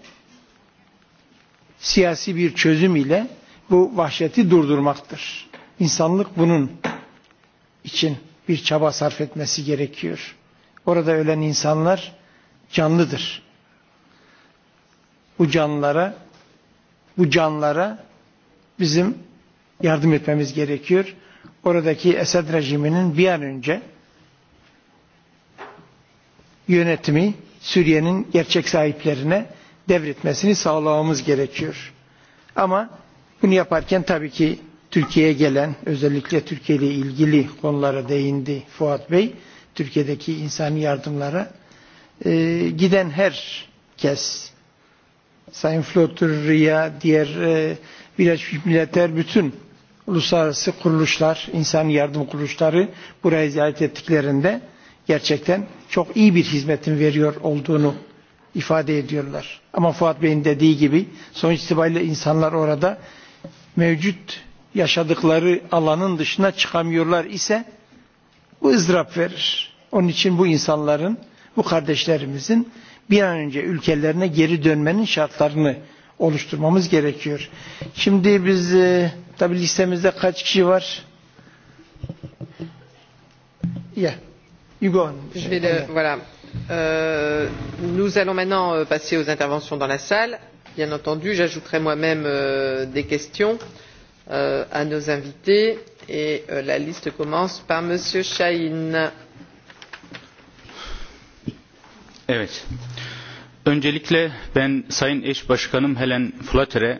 siyasi bir çözüm ile bu vahșeti durdurmaktır. İnsanlık bunun için bir çaba sarf etmesi gerekiyor. Orada ölen insanlar canlıdır. Bu canlara bu canlara bizim yardım etmemiz gerekiyor. Oradaki Esed rejiminin bir an önce yönetimi Suriye'nin gerçek sahiplerine devretmesini sağlamamız gerekiyor. Ama bunu yaparken tabii ki Türkiye'ye gelen özellikle Türkiye ile ilgili konulara değindi Fuat Bey. Türkiye'deki insani yardımlara e, giden herkes Sayın Flotur, RIA, diğer e, Birleșmiș Milletler bütün uluslararası kurulușlar, insan yardım kuruluşları buraya ziyaret ettiklerinde gerçekten çok iyi bir hizmetin veriyor olduğunu ifade ediyorlar. Ama Fuat Bey'in dediği gibi sonuç itibariyle insanlar orada mevcut yaşadıkları alanın dışına çıkamıyorlar ise bu ızdırap verir. Onun için bu insanların, bu kardeșlerimizin bir an önce ülkelerine geri dönmenin şartlarını oluşturmamız gerekiyor. Șimdi biz e, Tabi listemizde kaç kiși var? Yeah. You go Je vais le, voilà. Euh, nous allons maintenant euh, passer aux interventions dans la salle. Bien entendu, j'ajouterai moi-même euh, des questions euh, à nos invités et euh, la liste commence par Monsieur Chahine. Evet. Öncelikle ben Sayın Eș Başkanım Helen Flatter'e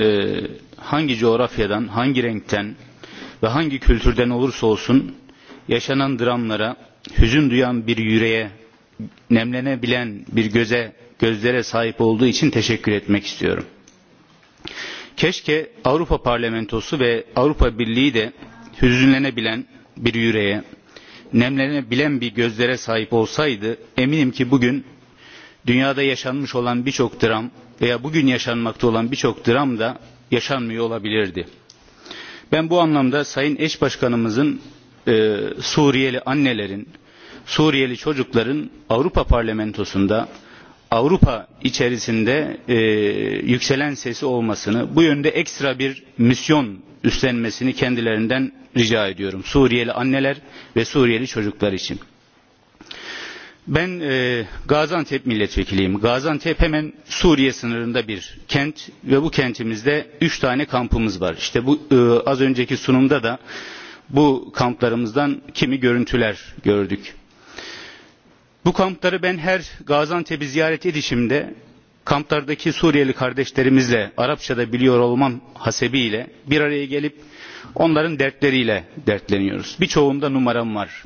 e, hangi coğrafyadan, hangi renkten ve hangi kültürden olursa olsun yașanan dramlara hüzün duyan bir yüreğe, nemlenebilen bir göze, gözlere sahip olduğu için teşekkür etmek istiyorum. Keșke Avrupa Parlamentosu ve Avrupa Birliği de hüzünlenebilen bir yüreğe, nemlenebilen bir gözlere sahip olsaydı eminim ki bugün dünyada yaşanmış olan birçok dram veya bugün yașanmakta olan birçok dram da yaşanmıyor olabilirdi. Ben bu anlamda Sayın Eș Başkanımızın e, Suriyeli annelerin, Suriyeli çocukların Avrupa Parlamentosu'nda Avrupa içerisinde e, yükselen sesi olmasını, bu yönde ekstra bir misyon üstlenmesini kendilerinden rica ediyorum. Suriyeli anneler ve Suriyeli çocuklar için. Ben e, Gaziantep milletvekiliyim. Gaziantep hemen Suriye sınırında bir kent ve bu kentimizde üç tane kampımız var. İşte bu e, az önceki sunumda da bu kamplarımızdan kimi görüntüler gördük. Bu kampları ben her Gaziantep'i ziyaret edișimde kamplardaki Suriyeli kardeșlerimizle Arapçada biliyor olmam hasebiyle bir araya gelip onların dertleriyle dertleniyoruz. Birçoğunda numaram var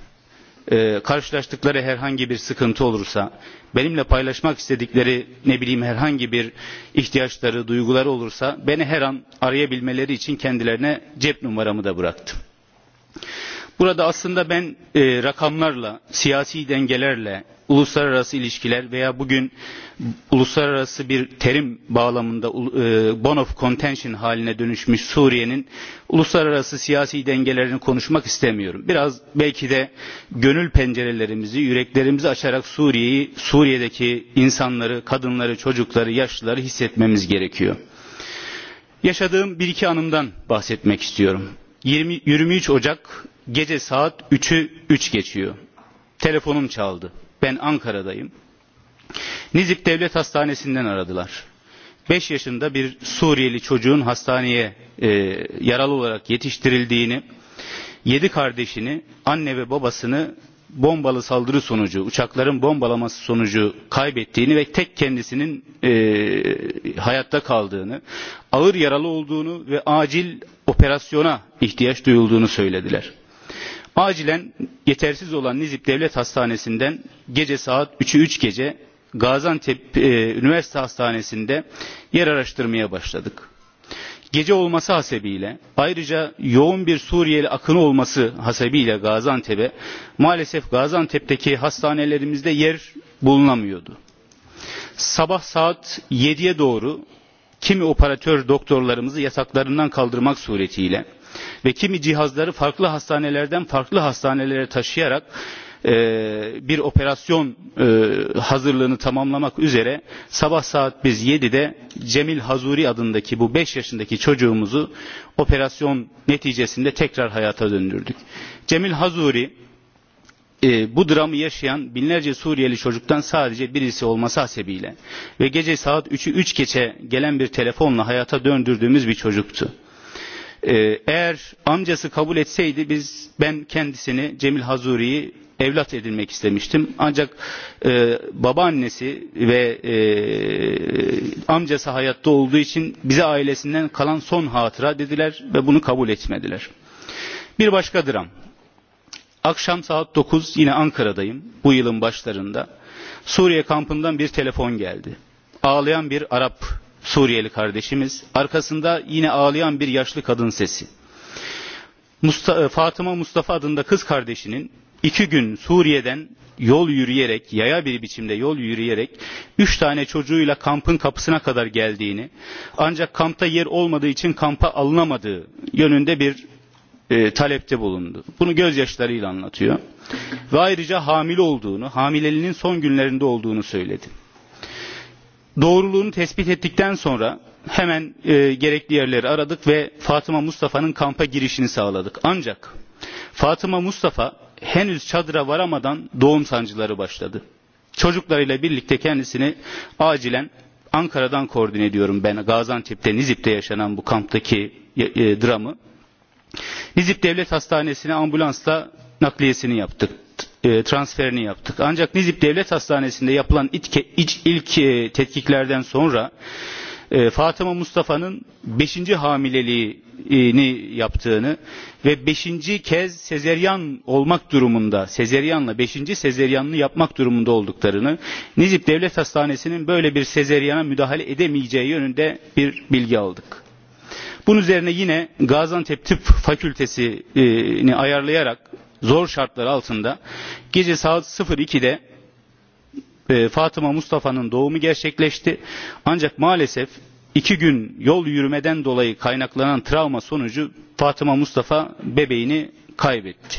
karşılaştıkları herhangi bir sıkıntı olursa, benimle paylașmak istedikleri ne bileyim herhangi bir ihtiyaçları, duyguları olursa beni her an arayabilmeleri için kendilerine cep numaramı da bıraktım Burada aslında ben e, rakamlarla, siyasi dengelerle, uluslararası ilișkiler veya bugün uluslararası bir terim bağlamında e, bone of contention haline dönüşmüş Suriye'nin uluslararası siyasi dengelerini konușmak istemiyorum. Biraz belki de gönül pencerelerimizi, yüreklerimizi açarak Suriye'yi, Suriye'deki insanları, kadınları, çocukları, yaşlıları hissetmemiz gerekiyor. Yaşadığım bir iki anımdan bahsetmek istiyorum. 23 Ocak gece saat 3'ü 3 geçiyor. Telefonum çaldı. Ben Ankara'dayım. Nizip Devlet Hastanesi'nden aradılar. 5 yaşında bir Suriyeli çocuğun hastaneye e, yaralı olarak yetiştirildiğini, 7 kardeșini, anne ve babasını bombalı saldırı sonucu, uçakların bombalaması sonucu kaybettiğini ve tek kendisinin e, hayatta kaldığını, ağır yaralı olduğunu ve acil operasyona ihtiyaç duyulduğunu söylediler. Acilen yetersiz olan Nizip Devlet Hastanesi'nden gece saat 3'ü 3 gece Gaziantep e, Üniversite Hastanesi'nde yer araştırmaya başladık gece olması hasebiyle ayrıca yoğun bir Suriyeli akını olması hasebiyle Gaziantep'e maalesef Gaziantep'teki hastanelerimizde yer bulunamıyordu. Sabah saat 7'ye doğru kimi operatör doktorlarımızı yasaklarından kaldırmak suretiyle ve kimi cihazları farklı hastanelerden farklı hastanelere taşıyarak bir operasyon hazırlığını tamamlamak üzere sabah saat biz 7'de Cemil Hazuri adındaki bu 5 yaşındaki çocuğumuzu operasyon neticesinde tekrar hayata döndürdük. Cemil Hazuri e, bu dramı yașayan binlerce Suriyeli çocuktan sadece birisi olması hasebiyle ve gece saat 3'ü 3 geçe gelen bir telefonla hayata döndürdüğümüz bir çocuktu. eğer amcası kabul etseydi biz ben kendisini Cemil Hazuri'yi evlat edinmek istemiștim. Ancak e, babaannesi ve e, amcası hayatta olduğu için bize ailesinden kalan son hatıra dediler ve bunu kabul etmediler. Bir bașka dram. Akșam saat 9 yine Ankara'dayım bu yılın başlarında. Suriye kampından bir telefon geldi. Ağlayan bir Arap Suriyeli kardeșimiz. Arkasında yine ağlayan bir yaşlı kadın sesi. Mustafa, Fatıma Mustafa adında kız kardeșinin iki gün Suriye'den yol yürüyerek, yaya bir biçimde yol yürüyerek üç tane çocuğuyla kampın kapısına kadar geldiğini, ancak kampta yer olmadığı için kampa alınamadığı yönünde bir e, talepte bulundu. Bunu gözyaşlarıyla anlatıyor. Ve ayrıca hamile olduğunu, hamileliğinin son günlerinde olduğunu söyledi. Doğruluğunu tespit ettikten sonra hemen e, gerekli yerleri aradık ve Fatıma Mustafa'nın kampa girișini sağladık. Ancak Fatıma Mustafa henüz çadıra varamadan doğum sancıları başladı. Çocuklarıyla birlikte kendisini acilen Ankara'dan koordine ediyorum ben Gaziantep'te Nizip'te yașanan bu kamptaki e, dramı. Nizip Devlet Hastanesi'ne ambulansla nakliyesini yaptık e, transferini yaptık. Ancak Nizip Devlet Hastanesi'nde yapılan itke, iç, ilk e, tetkiklerden sonra Fatıma Mustafa'nın beșinci hamileliğini yaptığını ve beșinci kez sezeryan olmak durumunda, sezeryanla beșinci sezeryanını yapmak durumunda olduklarını, Nizip Devlet Hastanesi'nin böyle bir sezeryana müdahale edemeyeceği yönünde bir bilgi aldık. Bunun üzerine yine Gaziantep Tıp Fakültesi'ni ayarlayarak zor șartlar altında gece saat 02'de Fatıma Mustafa'nın doğumu gerçekleşti. Ancak maalesef iki gün yol yürümeden dolayı kaynaklanan travma sonucu Fatıma Mustafa bebeğini kaybetti.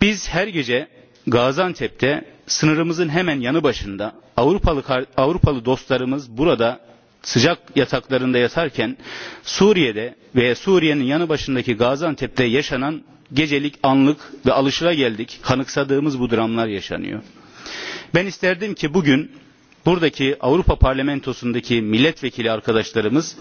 Biz her gece Gaziantep'te sınırımızın hemen yanı başında Avrupalı, Avrupalı dostlarımız burada sıcak yataklarında yatarken Suriye'de ve Suriye'nin yanı başındaki Gaziantep'te yașanan gecelik anlık ve geldik kanıksadığımız bu dramlar yaşanıyor ben isterdim ki bugün buradaki avrupa parlamentosundaki milletvekili arkadaşlarımız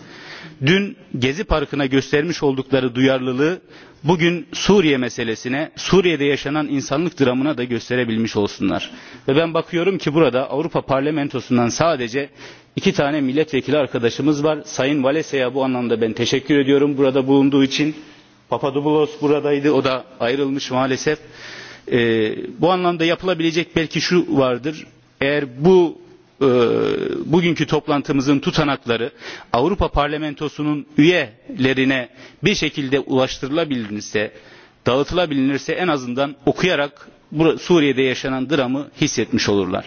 dün gezi parkına göstermiş oldukları duyarlılığı bugün suriye meselesine suriye'de yașanan insanlık dramına da gösterebilmiş olsunlar. ve ben bakıyorum ki burada avrupa parlamentosundan sadece iki tane milletvekili arkadaşımız var. sayın walese'ye bu anlamda ben teşekkür ediyorum burada bulunduğu için. papadopoulos buradaydı o da ayrılmış maalesef. E, bu anlamda yapılabilecek belki șu vardır. Eğer bu e, bugünkü toplantımızın tutanakları Avrupa Parlamentosu'nun üyelerine bir șekilde ulaştırılabilirse, dağıtılabilirse en azından okuyarak Suriye'de yașanan dramı hissetmiș olurlar.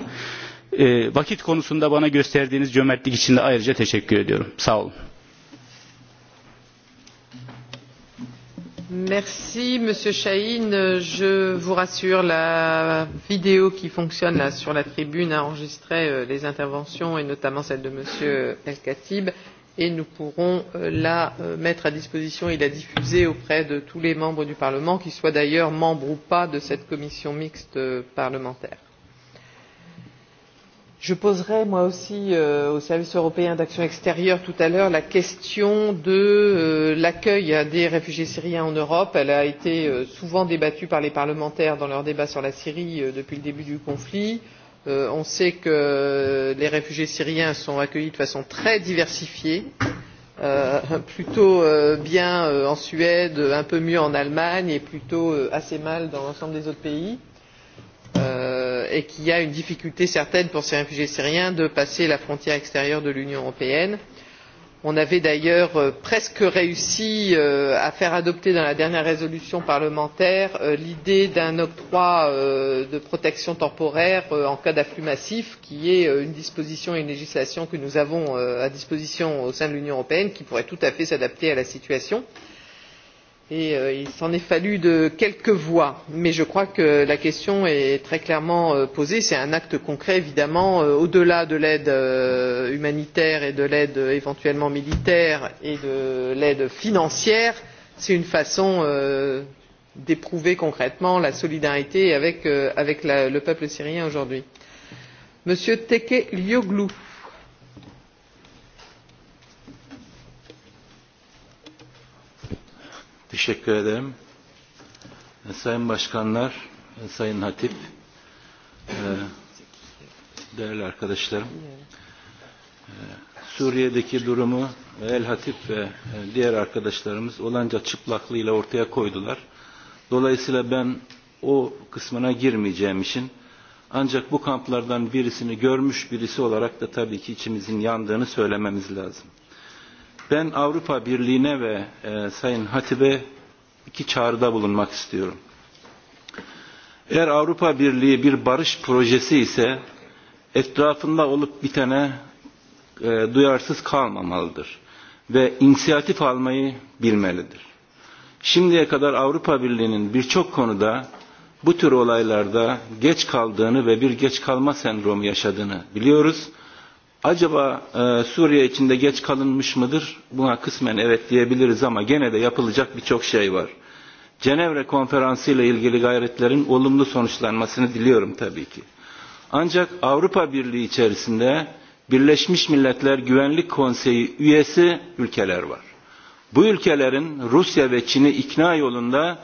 E, vakit konusunda bana gösterdiğiniz cömertlik için de ayrıca teşekkür ediyorum. Sağ olun. Merci, Monsieur Chahine. Je vous rassure, la vidéo qui fonctionne là, sur la tribune a enregistré euh, les interventions et notamment celle de Monsieur euh, El Khatib et nous pourrons euh, la euh, mettre à disposition et la diffuser auprès de tous les membres du Parlement, qu'ils soient d'ailleurs membres ou pas de cette commission mixte euh, parlementaire je poserai moi aussi euh, au service européen d'action extérieure tout à l'heure la question de euh, l'accueil des réfugiés syriens en europe. elle a été euh, souvent débattue par les parlementaires dans leurs débats sur la syrie depuis le début du conflit. on sait que les réfugiés syriens sont accueillis de façon très diversifiée plutôt bien en suède un peu mieux en allemagne et plutôt assez mal dans l'ensemble des autres pays. Euh, et qu'il y a une difficulté certaine pour ces réfugiés syriens de passer la frontière extérieure de l'union européenne. on avait d'ailleurs euh, presque réussi euh, à faire adopter dans la dernière résolution parlementaire l'idée d'un octroi de protection temporaire en cas d'afflux massif qui est une disposition et une législation que nous avons à disposition au sein de l'union européenne qui pourrait tout à fait s'adapter à la situation. il et euh, il s'en est fallu de quelques voix mais je crois que la question est très clairement euh, posée c'est un acte concret évidemment euh, au delà de l'aide humanitaire et de l'aide éventuellement militaire et de l'aide financière c'est une façon d'éprouver concrètement la solidarité avec, le peuple syrien aujourd'hui. monsieur tekelioglou Teşekkür ederim. Sayın Bașkanlar, Sayın Hatip, değerli arkadaşlarım. Suriye'deki durumu El Hatip ve diğer arkadaşlarımız olanca çıplaklığıyla ortaya koydular. Dolayısıyla ben o kısmına girmeyeceğim için ancak bu kamplardan birisini görmüş birisi olarak da tabii ki içimizin yandığını söylememiz lazım. Ben Avrupa Birliği'ne ve e, Sayın Hatip'e iki çağrıda bulunmak istiyorum. Eğer Avrupa Birliği bir barış projesi ise etrafında olup bitene e, duyarsız kalmamalıdır ve inisiyatif almayı bilmelidir. Șimdiye kadar Avrupa Birliği'nin birçok konuda bu tür olaylarda geç kaldığını ve bir geç kalma sendromu yaşadığını biliyoruz. Acaba e, Suriye içinde geç kalınmış mıdır? Buna kısmen evet diyebiliriz ama gene de yapılacak birçok șey var. Cenevre Konferansı ile ilgili gayretlerin olumlu sonuçlanmasını diliyorum tabii ki. Ancak Avrupa Birliği içerisinde Birleșmiș Milletler Güvenlik Konseyi üyesi ülkeler var. Bu ülkelerin Rusya ve Çin'i ikna yolunda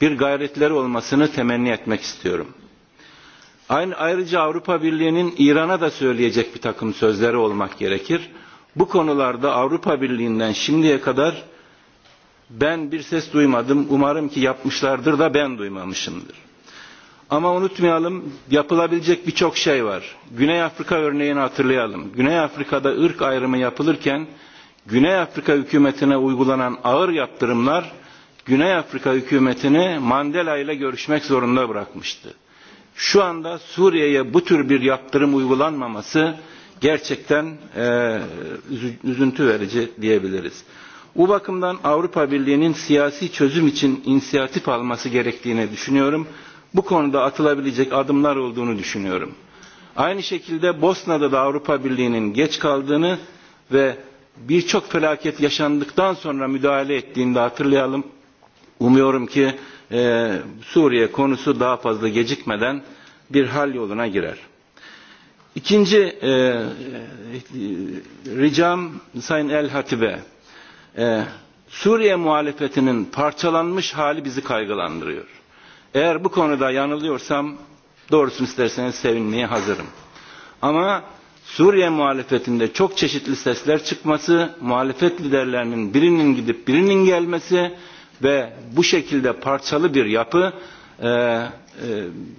bir gayretleri olmasını temenni etmek istiyorum. Aynı, ayrıca Avrupa Birliği'nin İran'a da söyleyecek bir takım sözleri olmak gerekir. Bu konularda Avrupa Birliği'nden șimdiye kadar ben bir ses duymadım. Umarım ki yapmışlardır da ben duymamışımdır. Ama unutmayalım yapılabilecek birçok șey var. Güney Afrika örneğini hatırlayalım. Güney Afrika'da ırk ayrımı yapılırken Güney Afrika hükümetine uygulanan ağır yaptırımlar Güney Afrika hükümetini Mandela ile görüşmek zorunda bırakmıştı șu anda Suriye'ye bu tür bir yaptırım uygulanmaması gerçekten e, üzüntü verici diyebiliriz. Bu bakımdan Avrupa Birliği'nin siyasi çözüm için inisiyatif alması gerektiğini düşünüyorum. Bu konuda atılabilecek adımlar olduğunu düşünüyorum. Aynı șekilde Bosna'da da Avrupa Birliği'nin geç kaldığını ve birçok felaket yaşandıktan sonra müdahale ettiğini de hatırlayalım. Umuyorum ki e, Suriye konusu daha fazla gecikmeden bir hal yoluna girer. İkinci e, e, ricam Sayın El Hatibe, e, Suriye muhalefetinin parçalanmış hali bizi kaygılandırıyor. Eğer bu konuda yanılıyorsam doğrusunu isterseniz sevinmeye hazırım. Ama Suriye muhalefetinde çok çeşitli sesler çıkması, muhalefet liderlerinin birinin gidip birinin gelmesi ve bu șekilde parçalı bir yapı e, e,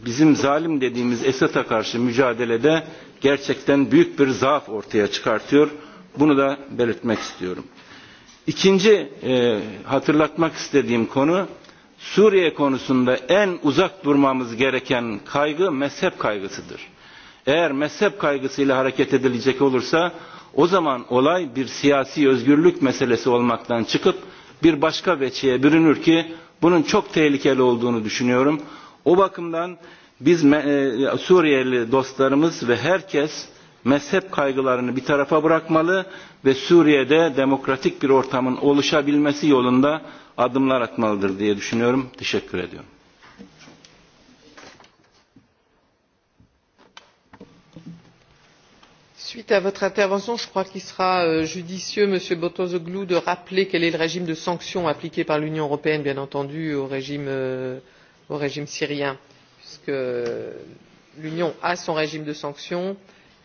bizim zalim dediğimiz Esad'a karşı mücadelede gerçekten büyük bir zaaf ortaya çıkartıyor. Bunu da belirtmek istiyorum. İkinci e, hatırlatmak istediğim konu Suriye konusunda en uzak durmamız gereken kaygı mezhep kaygısıdır. Eğer mezhep kaygısıyla hareket edilecek olursa o zaman olay bir siyasi özgürlük meselesi olmaktan çıkıp bir bașka veçeye bürünür ki bunun çok tehlikeli olduğunu düşünüyorum. O bakımdan biz e, Suriyeli dostlarımız ve herkes mezhep kaygılarını bir tarafa bırakmalı ve Suriye'de demokratik bir ortamın olușabilmesi yolunda adımlar atmalıdır diye düşünüyorum. Teşekkür ediyorum. suite à votre intervention je crois qu'il sera euh, judicieux monsieur botozoglou de rappeler quel est le régime de sanctions appliqué par l'union européenne bien entendu au régime euh, syrien puisque l'union a son régime de sanctions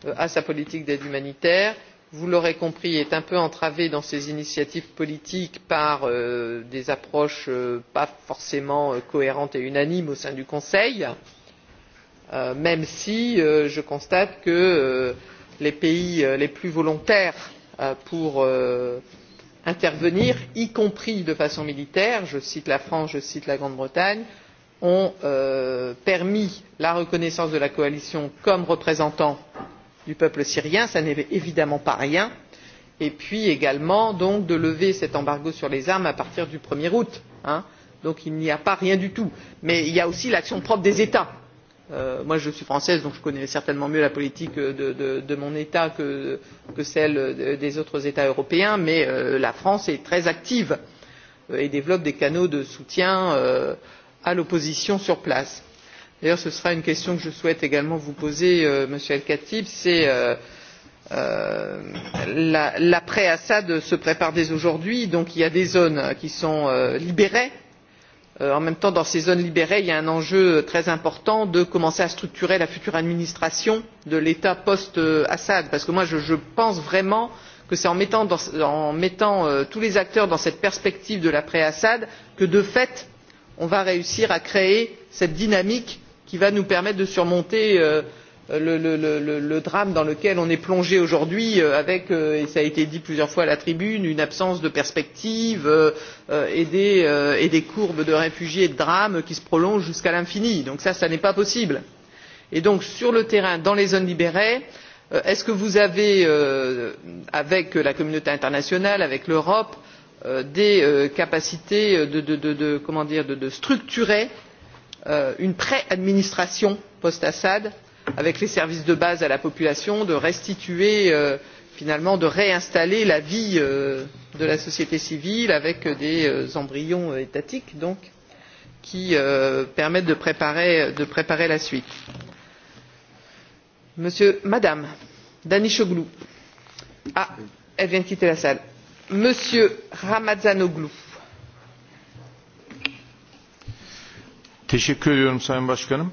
euh, a sa politique d'aide humanitaire vous l'aurez compris est un peu entravée dans ses initiatives politiques par des approches pas forcément cohérentes et unanimes au sein du conseil même si je constate que les pays euh, les plus volontaires euh, pour euh, intervenir y compris de façon militaire je cite la france je cite la grande bretagne ont permis la reconnaissance de la coalition comme représentant du peuple syrien ce qui n'est évidemment pas rien et puis également de lever cet embargo sur les armes à partir du un er août il n'y a pas rien du tout mais il y a aussi l'action propre des états Euh, moi, je suis française, donc je connais certainement mieux la politique de, mon État que, celle des autres États européens, mais euh, la France est très active euh, et développe des canaux de soutien à l'opposition sur place. D'ailleurs, ce sera une question que je souhaite également vous poser, Monsieur El Khatib, c'est l'après Assad se prépare dès aujourd'hui, donc il y a des zones qui sont libérées Euh, en même temps dans ces zones libérées il y a un enjeu très important de commencer à structurer la future administration de l'état post assad parce que je pense vraiment que c'est en mettant, euh, tous les acteurs dans cette perspective de l'après assad que de fait on va réussir à créer cette dynamique qui va nous permettre de surmonter euh, le, drame dans lequel on est plongé aujourd'hui euh, avec euh, et cela a été dit plusieurs fois à la tribune une absence de perspective euh, et des, courbes de réfugiés et de drames qui se prolongent jusqu'à l'infini. donc ça ce n'est pas possible. donc sur le terrain dans les zones libérées est ce que vous avez avec la communauté internationale avec l'europe des capacités de structurer une pré administration post assad avec les services de base à la population de restituer euh, finalement de réinstaller la vie euh, de la société civile avec des euh, embryons étatiques donc qui permettent de préparer, de préparer la suite. Monsieur, Madame Danishoglu. Ah, elle vient de quitter la salle. Monsieur Ramazanoglu. Teşekkür ediyorum Sayın Başkanım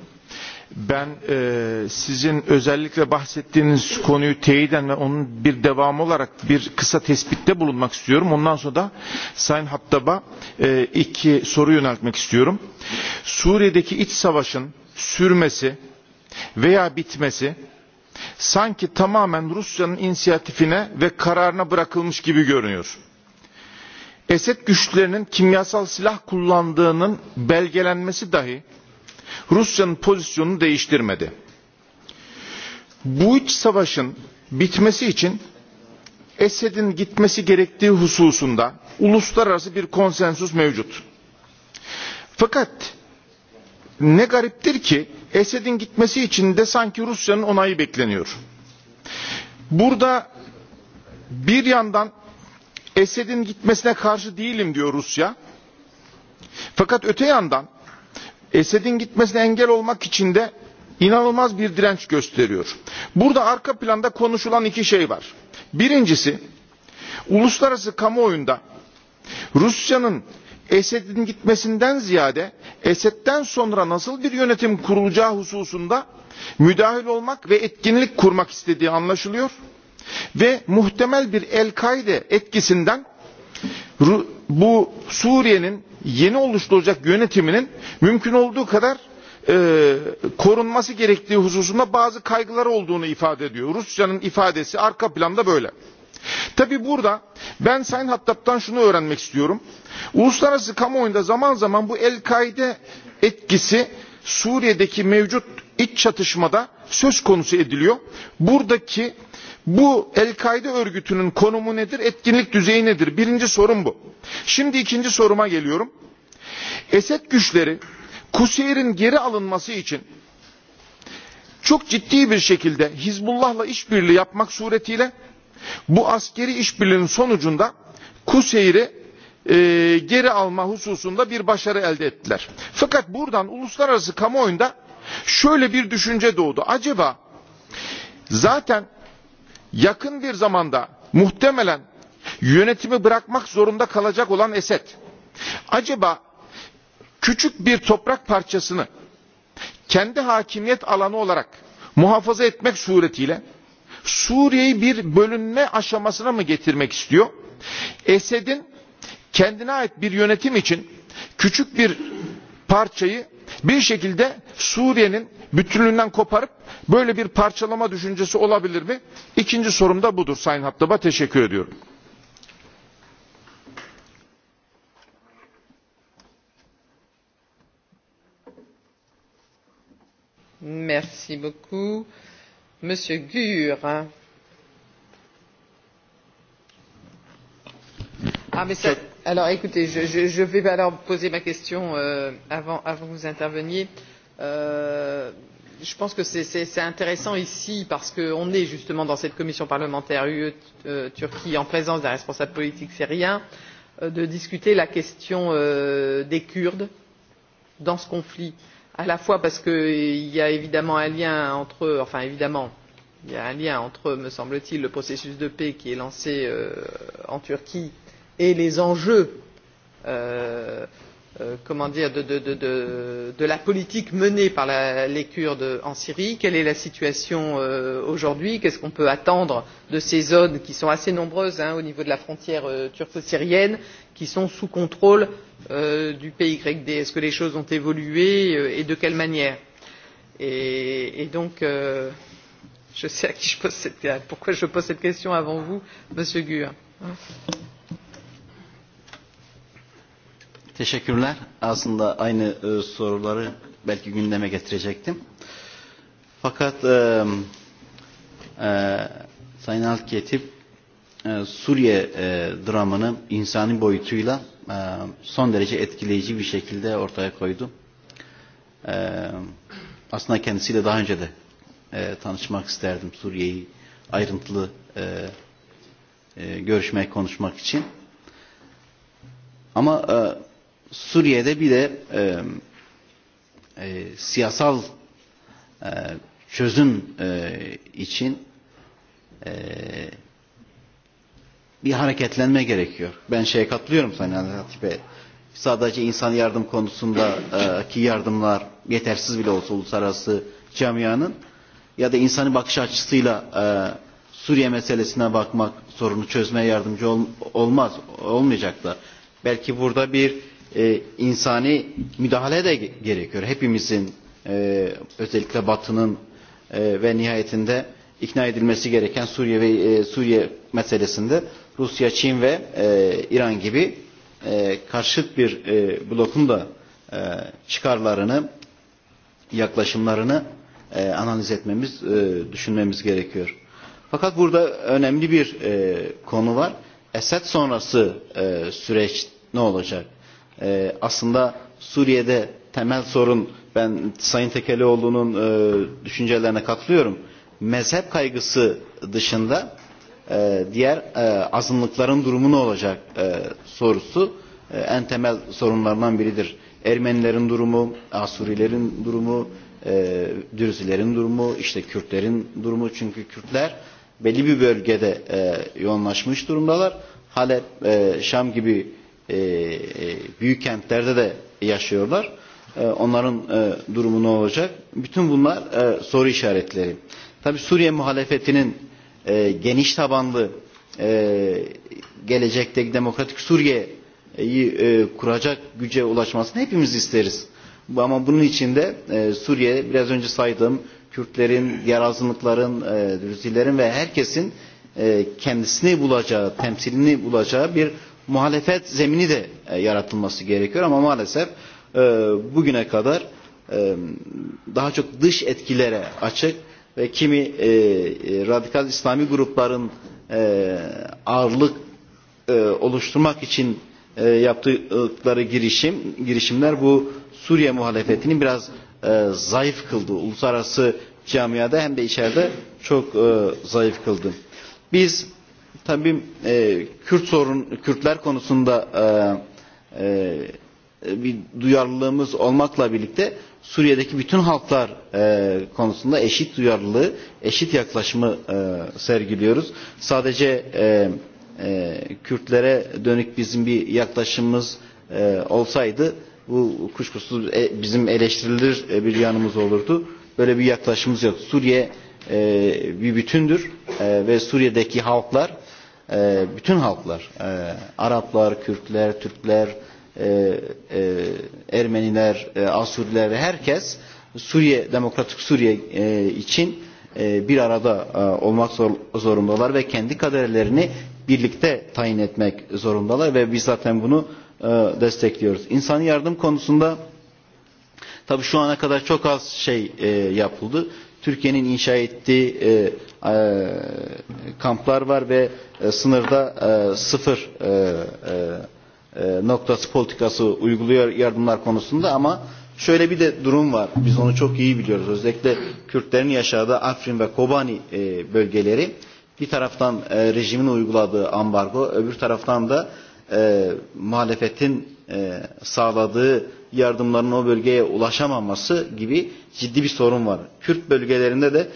ben e, sizin özellikle bahsettiğiniz konuyu teyiden ve onun bir devamı olarak bir kısa tespitte bulunmak istiyorum. Ondan sonra da Sayın Hattab'a e, iki soru yöneltmek istiyorum. Suriye'deki iç savaşın sürmesi veya bitmesi sanki tamamen Rusya'nın inisiyatifine ve kararına bırakılmış gibi görünüyor. Esed güçlerinin kimyasal silah kullandığının belgelenmesi dahi Rusya'nın pozisyonunu değiştirmedi. Bu iç savaşın bitmesi için Esed'in gitmesi gerektiği hususunda uluslararası bir konsensus mevcut. Fakat ne gariptir ki Esed'in gitmesi için de sanki Rusya'nın onayı bekleniyor. Burada bir yandan Esed'in gitmesine karşı değilim diyor Rusya. Fakat öte yandan Esed'in gitmesine engel olmak için de inanılmaz bir direnç gösteriyor. Burada arka planda konușulan iki șey var. Birincisi uluslararası kamuoyunda Rusya'nın Esed'in gitmesinden ziyade Esed'den sonra nasıl bir yönetim kurulacağı hususunda müdahil olmak ve etkinlik kurmak istediği anlaşılıyor ve muhtemel bir El-Kaide etkisinden bu Suriye'nin yeni olușturulacak yönetiminin mümkün olduğu kadar e, korunması gerektiği hususunda bazı kaygılar olduğunu ifade ediyor. Rusya'nın ifadesi arka planda böyle. Tabi burada ben Sayın Hattab'dan șunu öğrenmek istiyorum. Uluslararası kamuoyunda zaman zaman bu El-Kaide etkisi Suriye'deki mevcut iç çatışmada söz konusu ediliyor. Buradaki Bu El-Kaide örgütünün konumu nedir, etkinlik düzeyi nedir? Birinci sorum bu. Șimdi ikinci soruma geliyorum. Esed güçleri Kuseyir'in geri alınması için çok ciddi bir șekilde Hizbullah'la işbirliği yapmak suretiyle bu askeri işbirliğinin sonucunda Kuseyir'i e, geri alma hususunda bir başarı elde ettiler. Fakat buradan uluslararası kamuoyunda şöyle bir düşünce doğdu. Acaba zaten yakın bir zamanda muhtemelen yönetimi bırakmak zorunda kalacak olan Esed acaba küçük bir toprak parçasını kendi hakimiyet alanı olarak muhafaza etmek suretiyle Suriye'yi bir bölünme aşamasına mı getirmek istiyor? Esed'in kendine ait bir yönetim için küçük bir parçayı bir șekilde Suriye'nin bütünlüğünden koparıp böyle bir parçalama düşüncesi olabilir mi? İkinci sorum da budur Sayın Hattab'a teşekkür ediyorum. Merci beaucoup. Monsieur Gure. Ah, mais ça, alors écoutez, je, je, je vais alors poser ma question euh, avant, avant que vous interveniez. Euh, je pense que c'est intéressant ici parce qu'on est justement dans cette commission parlementaire ue euh, turquie en présence d'un responsable politique syrien euh, de discuter la question euh, des kurdes dans ce conflit à la fois parce qu'il y a évidemment un lien entre enfin évidemment il y a un lien entre me semble t il le processus de paix qui est lancé en turquie et les enjeux euh, euh, comment dire, de, de, de, de, de la politique menée par la, les Kurdes en Syrie, quelle est la situation euh, aujourd'hui, qu'est-ce qu'on peut attendre de ces zones qui sont assez nombreuses hein, au niveau de la frontière euh, turco-syrienne, qui sont sous contrôle euh, du PYD. Est-ce que les choses ont évolué euh, et de quelle manière et, et donc, euh, je sais à qui je pose cette, pourquoi je pose cette question avant vous, Monsieur Gur. Teşekkürler. Aslında aynı e, soruları belki gündeme getirecektim. Fakat e, e, Sayın Alketip e, Suriye e, dramını insani boyutuyla e, son derece etkileyici bir șekilde ortaya koydu. E, aslında kendisiyle daha önce de e, tanışmak isterdim Suriye'yi ayrıntılı e, e, görüşmek, konușmak için. Ama e, Suriye'de bir de e, e, siyasal e, çözüm e, için e, bir hareketlenme gerekiyor. Ben șeye katılıyorum sana Sadece insan yardım konusundaki yardımlar yetersiz bile olsa uluslararası camianın ya da insanı bakış açısıyla e, Suriye meselesine bakmak sorunu çözmeye yardımcı ol, olmaz, olmayacak da. Belki burada bir e, insani müdahale de gerekiyor. Hepimizin e, özellikle Batı'nın e, ve nihayetinde ikna edilmesi gereken Suriye ve e, Suriye meselesinde Rusya, Çin ve e, İran gibi e, karşıt bir e, blokun da e, çıkarlarını, yaklaşımlarını e, analiz etmemiz, e, düşünmemiz gerekiyor. Fakat burada önemli bir e, konu var. Esed sonrası e, süreç ne olacak? aslında Suriye'de temel sorun ben Sayın Tekelioğlu'nun e, düşüncelerine katılıyorum. Mezhep kaygısı dışında e, diğer e, azınlıkların durumu ne olacak e, sorusu e, en temel sorunlarından biridir. Ermenilerin durumu, Asurilerin durumu, e, Dürzilerin durumu, iște Kürtlerin durumu. Çünkü Kürtler belli bir bölgede e, yoğunlaşmış durumdalar. Halep, e, Șam gibi e, büyük kentlerde de yaşıyorlar. E, onların e, durumu ne olacak? Bütün bunlar e, soru ișaretleri. Tabi Suriye muhalefetinin e, geniș tabanlı e, gelecekteki demokratik Suriye'yi e, kuracak güce ulaşmasını hepimiz isteriz. Ama bunun içinde e, Suriye biraz önce saydığım Kürtlerin, diğer azınlıkların, e, Rüzilerin ve herkesin e, kendisini bulacağı, temsilini bulacağı bir muhalefet zemini de yaratılması gerekiyor ama maalesef bugüne kadar daha çok dış etkilere açık ve kimi radikal İslami grupların ağırlık olușturmak için yaptıkları girișim girișimler bu Suriye muhalefetini biraz zayıf kıldı. Uluslararası camiada hem de içeride çok zayıf kıldı. Biz Tabii e, Kürt sorun, Kürtler konusunda e, e, bir duyarlılığımız olmakla birlikte Suriye'deki bütün halklar e, konusunda eșit duyarlılığı, eșit yaklaşımı e, sergiliyoruz. Sadece e, e, Kürtlere dönük bizim bir yaklaşımımız e, olsaydı bu kușkusuz e, bizim eleștirilir e, bir yanımız olurdu. Böyle bir yaklaşımımız yok. Suriye e, bir bütündür e, ve Suriye'deki halklar e, bütün halklar, e, Araplar, Kürtler, Türkler, e, e, Ermeniler, e, Asuriler, herkes Suriye, Demokratik Suriye e, için e, bir arada e, olmak zor, zorundalar ve kendi kaderlerini birlikte tayin etmek zorundalar ve biz zaten bunu e, destekliyoruz. İnsan yardım konusunda tabii șu ana kadar çok az șey e, yapıldı. Türkiye'nin inșa ettiği e, kamplar var ve sınırda sıfır noktası politikası uyguluyor yardımlar konusunda ama şöyle bir de durum var. Biz onu çok iyi biliyoruz. Özellikle Kürtlerin yaşadığı Afrin ve Kobani bölgeleri bir taraftan rejimin uyguladığı ambargo, öbür taraftan da muhalefetin sağladığı yardımların o bölgeye ulaşamaması gibi ciddi bir sorun var. Kürt bölgelerinde de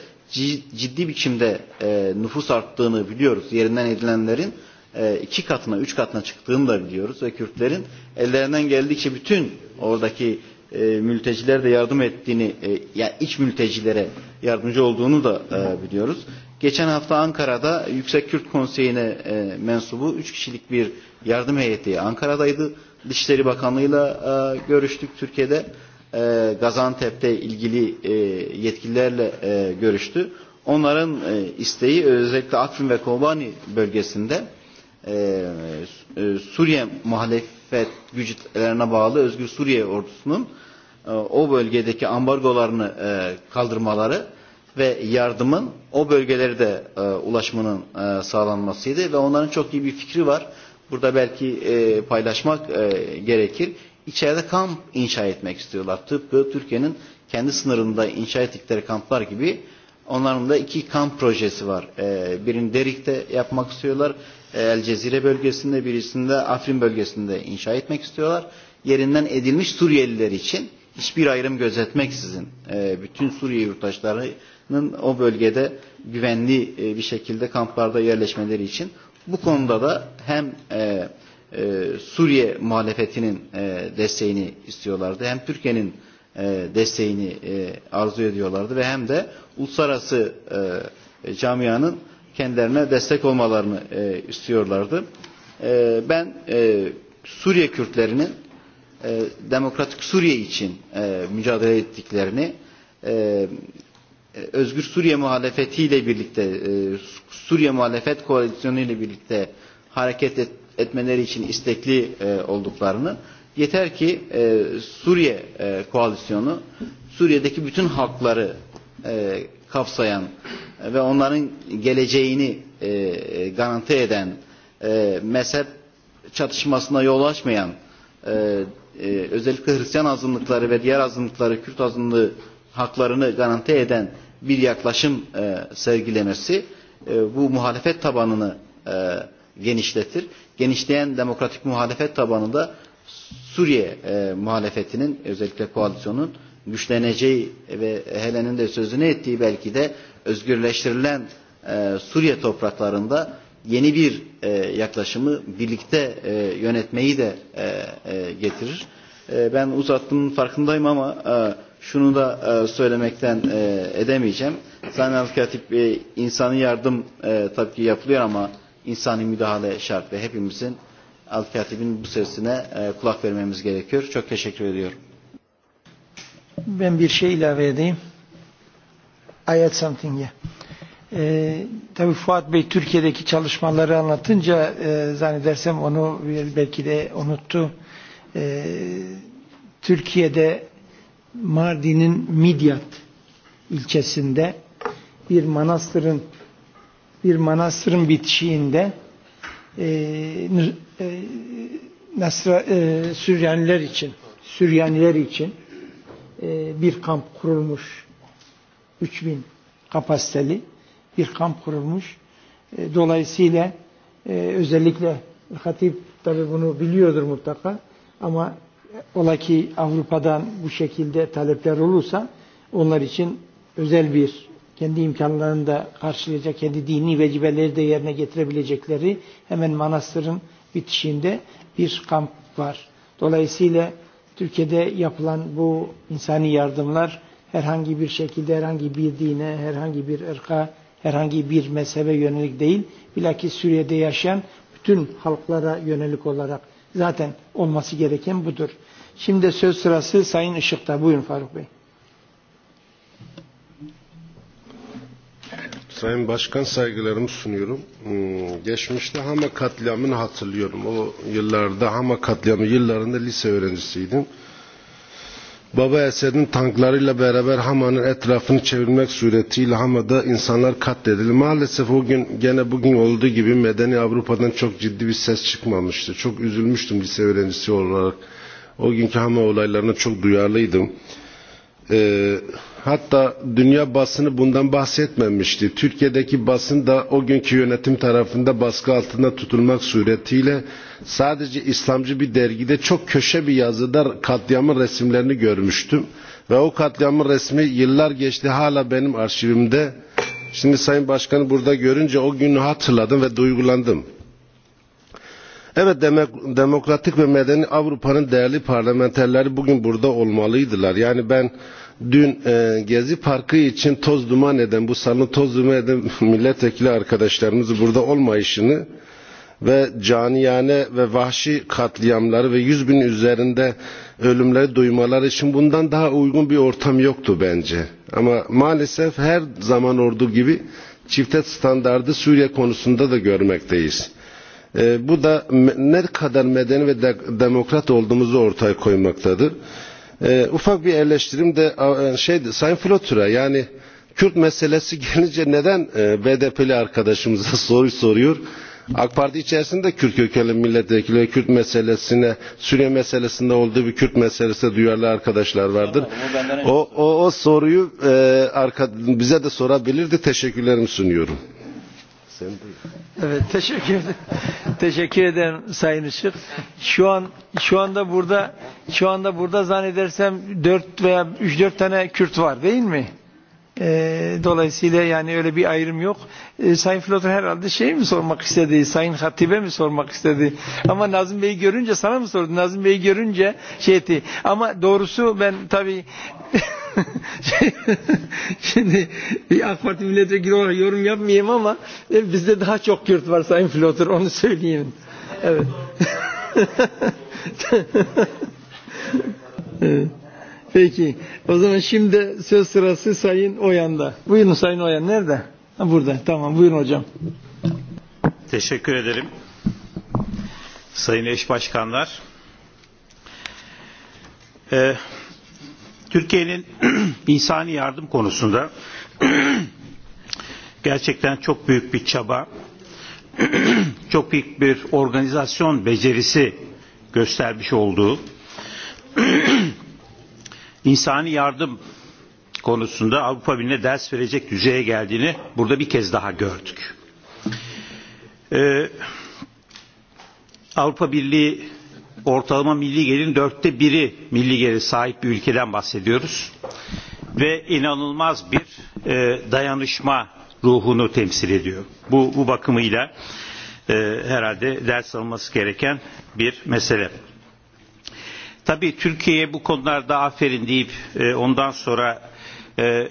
ciddi biçimde e, nüfus arttığını biliyoruz. Yerinden edilenlerin e, iki katına, üç katına çıktığını da biliyoruz ve Kürtlerin ellerinden geldikçe bütün oradaki e, mültecilere de yardım ettiğini, e, yani iç mültecilere yardımcı olduğunu da e, biliyoruz. Geçen hafta Ankara'da Yüksek Kürt Konseyi'ne e, mensubu üç kișilik bir yardım heyeti Ankara'daydı. Dışişleri Bakanlığı'yla e, görüştük Türkiye'de. Gaziantep'te ilgili yetkililerle görüştü. Onların isteği özellikle Afrin ve Kobani bölgesinde Suriye muhalefet güçlerine bağlı Özgür Suriye ordusunun o bölgedeki ambargolarını kaldırmaları ve yardımın o bölgelere de ulaşmanın sağlanmasıydı ve onların çok iyi bir fikri var. Burada belki paylașmak gerekir içeride kamp inșa etmek istiyorlar. Tıpkı Türkiye'nin kendi sınırında inșa ettikleri kamplar gibi onların da iki kamp projesi var. Ee, birini Derik'te yapmak istiyorlar. El Cezire bölgesinde birisinde Afrin bölgesinde inșa etmek istiyorlar. Yerinden edilmiș Suriyeliler için hiçbir ayrım gözetmeksizin e, bütün Suriye yurttaşlarının o bölgede güvenli e, bir șekilde kamplarda yerleșmeleri için bu konuda da hem e, e, Suriye muhalefetinin e, desteğini istiyorlardı. Hem Türkiye'nin e, desteğini e, arzu ediyorlardı ve hem de uluslararası e, camianın kendilerine destek olmalarını e, istiyorlardı. E, ben e, Suriye Kürtlerinin e, demokratik Suriye için e, mücadele ettiklerini e, Özgür Suriye muhalefetiyle birlikte e, Suriye muhalefet koalisyonu ile birlikte hareket et, etmeleri için istekli e, olduklarını yeter ki e, Suriye e, koalisyonu Suriye'deki bütün halkları e, kapsayan ve onların geleceğini e, garanti eden e, mezhep çatışmasına yol açmayan e, e, özellikle Hristiyan azınlıkları ve diğer azınlıkları Kürt azınlığı haklarını garanti eden bir yaklaşım e, sergilemesi e, bu muhalefet tabanını e, genișletir genișleyen demokratik muhalefet tabanında Suriye e, muhalefetinin özellikle koalisyonun güçleneceği ve Helen'in de sözünü ettiği belki de özgürleştirilen e, Suriye topraklarında yeni bir e, yaklaşımı birlikte e, yönetmeyi de e, e, getirir. E, ben uzattığımın farkındayım ama e, șunu da e, söylemekten e, edemeyeceğim. Sayın Al-Katip e, insanı yardım e, tabii ki yapılıyor ama insani müdahale șart ve hepimizin Al-Katib'in bu sesine e, kulak vermemiz gerekiyor. Çok teşekkür ediyorum. Ben bir șey ilave edeyim. I had something here. Ee, tabii Fuat Bey Türkiye'deki çalışmaları anlatınca e, zannedersem onu belki de unuttu. E, Türkiye'de Mardin'in Midyat ilçesinde bir manastırın bir manastırın bitişiğinde e, e, Nasra, e, Süryaniler için Süryaniler için e, bir kamp kurulmuș 3000 kapasiteli bir kamp kurulmuș. E, dolayısıyla e, özellikle Hatip tabi bunu biliyordur mutlaka ama ola ki Avrupa'dan bu șekilde talepler olursa onlar için özel bir kendi imkanlarını da karşılayacak, kendi dini vecibeleri de yerine getirebilecekleri hemen manastırın bitișinde bir kamp var. Dolayısıyla Türkiye'de yapılan bu insani yardımlar herhangi bir șekilde herhangi bir dine, herhangi bir ırka, herhangi bir mezhebe yönelik değil, bilakis Suriye'de yașayan bütün halklara yönelik olarak zaten olması gereken budur. Șimdi söz sırası Sayın Işık'ta. Buyurun Faruk Bey. Sayın Bașkan saygılarımı sunuyorum. Hmm, geçmişte Hama katliamını hatırlıyorum. O yıllarda Hama katliamı yıllarında lise öğrencisiydim. Baba Esed'in tanklarıyla beraber Hama'nın etrafını çevirmek suretiyle Hama'da insanlar katledildi. Maalesef o gün gene bugün olduğu gibi medeni Avrupa'dan çok ciddi bir ses çıkmamıştı. Çok üzülmüştüm lise öğrencisi olarak. O günkü Hama olaylarına çok duyarlıydım. E, hatta dünya basını bundan bahsetmemiști. Türkiye'deki basın da o günkü yönetim tarafında baskı altında tutulmak suretiyle sadece İslamcı bir dergide çok köşe bir yazıda katliamın resimlerini görmüştüm. Ve o katliamın resmi yıllar geçti hala benim arșivimde. Șimdi Sayın Başkanı burada görünce o günü hatırladım ve duygulandım. Evet demek, demokratik ve medeni Avrupa'nın değerli parlamenterleri bugün burada olmalıydılar. Yani ben dün e, Gezi Parkı için toz duman eden bu salonu toz duman eden milletvekili arkadaşlarımız burada olmayışını ve caniyane ve vahși katliamları ve yüz bin üzerinde ölümleri duymaları için bundan daha uygun bir ortam yoktu bence. Ama maalesef her zaman ordu gibi çiftet standardı Suriye konusunda da görmekteyiz bu da ne kadar medeni ve demokrat olduğumuzu ortaya koymaktadır. Ufak bir eleștirim de șey Sayın Flotura yani Kürt meselesi gelince neden BDP'li arkadaşımıza soru soruyor? AK Parti içerisinde Kürt kökenli milletvekili Kürt meselesine, Suriye meselesinde olduğu bir Kürt meselesine duyarlı arkadașlar vardır. O, o, o soruyu e, arka, bize de sorabilirdi. Teşekkürlerimi sunuyorum. Evet teşekkür ederim. teşekkür ederim Sayın Işık. Șu an șu anda burada șu anda burada zannedersem 4 veya 3-4 tane Kürt var değil mi? E, dolayısıyla yani öyle bir ayrım yok. E, Sayın Flotter herhalde șey mi sormak istedi? Sayın Hatibe mi sormak istedi? Ama Nazım Bey'i görünce sana mı sordu? Nazım Bey'i görünce șey etti. Ama doğrusu ben tabii Șimdi AK Parti milletvekili olarak yorum yapmayayım ama bizde daha çok Kürt var Sayın Flotur onu söyleyeyim. evet. Peki. O zaman șimdi söz sırası Sayın Oyan'da. Buyurun Sayın Oyan. Nerede? Ha, burada. Tamam. Buyurun hocam. Teşekkür ederim. Sayın eș bașkanlar. Ee, Türkiye'nin insani yardım konusunda gerçekten çok büyük bir çaba, çok büyük bir organizasyon becerisi göstermiş olduğu, insani yardım konusunda Avrupa Birliği'ne ders verecek düzeye geldiğini burada bir kez daha gördük. Ee, Avrupa Birliği ortalama milli gelirin dörtte biri milli gelire sahip bir ülkeden bahsediyoruz ve inanılmaz bir e, dayanışma ruhunu temsil ediyor. Bu, bu bakımıyla e, herhalde ders alması gereken bir mesele. Tabii Türkiye'ye bu konularda aferin deyip e, ondan sonra e,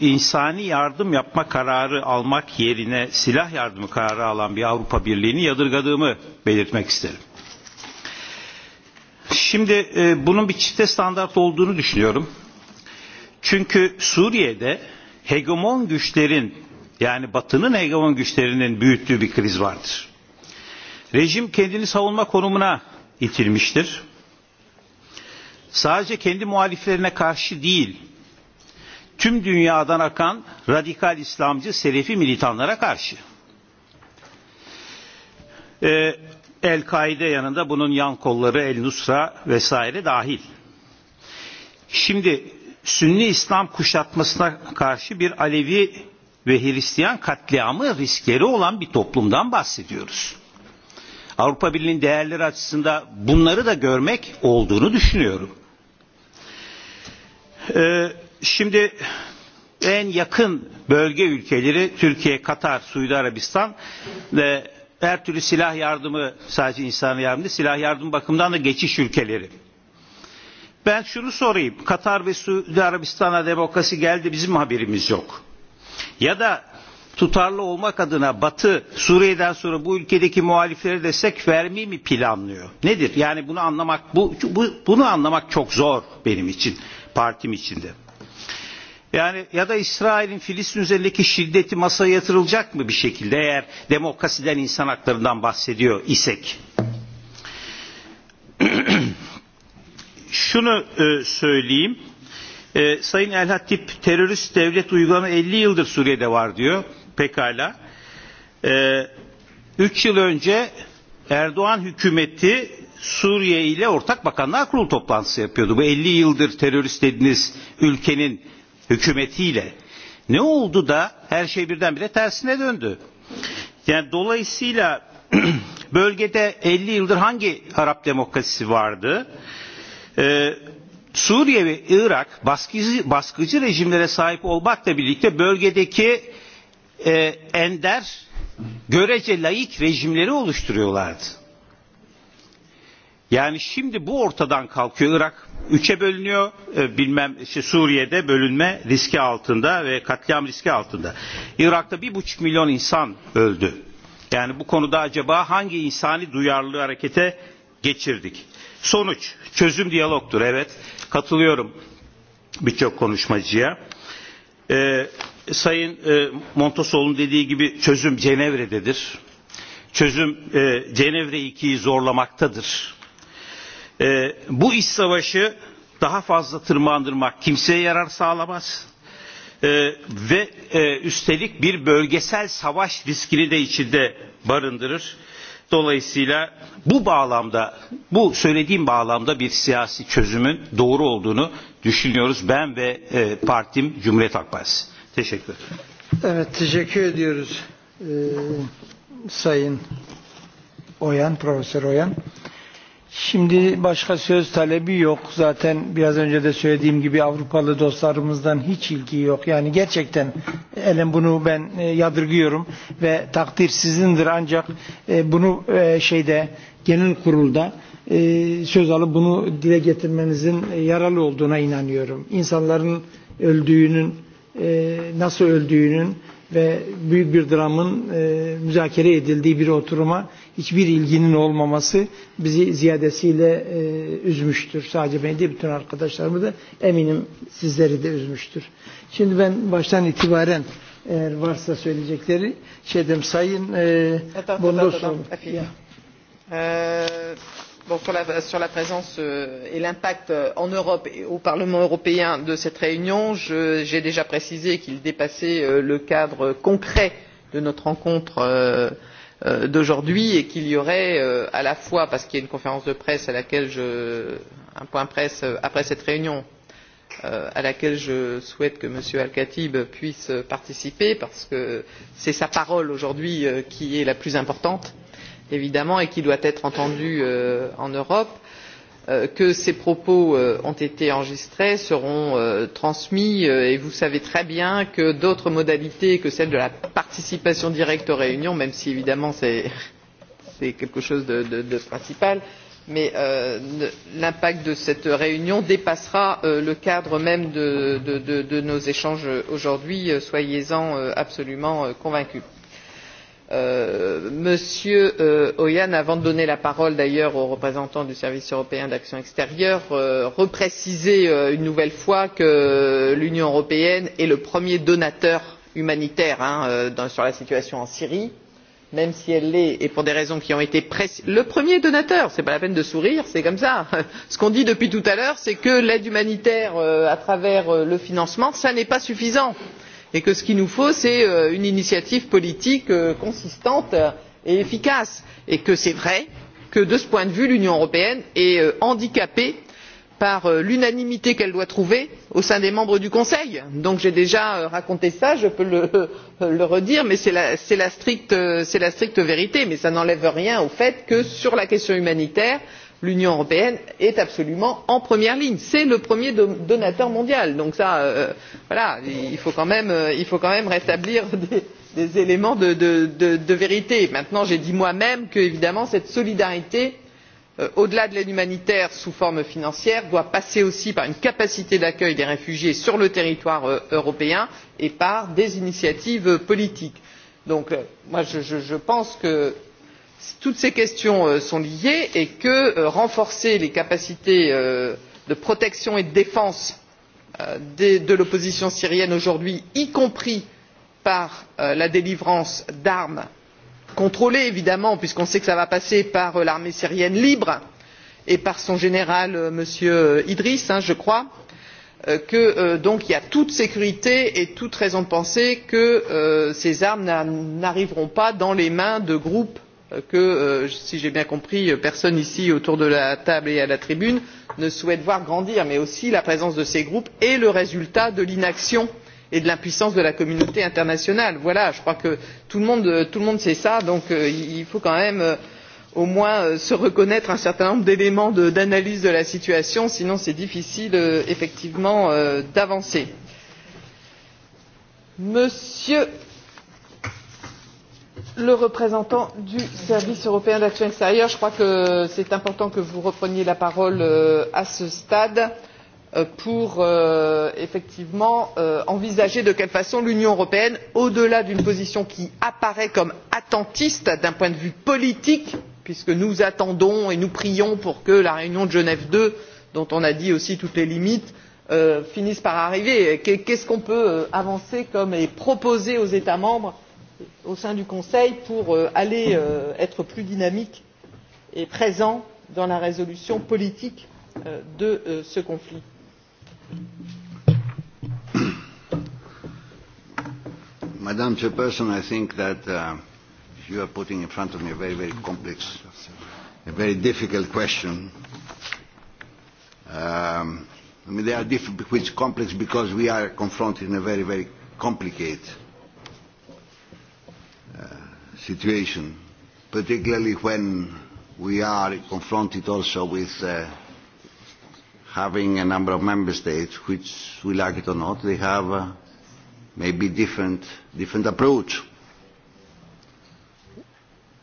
insani yardım yapma kararı almak yerine silah yardımı kararı alan bir Avrupa Birliği'ni yadırgadığımı belirtmek isterim Șimdi e, bunun bir çifte standart olduğunu düşünüyorum. Çünkü Suriye'de hegemon güçlerin yani batının hegemon güçlerinin büyüttüğü bir kriz vardır. Rejim kendini savunma konumuna itilmiștir. Sadece kendi muhaliflerine karşı değil, tüm dünyadan akan radikal İslamcı Selefi militanlara karşı. Ee, el Kaide yanında bunun yan kolları El Nusra vesaire dahil. Șimdi Sünni İslam kuşatmasına karşı bir Alevi ve Hristiyan katliamı riskleri olan bir toplumdan bahsediyoruz. Avrupa Birliği'nin değerleri açısında bunları da görmek olduğunu düşünüyorum. Ee, șimdi en yakın bölge ülkeleri Türkiye, Katar, Suudi Arabistan ve her türlü silah yardımı sadece insan yardımı silah yardımı bakımından da geçiş ülkeleri. Ben șunu sorayım. Katar ve Suudi Arabistan'a demokrasi geldi bizim haberimiz yok. Ya da tutarlı olmak adına Batı Suriye'den sonra bu ülkedeki muhalifleri destek vermeyi mi planlıyor? Nedir? Yani bunu anlamak bu, bu bunu anlamak çok zor benim için, partim içinde. Yani ya da İsrail'in Filistin üzerindeki șiddeti masaya yatırılacak mı bir șekilde eğer demokrasiden insan haklarından bahsediyor isek? Șunu e, söyleyeyim. E, Sayın El Hatip terörist devlet uygulama 50 yıldır Suriye'de var diyor. Pekala. E, 3 yıl önce Erdoğan hükümeti Suriye ile ortak bakanlar kurulu toplantısı yapıyordu. Bu 50 yıldır terörist dediğiniz ülkenin hükümetiyle ne oldu da her șey birdenbire tersine döndü? Yani dolayısıyla bölgede 50 yıldır hangi Arap demokrasisi vardı? Ee, Suriye ve Irak baskıcı, baskıcı rejimlere sahip olmakla birlikte bölgedeki e, ender görece layık rejimleri oluşturuyorlardı. Yani șimdi bu ortadan kalkıyor. Irak üçe bölünüyor. bilmem iște Suriye'de bölünme riski altında ve katliam riski altında. Irak'ta bir buçuk milyon insan öldü. Yani bu konuda acaba hangi insani duyarlılığı harekete geçirdik? Sonuç, çözüm diyalogtur. Evet, katılıyorum birçok konuşmacıya. Ee, Sayın e, Montosol'un dediği gibi çözüm Cenevre'dedir. Çözüm e, Cenevre 2'yi zorlamaktadır E, bu iș savaşı daha fazla tırmandırmak kimseye yarar sağlamaz. E, ve e, üstelik bir bölgesel savaș riskini de içinde barındırır. Dolayısıyla bu bağlamda, bu söylediğim bağlamda bir siyasi çözümün doğru olduğunu düşünüyoruz. Ben ve e, partim Cumhuriyet Halk Partisi. Teşekkür ederim. Evet, teşekkür ediyoruz. e, Sayın Oyan, Profesör Oyan. Șimdi bașka söz talebi yok. Zaten biraz önce de söylediğim gibi Avrupalı dostlarımızdan hiç ilgi yok. Yani gerçekten Elen bunu ben yadırgıyorum ve takdir sizindir ancak bunu șeyde genel kurulda söz alıp bunu dile getirmenizin yaralı olduğuna inanıyorum. İnsanların öldüğünün nasıl öldüğünün ve büyük bir dramın müzakere edildiği bir oturuma hiçbir ilginin olmaması bizi ziyadesiyle e, üzmüştür. Sadece beni de bütün arkadaşlarımı da eminim sizleri de üzmüştür. Șimdi ben baștan itibaren eğer varsa söyleyecekleri șey dedim Sayın e, Bondosoğlu. Euh, bon, sur, la, sur la présence euh, et l'impact euh, en Europe et au Parlement européen de cette réunion, j'ai déjà précisé qu'il dépassait euh, le cadre concret de notre rencontre euh, Euh, d'aujourd'hui et qu'il y aurait euh, à la fois parce qu'il y a une conférence de presse un point presse euh, après cette réunion à laquelle je souhaite que m. al khatib puisse participer parce que c'est sa parole aujourd'hui qui est la plus importante évidemment et qui doit être entendue en europe Euh, que ces propos euh, ont été enregistrés seront euh, transmis et vous savez très bien que d'autres modalités que celle de la participation directe aux réunions même si évidemment c'est quelque chose de, principal mais l'impact de cette réunion dépassera le cadre même de nos échanges aujourd'hui soyez en absolument convaincus. Euh, monsieur hoyer euh, avant de donner la parole d'ailleurs au représentant du service européen pour l'action extérieure euh, repréciser une nouvelle fois que l'union européenne est le premier donateur humanitaire sur la situation en syrie même si elle l'est et pour des raisons qui ont été précisées le premier donateur ce n'est pas la peine de sourire c'est comme cela. ce qu'on dit depuis tout à l'heure c'est que l'aide humanitaire à travers le financement n'est pas suffisante et que ce qu'il nous faut c'est euh, une initiative politique euh, consistante euh, et efficace et que c'est vrai que de ce point de vue l'union européenne est handicapée par l'unanimité qu'elle doit trouver au sein des membres du conseil. j'ai déjà raconté cela je peux le redire mais c'est la, stricte vérité mais cela n'enlève rien au fait que sur la question humanitaire nous l'union européenne est absolument en première ligne c'est le premier donateur mondial donc euh, euh, il, faut quand même, rétablir des, éléments de, vérité. maintenant j'ai dit moi même que évidemment cette solidarité euh, au delà de l'aide humanitaire sous forme financière doit passer aussi par une capacité d'accueil des réfugiés sur le territoire européen et par des initiatives politiques. donc je, je, je pense que toutes ces questions euh, sont liées et que euh, renforcer les capacités euh, de protection et de défense de l'opposition syrienne aujourd'hui y compris par la délivrance d'armes contrôlées évidemment puisqu'on sait que cela va passer par l'armée syrienne libre et par son général m. idriss je crois que donc il y a toute sécurité et toute raison de penser que ces armes n'arriveront pas dans les mains de groupes que euh, si j'ai bien compris personne ici autour de la table et à la tribune ne souhaite voir grandir mais aussi la présence de ces groupes est le résultat de l'inaction et de l'impuissance de la communauté internationale. voilà je crois que tout le monde sait cela donc euh, il faut quand même euh, au moins se reconnaître un certain nombre d'éléments d'analyse de la situation sinon c'est difficile effectivement d'avancer. monsieur le représentant du service européen d'action extérieure je crois que c'est important que vous repreniez la parole euh, à ce stade euh, pour euh, effectivement euh, envisager de quelle façon l'union européenne au delà d'une position qui apparaît comme attentiste d'un point de vue politique puisque nous attendons et nous prions pour que la réunion de genève ii dont on a dit aussi toutes les limites euh, finisse par arriver qu'est ce qu'on peut euh, avancer comme et proposer aux états membres au sein du conseil pour euh, aller, euh, être plus dynamique et présent dans la résolution politique euh, de ce conflit. Madam Chairperson, I think that uh, you are putting in front of me a very, very complex, a very difficult question. Um, I mean, they are diff- which complex because we are confronted in a very, very complicated situation, particularly when we are confronted also with uh, having a number of member states which, we like it or not, they have uh, maybe different, different approach.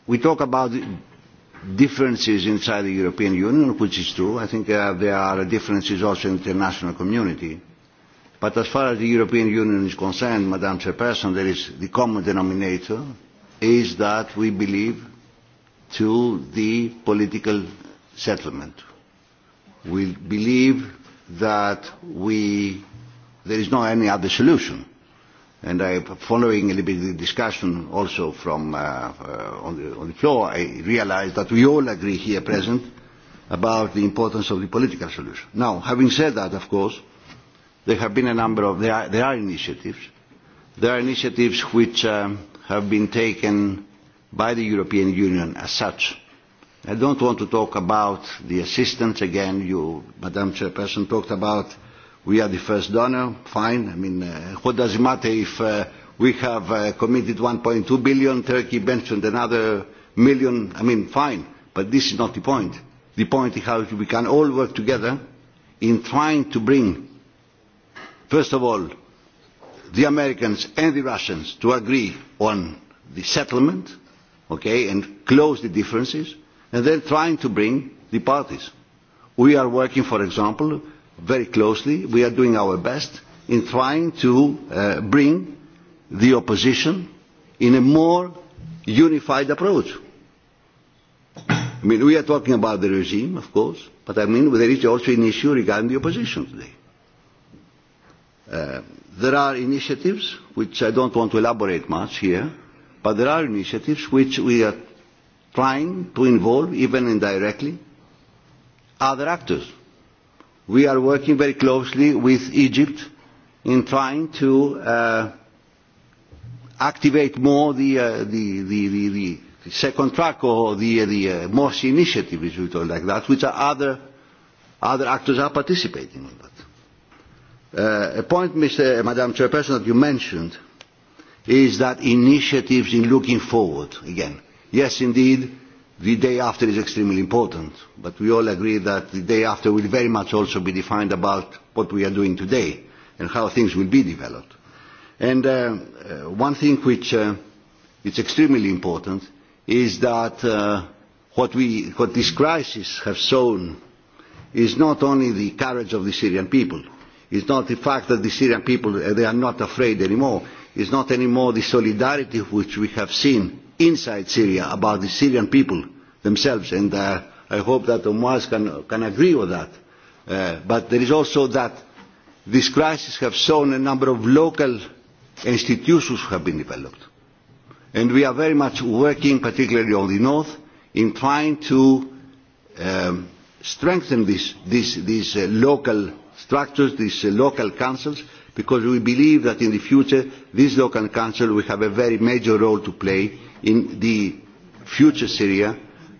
We talk about differences inside the European Union, which is true. I think uh, there are differences also in the international community. But as far as the European Union is concerned, Madam Chairperson, there is the common denominator, is that we believe to the political settlement. We believe that we, there is no any other solution. And I, following a little bit the discussion also from uh, uh, on, the, on the floor, I realized that we all agree here present about the importance of the political solution. Now, having said that, of course, there have been a number of, there are, there are initiatives. There are initiatives which um, have been taken by the European Union as such. I don't want to talk about the assistance again. You, Madam Chairperson, talked about we are the first donor. Fine. I mean, uh, what does it matter if uh, we have uh, committed 1.2 billion, Turkey mentioned another million. I mean, fine. But this is not the point. The point is how we can all work together in trying to bring, first of all, the Americans and the Russians to agree on the settlement okay, and close the differences and then trying to bring the parties. We are working, for example, very closely. We are doing our best in trying to uh, bring the opposition in a more unified approach. I mean, we are talking about the regime, of course, but I mean, there is also an issue regarding the opposition today. Uh, There are initiatives, which I don't want to elaborate much here, but there are initiatives which we are trying to involve, even indirectly, other actors. We are working very closely with Egypt in trying to uh, activate more the, uh, the, the, the, the second track or the, the uh, Morsi initiative, if you like that, which are other, other actors are participating in that. Uh, a point, uh, Madam Chairperson, that you mentioned is that initiatives in looking forward again. Yes, indeed, the day after is extremely important, but we all agree that the day after will very much also be defined about what we are doing today and how things will be developed. And uh, uh one thing which uh, is extremely important is that uh, what, we, what this crisis has shown is not only the courage of the Syrian people, It's not the fact that the Syrian people, eh, they are not afraid anymore. It's not anymore the solidarity which we have seen inside Syria about the Syrian people themselves. And uh, I hope that Omar can, can agree with that. Uh, but there is also that this crisis has shown a number of local institutions have been developed. And we are very much working, particularly on the north, in trying to um, strengthen this, this, these uh, local structures, these uh, local councils, because we believe that in the future these local councils will have a very major role to play in the future Syria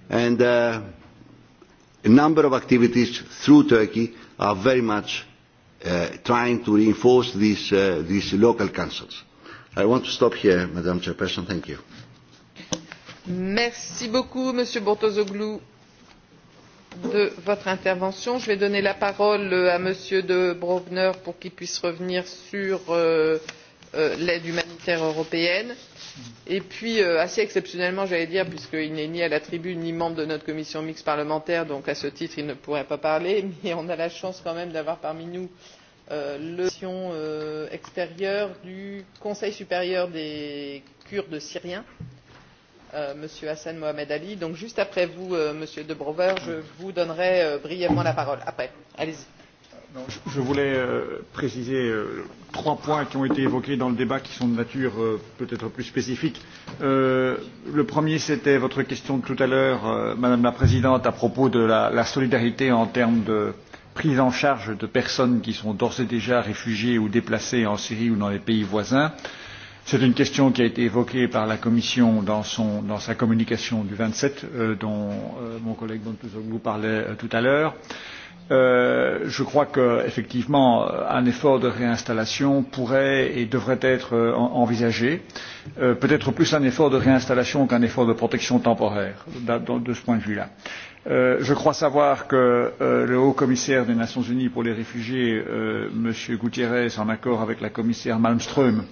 and uh, a number of activities through Turkey are very much uh, trying to reinforce these, uh, these local councils. I want to stop here, Madam Chairperson. Thank you. Merci beaucoup, Monsieur Bortozoglou de votre intervention. je vais donner la parole à m. de brovner pour qu'il puisse revenir sur euh, euh, l'aide humanitaire européenne et puis euh, assez exceptionnellement j'allais dire puisqu'il n'est ni à la tribune ni membre de notre commission mixte parlementaire donc à ce titre il ne pourrait pas parler mais on a la chance quand même d'avoir parmi nous le mission extérieure du conseil supérieur des kurdes syriens qui Euh, m. hassan mohamed ali donc juste après vous euh, monsieur de brouwer je vous donnerai euh, brièvement la parole après allez y. je voulais préciser trois points qui ont été évoqués dans le débat qui sont de nature peut-être plus spécifique. le premier, c'était votre question de tout à l'heure, Madame la Présidente, à propos de la, solidarité en termes de prise en charge de personnes qui sont d'ores et déjà réfugiées ou déplacées en Syrie ou dans les pays voisins. C'est une question qui a été évoquée par la Commission dans, son, dans sa communication du 27, euh, dont euh, mon collègue Bontuzoglu parlait euh, tout à l'heure. Euh, je crois qu'effectivement, euh, un effort de réinstallation pourrait et devrait être euh, envisagé, euh, peut-être plus un effort de réinstallation qu'un effort de protection temporaire, de, d'a, de ce point de vue-là. Euh, Euh, je crois savoir que euh, le haut commissaire des Nations Unies pour les réfugiés, euh, M. guterres en accord avec la commissaire malmstrm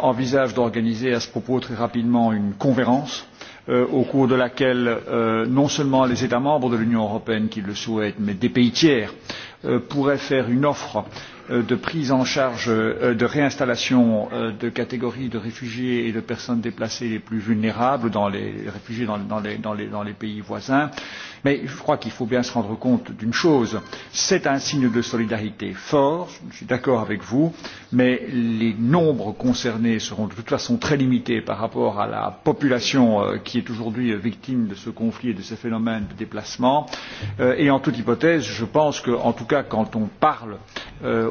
envisage d'organiser à ce propos très rapidement une conférence au cours de laquelle non seulement les États membres de l'Union européenne qui le souhaitent, mais des pays tiers pourraient faire une offre de prise en charge de réinstallation de catégories de réfugiés et de personnes déplacées les plus vulnérables les réfugiés dans, les, pays voisins Mais je crois qu'il faut bien se rendre compte d'une chose, c'est un signe de solidarité fort, je suis d'accord avec vous, mais les nombres concernés seront de toute façon très limités par rapport à la population euh, qui est aujourd'hui euh, victime de ce conflit et de ces phénomènes de déplacement. Euh, et en toute hypothèse, je pense que, en tout cas, quand on parle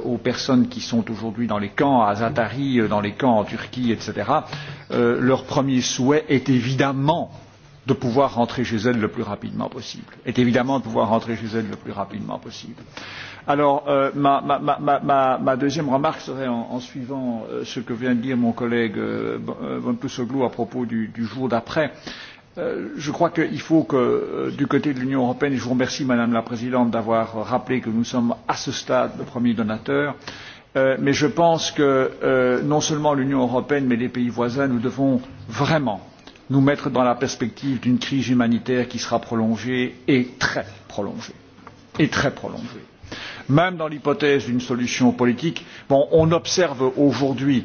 aux personnes qui sont aujourd'hui dans les camps, à Zatari, dans les camps en Turquie, etc., euh, leur premier souhait est évidemment de pouvoir rentrer chez elle le plus rapidement possible est évidemment de pouvoir rentrer chez elle le plus rapidement possible. Alors, euh, ma, ma, ma, ma, ma deuxième remarque serait en, en suivant euh, ce que vient de dire mon collègue euh, Bonplusoglu euh, à propos du, du jour d'après. Euh, je crois qu'il faut que, euh, du côté de l'Union européenne, et je vous remercie, Madame la Présidente, d'avoir rappelé que nous sommes à ce stade le premier donateur, euh, mais je pense que euh, non seulement l'Union européenne, mais les pays voisins, nous devons vraiment nous mettre dans la perspective d'une crise humanitaire qui sera prolongée et très prolongée et très prolongée. Même dans l'hypothèse d'une solution politique, bon, on observe aujourd'hui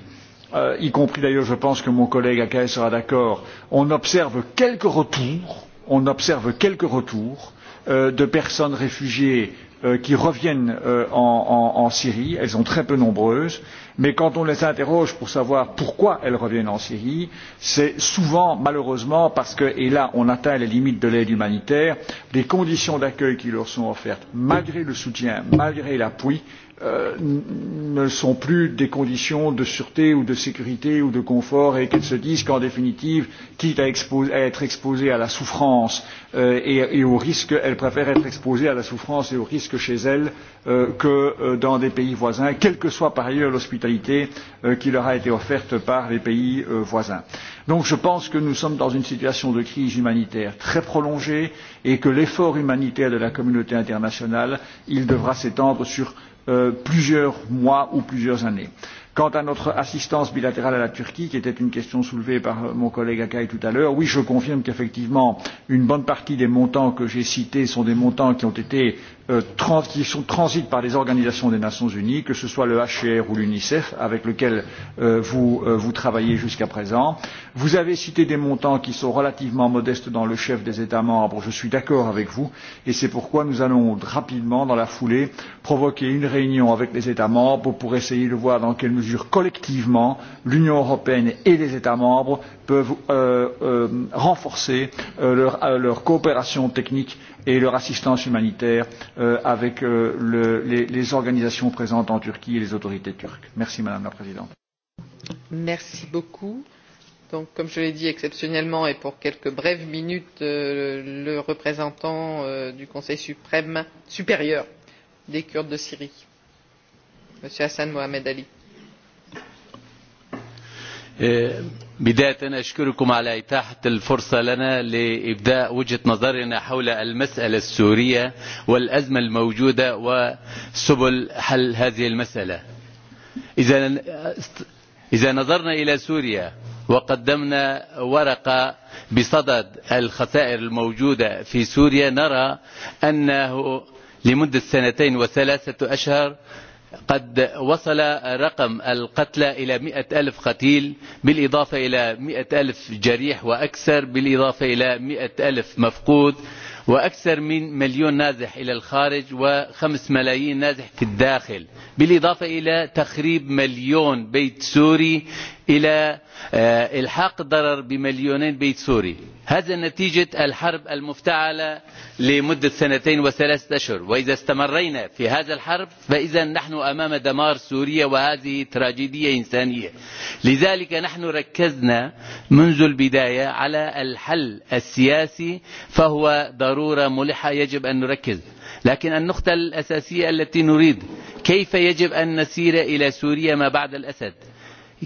euh, y compris d'ailleurs je pense que mon collègue Akaï sera d'accord on observe quelques retours on observe quelques retours euh, de personnes réfugiées Euh, qui reviennent euh, en, en, en Syrie. Elles sont très peu nombreuses, mais quand on les interroge pour savoir pourquoi elles reviennent en Syrie, c'est souvent, malheureusement, parce que, et là on atteint les limites de l'aide humanitaire, les conditions d'accueil qui leur sont offertes, malgré le soutien, malgré l'appui, Euh, ne sont plus des conditions de sûreté ou de sécurité ou de confort et qu'elles se disent qu'en définitive, quitte à, expose, à être exposées à la souffrance euh, et, et au risque, elles préfèrent être exposées à la souffrance et au risque chez elles euh, que euh, dans des pays voisins, quelle que soit par ailleurs l'hospitalité euh, qui leur a été offerte par les pays euh, voisins. Donc je pense que nous sommes dans une situation de crise humanitaire très prolongée et que l'effort humanitaire de la communauté internationale, il devra s'étendre sur Euh, plusieurs mois ou plusieurs années. Quant à notre assistance bilatérale à la Turquie, qui était une question soulevée par euh, mon collègue Akai tout à l'heure, oui, je confirme qu'effectivement, une bonne partie des montants que j'ai cités sont des montants qui ont été Euh, qui sont, transitent par les organisations des Nations Unies, que ce soit le HCR ou l'UNICEF, avec lequel euh, vous, euh, vous travaillez jusqu'à présent. Vous avez cité des montants qui sont relativement modestes dans le chef des États membres. Je suis d'accord avec vous et c'est pourquoi nous allons rapidement, dans la foulée, provoquer une réunion avec les États membres pour essayer de voir dans quelle mesure collectivement l'Union européenne et les États membres peuvent euh, euh, renforcer euh, leur, euh, leur coopération technique et leur assistance humanitaire euh, avec euh, le, les, les organisations présentes en Turquie et les autorités turques. Merci Madame la Présidente. Merci beaucoup. Donc, comme je l'ai dit exceptionnellement et pour quelques brèves minutes, euh, le représentant euh, du Conseil suprême supérieur des Kurdes de Syrie, Monsieur Hassan Mohamed Ali. بداية أشكركم على إتاحة الفرصة لنا لإبداء وجهة نظرنا حول المسألة السورية والأزمة الموجودة وسبل حل هذه المسألة إذا نظرنا إلى سوريا وقدمنا ورقة بصدد الخسائر الموجودة في سوريا نرى أنه لمدة سنتين وثلاثة أشهر قد وصل رقم القتلى إلى مئة ألف قتيل بالإضافة إلى مئة ألف جريح وأكثر بالإضافة إلى مئة ألف مفقود وأكثر من مليون نازح إلى الخارج وخمس ملايين نازح في الداخل بالإضافة إلى تخريب مليون بيت سوري إلى إلحاق ضرر بمليونين بيت سوري هذا نتيجة الحرب المفتعلة لمدة سنتين وثلاثة أشهر وإذا استمرينا في هذا الحرب فإذا نحن أمام دمار سوريا وهذه تراجيدية إنسانية لذلك نحن ركزنا منذ البداية على الحل السياسي فهو ضرورة ملحة يجب أن نركز لكن النقطة الأساسية التي نريد كيف يجب أن نسير إلى سوريا ما بعد الأسد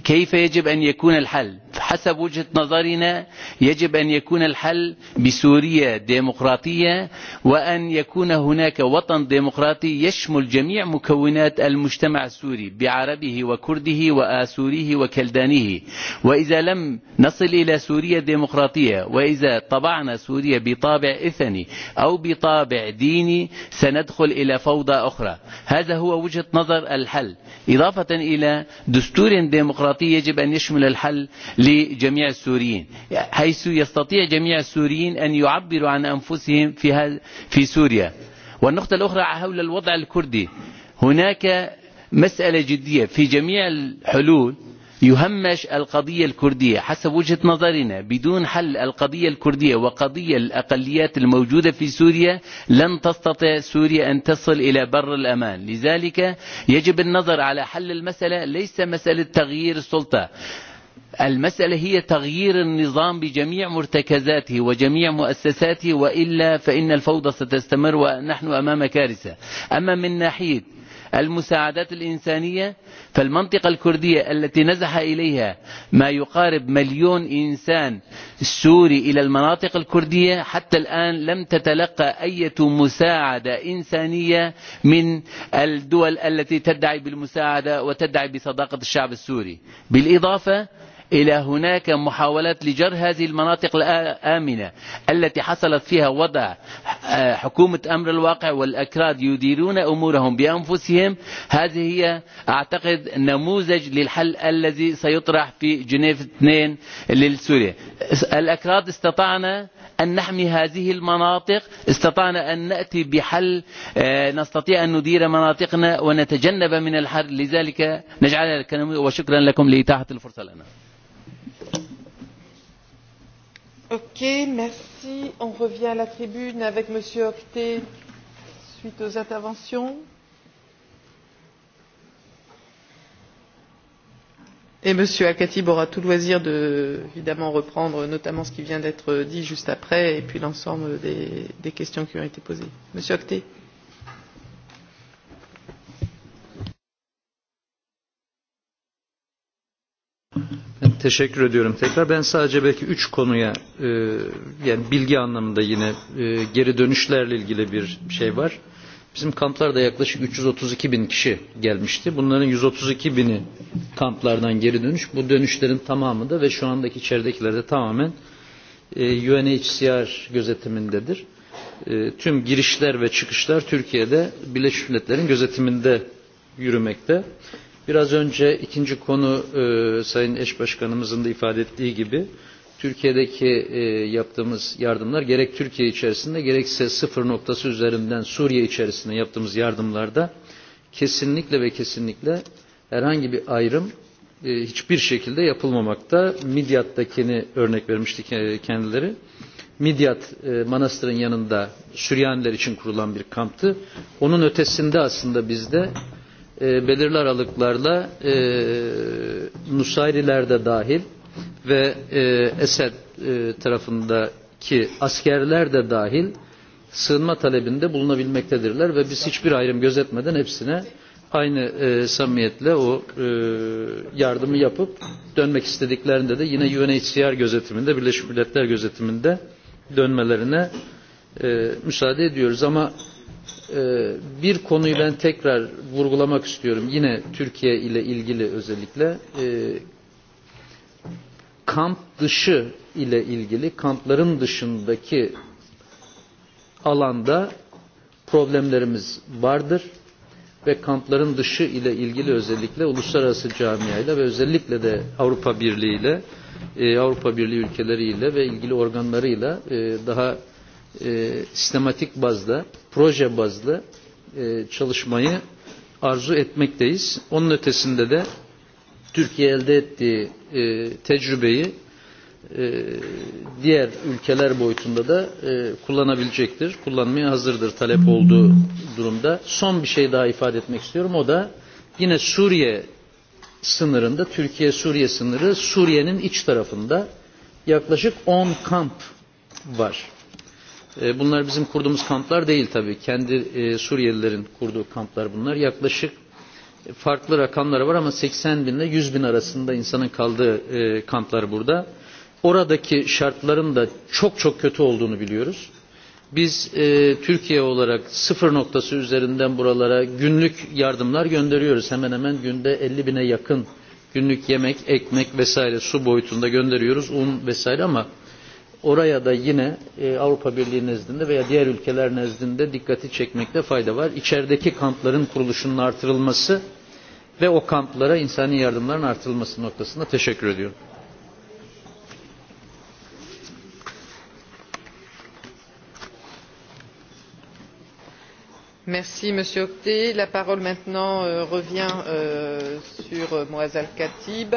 كيف يجب أن يكون الحل حسب وجهة نظرنا يجب أن يكون الحل بسوريا ديمقراطية وأن يكون هناك وطن ديمقراطي يشمل جميع مكونات المجتمع السوري بعربه وكرده وآسوره وكلدانه وإذا لم نصل إلى سوريا ديمقراطية وإذا طبعنا سوريا بطابع إثني أو بطابع ديني سندخل إلى فوضى أخرى هذا هو وجهة نظر الحل إضافة إلى دستور ديمقراطي الديمقراطية يجب أن يشمل الحل لجميع السوريين حيث يستطيع جميع السوريين أن يعبروا عن أنفسهم في, في سوريا والنقطة الأخرى حول الوضع الكردي هناك مسألة جدية في جميع الحلول يهمش القضية الكردية حسب وجهة نظرنا بدون حل القضية الكردية وقضية الأقليات الموجودة في سوريا لن تستطيع سوريا أن تصل إلى بر الأمان لذلك يجب النظر على حل المسألة ليس مسألة تغيير السلطة المسألة هي تغيير النظام بجميع مرتكزاته وجميع مؤسساته وإلا فإن الفوضى ستستمر ونحن أمام كارثة أما من ناحية المساعدات الإنسانية فالمنطقة الكردية التي نزح إليها ما يقارب مليون إنسان سوري إلى المناطق الكردية حتى الآن لم تتلقى أي مساعدة إنسانية من الدول التي تدعي بالمساعدة وتدعي بصداقة الشعب السوري بالإضافة إلى هناك محاولات لجر هذه المناطق الآمنة التي حصلت فيها وضع حكومة أمر الواقع والأكراد يديرون أمورهم بأنفسهم هذه هي أعتقد نموذج للحل الذي سيطرح في جنيف 2 للسوريا الأكراد استطعنا أن نحمي هذه المناطق استطعنا أن نأتي بحل نستطيع أن ندير مناطقنا ونتجنب من الحرب لذلك نجعلها كنموذج وشكرا لكم لإتاحة الفرصة لنا Ok, merci. On revient à la tribune avec Monsieur Octet suite aux interventions. Et Monsieur Al-Khatib aura tout loisir de, évidemment, reprendre notamment ce qui vient d'être dit juste après et puis l'ensemble des, des questions qui ont été posées. Monsieur Octet. Teşekkür ediyorum tekrar. Ben sadece belki üç konuya e, yani bilgi anlamında yine e, geri dönüşlerle ilgili bir șey var. Bizim kamplarda yaklaşık 332 bin kiși gelmiști. Bunların 132 bini kamplardan geri dönüş. Bu dönüşlerin tamamı da ve șu andaki içeridekiler de tamamen e, UNHCR gözetimindedir. E, tüm girișler ve çıkışlar Türkiye'de Birleșmiș Milletler'in gözetiminde yürümekte. Biraz önce ikinci konu e, Sayın Eș Başkanımızın da ifade ettiği gibi Türkiye'deki e, yaptığımız yardımlar gerek Türkiye içerisinde gerekse sıfır noktası üzerinden Suriye içerisinde yaptığımız yardımlarda kesinlikle ve kesinlikle herhangi bir ayrım e, hiçbir șekilde yapılmamakta. Midyat'takini örnek vermiștik e, kendileri. Midyat e, manastırın yanında Süryaniler için kurulan bir kamptı. Onun ötesinde aslında bizde e, belirli aralıklarla e, Nusayriler de dahil ve e, Esed e, tarafındaki askerler de dahil sığınma talebinde bulunabilmektedirler ve biz hiçbir ayrım gözetmeden hepsine aynı e, samimiyetle o e, yardımı yapıp dönmek istediklerinde de yine UNHCR gözetiminde, Birleșmiș Milletler gözetiminde dönmelerine e, müsaade ediyoruz. Ama bir konuyu ben tekrar vurgulamak istiyorum. Yine Türkiye ile ilgili özellikle kamp dışı ile ilgili kampların dışındaki alanda problemlerimiz vardır ve kampların dışı ile ilgili özellikle uluslararası camiayla ve özellikle de Avrupa Birliği ile Avrupa Birliği ülkeleriyle ve ilgili organlarıyla daha sistematik bazda proje bazlı e, çalışmayı arzu etmekteyiz. Onun ötesinde de Türkiye elde ettiği e, tecrübeyi e, diğer ülkeler boyutunda da e, kullanabilecektir. Kullanmaya hazırdır talep olduğu durumda. Son bir șey daha ifade etmek istiyorum. O da yine Suriye sınırında, Türkiye-Suriye sınırı Suriye'nin iç tarafında yaklaşık 10 kamp var. Bunlar bizim kurduğumuz kamplar değil tabii. Kendi Suriyelilerin kurduğu kamplar bunlar. Yaklaşık farklı rakamları var ama 80 bin ile 100 bin arasında insanın kaldığı kamplar burada. Oradaki şartların da çok çok kötü olduğunu biliyoruz. Biz e, Türkiye olarak sıfır noktası üzerinden buralara günlük yardımlar gönderiyoruz. Hemen hemen günde 50 bine yakın günlük yemek, ekmek vesaire su boyutunda gönderiyoruz, un vesaire ama oraya da yine e, Avrupa Birliği nezdinde veya diğer ülkeler nezdinde dikkati çekmekte fayda var. İçerideki kampların kurulușunun artırılması ve o kamplara insani yardımların artırılması noktasında teşekkür ediyorum. Merci Monsieur Octé. La parole maintenant euh, revient euh, sur euh, Moazal khatib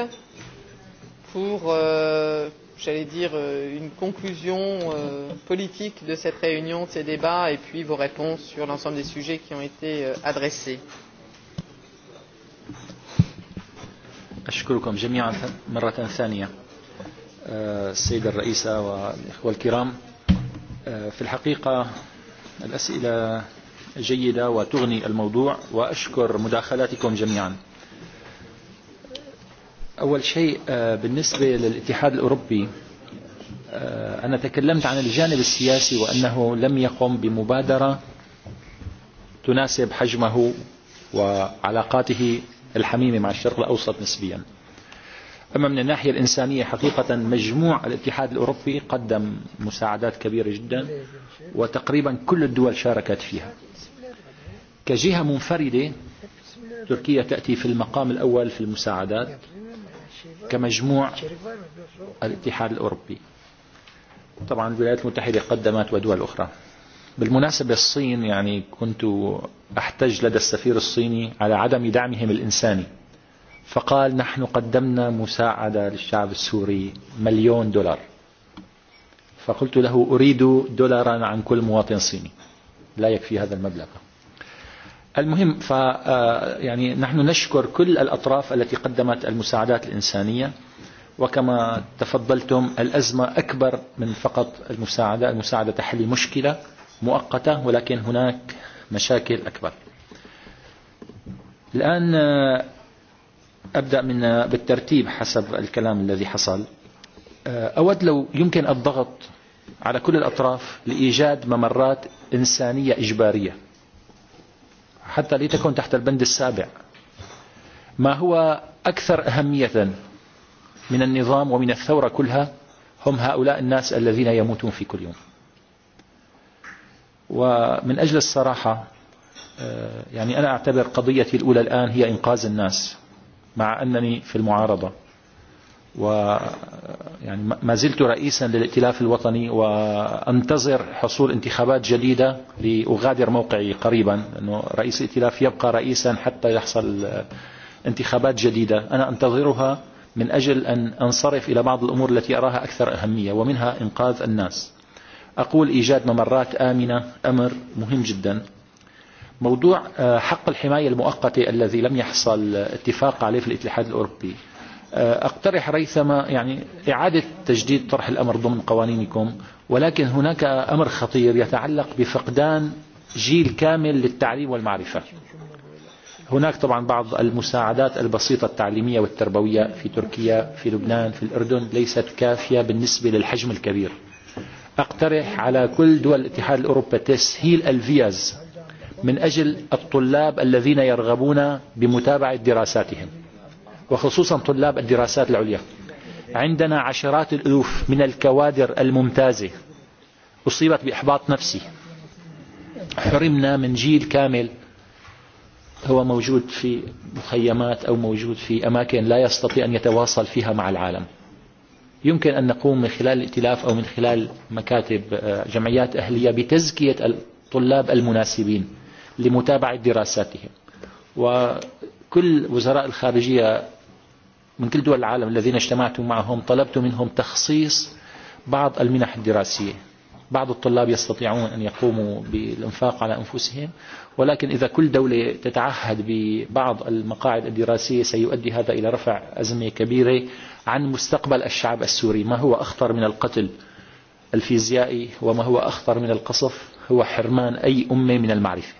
pour euh, j'allais dire euh, une conclusion euh, politique de cette réunion de ces débats et puis vos réponses sur l'ensemble des sujets qui ont été euh, adressés. أشكركم جميعا مرة ثانية السيدة الرئيسة والإخوة الكرام في الحقيقة الأسئلة جيدة وتغني الموضوع وأشكر مداخلاتكم جميعا أول شيء بالنسبة للاتحاد الأوروبي أنا تكلمت عن الجانب السياسي وأنه لم يقم بمبادرة تناسب حجمه وعلاقاته الحميمة مع الشرق الأوسط نسبيا أما من الناحية الإنسانية حقيقة مجموع الاتحاد الأوروبي قدم مساعدات كبيرة جدا وتقريبا كل الدول شاركت فيها كجهة منفردة تركيا تأتي في المقام الأول في المساعدات كمجموع الاتحاد الأوروبي طبعا الولايات المتحدة قدمت ودول أخرى بالمناسبة الصين يعني كنت أحتج لدى السفير الصيني على عدم دعمهم الإنساني فقال نحن قدمنا مساعدة للشعب السوري مليون دولار فقلت له أريد دولارا عن كل مواطن صيني لا يكفي هذا المبلغ المهم ف يعني نحن نشكر كل الأطراف التي قدمت المساعدات الإنسانية وكما تفضلتم الأزمة أكبر من فقط المساعدة المساعدة تحل مشكلة مؤقتة ولكن هناك مشاكل أكبر الآن أبدأ من بالترتيب حسب الكلام الذي حصل أود لو يمكن الضغط على كل الأطراف لإيجاد ممرات إنسانية إجبارية حتى لتكون تحت البند السابع ما هو أكثر أهمية من النظام ومن الثورة كلها هم هؤلاء الناس الذين يموتون في كل يوم ومن أجل الصراحة يعني أنا أعتبر قضيتي الأولى الآن هي إنقاذ الناس مع أنني في المعارضة و يعني ما زلت رئيسا للائتلاف الوطني وانتظر حصول انتخابات جديدة لأغادر موقعي قريبا لأنه رئيس الائتلاف يبقى رئيسا حتى يحصل انتخابات جديدة أنا انتظرها من أجل أن أنصرف إلى بعض الأمور التي أراها أكثر أهمية ومنها إنقاذ الناس أقول إيجاد ممرات آمنة أمر مهم جدا موضوع حق الحماية المؤقتة الذي لم يحصل اتفاق عليه في الاتحاد الأوروبي أقترح ريثما يعني إعادة تجديد طرح الأمر ضمن قوانينكم ولكن هناك أمر خطير يتعلق بفقدان جيل كامل للتعليم والمعرفة هناك طبعا بعض المساعدات البسيطة التعليمية والتربوية في تركيا في لبنان في الأردن ليست كافية بالنسبة للحجم الكبير أقترح على كل دول الاتحاد الأوروبي تسهيل الفيز من أجل الطلاب الذين يرغبون بمتابعة دراساتهم وخصوصا طلاب الدراسات العليا عندنا عشرات الألوف من الكوادر الممتازة أصيبت بإحباط نفسي حرمنا من جيل كامل هو موجود في مخيمات أو موجود في أماكن لا يستطيع أن يتواصل فيها مع العالم يمكن أن نقوم من خلال الائتلاف أو من خلال مكاتب جمعيات أهلية بتزكية الطلاب المناسبين لمتابعة دراساتهم وكل وزراء الخارجية من كل دول العالم الذين اجتمعت معهم طلبت منهم تخصيص بعض المنح الدراسية بعض الطلاب يستطيعون أن يقوموا بالإنفاق على أنفسهم ولكن إذا كل دولة تتعهد ببعض المقاعد الدراسية سيؤدي هذا إلى رفع أزمة كبيرة عن مستقبل الشعب السوري ما هو أخطر من القتل الفيزيائي وما هو أخطر من القصف هو حرمان أي أمة من المعرفة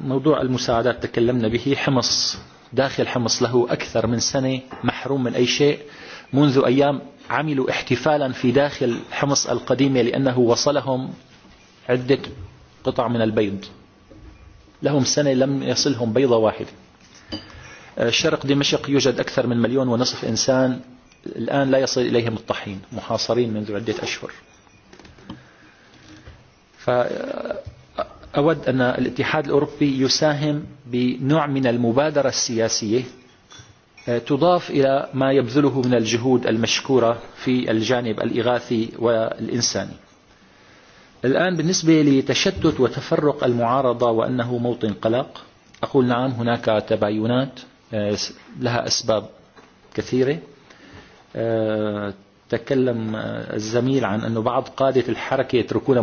موضوع المساعدات تكلمنا به حمص داخل حمص له أكثر من سنة محروم من أي شيء منذ أيام عملوا احتفالا في داخل حمص القديمة لأنه وصلهم عدة قطع من البيض لهم سنة لم يصلهم بيضة واحدة شرق دمشق يوجد أكثر من مليون ونصف إنسان الآن لا يصل إليهم الطحين محاصرين منذ عدة أشهر أود أن الاتحاد الأوروبي يساهم بنوع من المبادرة السياسية تضاف إلى ما يبذله من الجهود المشكورة في الجانب الإغاثي والإنساني الآن بالنسبة لتشتت وتفرق المعارضة وأنه موطن قلق أقول نعم هناك تباينات لها أسباب كثيرة تكلم الزميل عن أن بعض قادة الحركة يتركون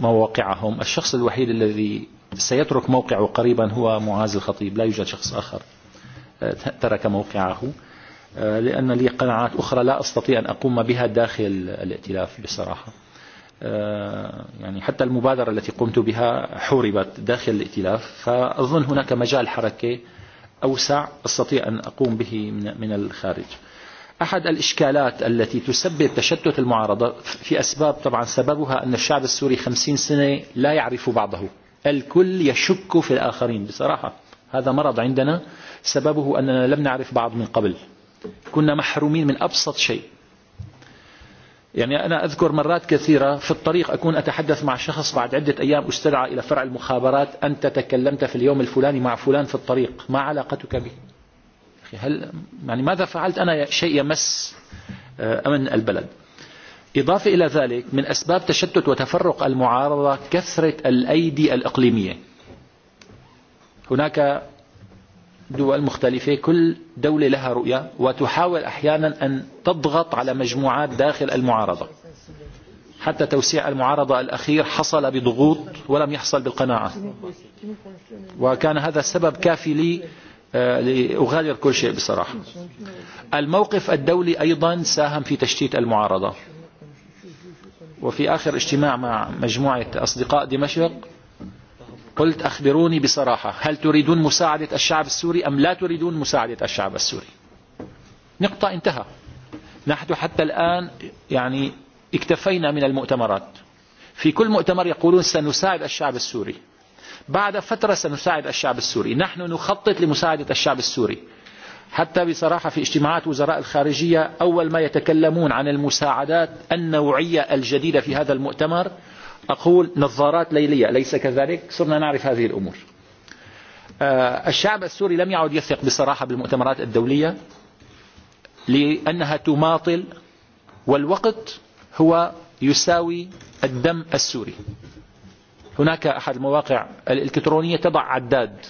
مواقعهم الشخص الوحيد الذي سيترك موقعه قريبا هو معاذ الخطيب لا يوجد شخص آخر ترك موقعه لأن لي قناعات أخرى لا أستطيع أن أقوم بها داخل الائتلاف بصراحة يعني حتى المبادرة التي قمت بها حوربت داخل الائتلاف فأظن هناك مجال حركة أوسع أستطيع أن أقوم به من الخارج أحد الإشكالات التي تسبب تشتت المعارضة في أسباب طبعا سببها أن الشعب السوري خمسين سنة لا يعرف بعضه الكل يشك في الآخرين بصراحة هذا مرض عندنا سببه أننا لم نعرف بعض من قبل كنا محرومين من أبسط شيء يعني أنا أذكر مرات كثيرة في الطريق أكون أتحدث مع شخص بعد عدة أيام استدعى إلى فرع المخابرات أنت تكلمت في اليوم الفلاني مع فلان في الطريق ما علاقتك به هل يعني ماذا فعلت أنا شيء يمس أمن البلد إضافة إلى ذلك من أسباب تشتت وتفرق المعارضة كثرة الأيدي الإقليمية هناك دول مختلفة كل دولة لها رؤية وتحاول أحيانا أن تضغط على مجموعات داخل المعارضة حتى توسيع المعارضة الأخير حصل بضغوط ولم يحصل بالقناعة وكان هذا السبب كافي لي لأغادر كل شيء بصراحة الموقف الدولي أيضا ساهم في تشتيت المعارضة وفي آخر اجتماع مع مجموعة أصدقاء دمشق قلت أخبروني بصراحة هل تريدون مساعدة الشعب السوري أم لا تريدون مساعدة الشعب السوري نقطة انتهى نحن حتى الآن يعني اكتفينا من المؤتمرات في كل مؤتمر يقولون سنساعد الشعب السوري بعد فترة سنساعد الشعب السوري نحن نخطط لمساعدة الشعب السوري حتى بصراحة في اجتماعات وزراء الخارجية أول ما يتكلمون عن المساعدات النوعية الجديدة في هذا المؤتمر أقول نظارات ليلية ليس كذلك صرنا نعرف هذه الأمور الشعب السوري لم يعد يثق بصراحة بالمؤتمرات الدولية لأنها تماطل والوقت هو يساوي الدم السوري هناك أحد المواقع الإلكترونية تضع عداد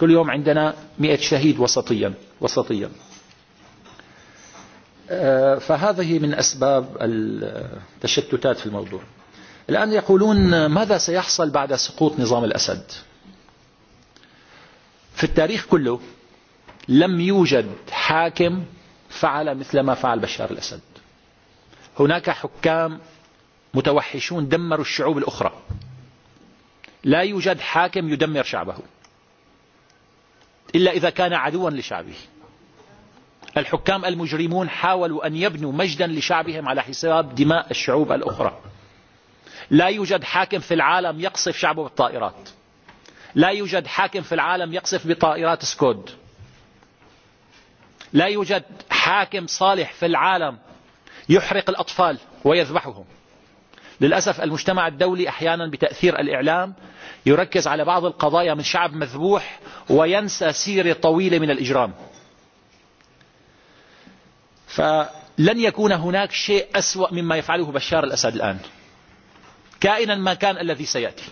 كل يوم عندنا مئة شهيد وسطيا وسطيا فهذه من أسباب التشتتات في الموضوع الآن يقولون ماذا سيحصل بعد سقوط نظام الأسد في التاريخ كله لم يوجد حاكم فعل مثل ما فعل بشار الأسد هناك حكام متوحشون دمروا الشعوب الأخرى لا يوجد حاكم يدمر شعبه إلا إذا كان عدوا لشعبه الحكام المجرمون حاولوا أن يبنوا مجدا لشعبهم على حساب دماء الشعوب الأخرى لا يوجد حاكم في العالم يقصف شعبه بالطائرات لا يوجد حاكم في العالم يقصف بطائرات سكود لا يوجد حاكم صالح في العالم يحرق الأطفال ويذبحهم للأسف المجتمع الدولي أحيانا بتأثير الإعلام يركز على بعض القضايا من شعب مذبوح وينسى سيرة طويلة من الإجرام فلن يكون هناك شيء أسوأ مما يفعله بشار الأسد الآن كائنا ما كان الذي سيأتي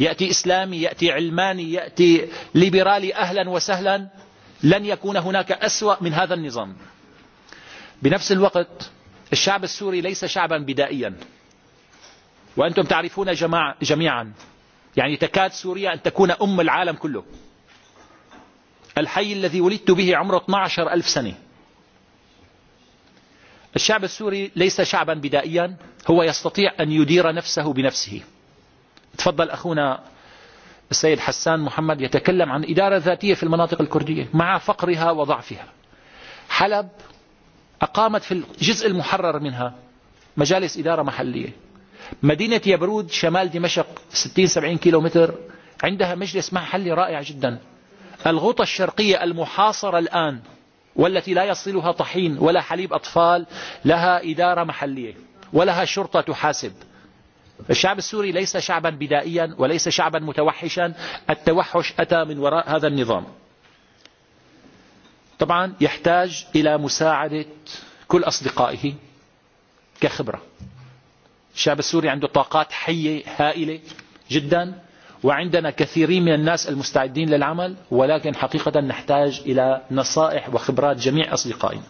يأتي إسلامي يأتي علماني يأتي ليبرالي أهلا وسهلا لن يكون هناك أسوأ من هذا النظام بنفس الوقت الشعب السوري ليس شعبا بدائيا وأنتم تعرفون جميعا يعني تكاد سوريا أن تكون أم العالم كله الحي الذي ولدت به عمره 12 ألف سنة الشعب السوري ليس شعبا بدائيا هو يستطيع أن يدير نفسه بنفسه تفضل أخونا السيد حسان محمد يتكلم عن إدارة ذاتية في المناطق الكردية مع فقرها وضعفها حلب أقامت في الجزء المحرر منها مجالس إدارة محلية مدينة يبرود شمال دمشق 60-70 كيلو متر عندها مجلس محلي رائع جدا الغوطة الشرقية المحاصرة الآن والتي لا يصلها طحين ولا حليب أطفال لها إدارة محلية ولها شرطة تحاسب الشعب السوري ليس شعبا بدائيا وليس شعبا متوحشا التوحش أتى من وراء هذا النظام طبعا يحتاج إلى مساعدة كل أصدقائه كخبرة الشاب السوري عنده طاقات حية هائلة جدا وعندنا كثيرين من الناس المستعدين للعمل ولكن حقيقة نحتاج إلى نصائح وخبرات جميع أصدقائنا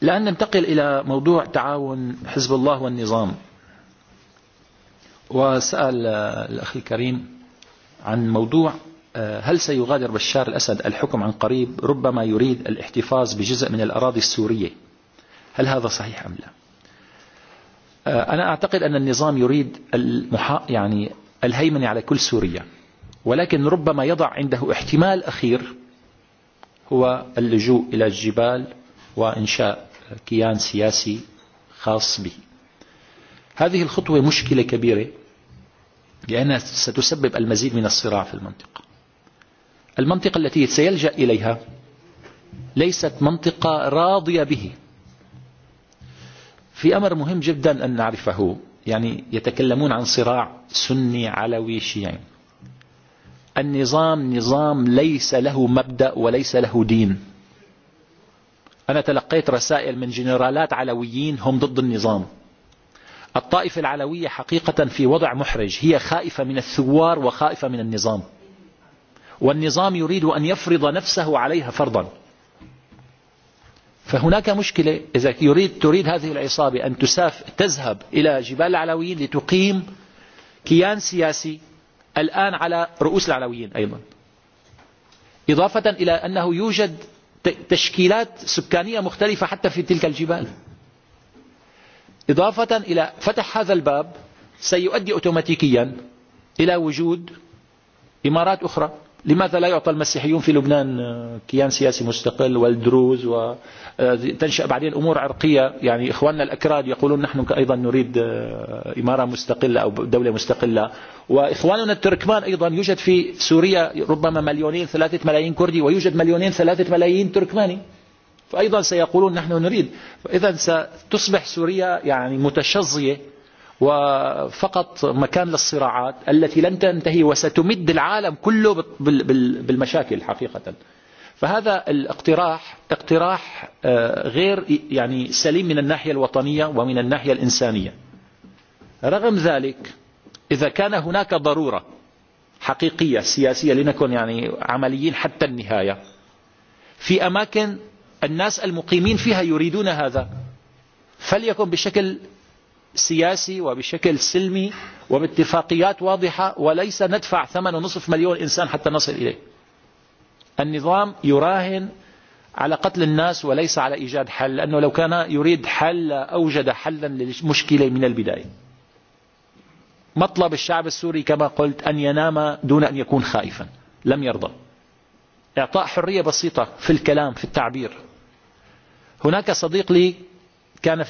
لأن ننتقل إلى موضوع تعاون حزب الله والنظام وسأل الأخ الكريم عن موضوع هل سيغادر بشار الأسد الحكم عن قريب ربما يريد الاحتفاظ بجزء من الأراضي السورية هل هذا صحيح أم لا أنا أعتقد أن النظام يريد المحا... يعني الهيمنة على كل سوريا ولكن ربما يضع عنده احتمال أخير هو اللجوء إلى الجبال وإنشاء كيان سياسي خاص به هذه الخطوة مشكلة كبيرة لأنها ستسبب المزيد من الصراع في المنطقة المنطقة التي سيلجأ إليها ليست منطقة راضية به في أمر مهم جدا أن نعرفه يعني يتكلمون عن صراع سني علوي شيعي النظام نظام ليس له مبدأ وليس له دين أنا تلقيت رسائل من جنرالات علويين هم ضد النظام الطائفة العلوية حقيقة في وضع محرج هي خائفة من الثوار وخائفة من النظام والنظام يريد أن يفرض نفسه عليها فرضاً فهناك مشكلة إذا يريد تريد هذه العصابة أن تساف تذهب إلى جبال العلويين لتقيم كيان سياسي الآن على رؤوس العلويين أيضا إضافة إلى أنه يوجد تشكيلات سكانية مختلفة حتى في تلك الجبال إضافة إلى فتح هذا الباب سيؤدي أوتوماتيكيا إلى وجود إمارات أخرى لماذا لا يعطى المسيحيون في لبنان كيان سياسي مستقل والدروز وتنشأ بعدين أمور عرقية يعني إخواننا الأكراد يقولون نحن أيضا نريد إمارة مستقلة أو دولة مستقلة وإخواننا التركمان أيضا يوجد في سوريا ربما مليونين ثلاثة ملايين كردي ويوجد مليونين ثلاثة ملايين تركماني فأيضا سيقولون نحن نريد فإذا ستصبح سوريا يعني متشظية وفقط مكان للصراعات التي لن تنتهي وستمد العالم كله بالمشاكل حقيقة فهذا الاقتراح اقتراح غير يعني سليم من الناحية الوطنية ومن الناحية الإنسانية رغم ذلك إذا كان هناك ضرورة حقيقية سياسية لنكون يعني عمليين حتى النهاية في أماكن الناس المقيمين فيها يريدون هذا فليكن بشكل سياسي وبشكل سلمي وباتفاقيات واضحة وليس ندفع ثمن ونصف مليون إنسان حتى نصل إليه النظام يراهن على قتل الناس وليس على إيجاد حل لأنه لو كان يريد حل أوجد حلا للمشكلة من البداية مطلب الشعب السوري كما قلت أن ينام دون أن يكون خائفا لم يرضى إعطاء حرية بسيطة في الكلام في التعبير هناك صديق لي كان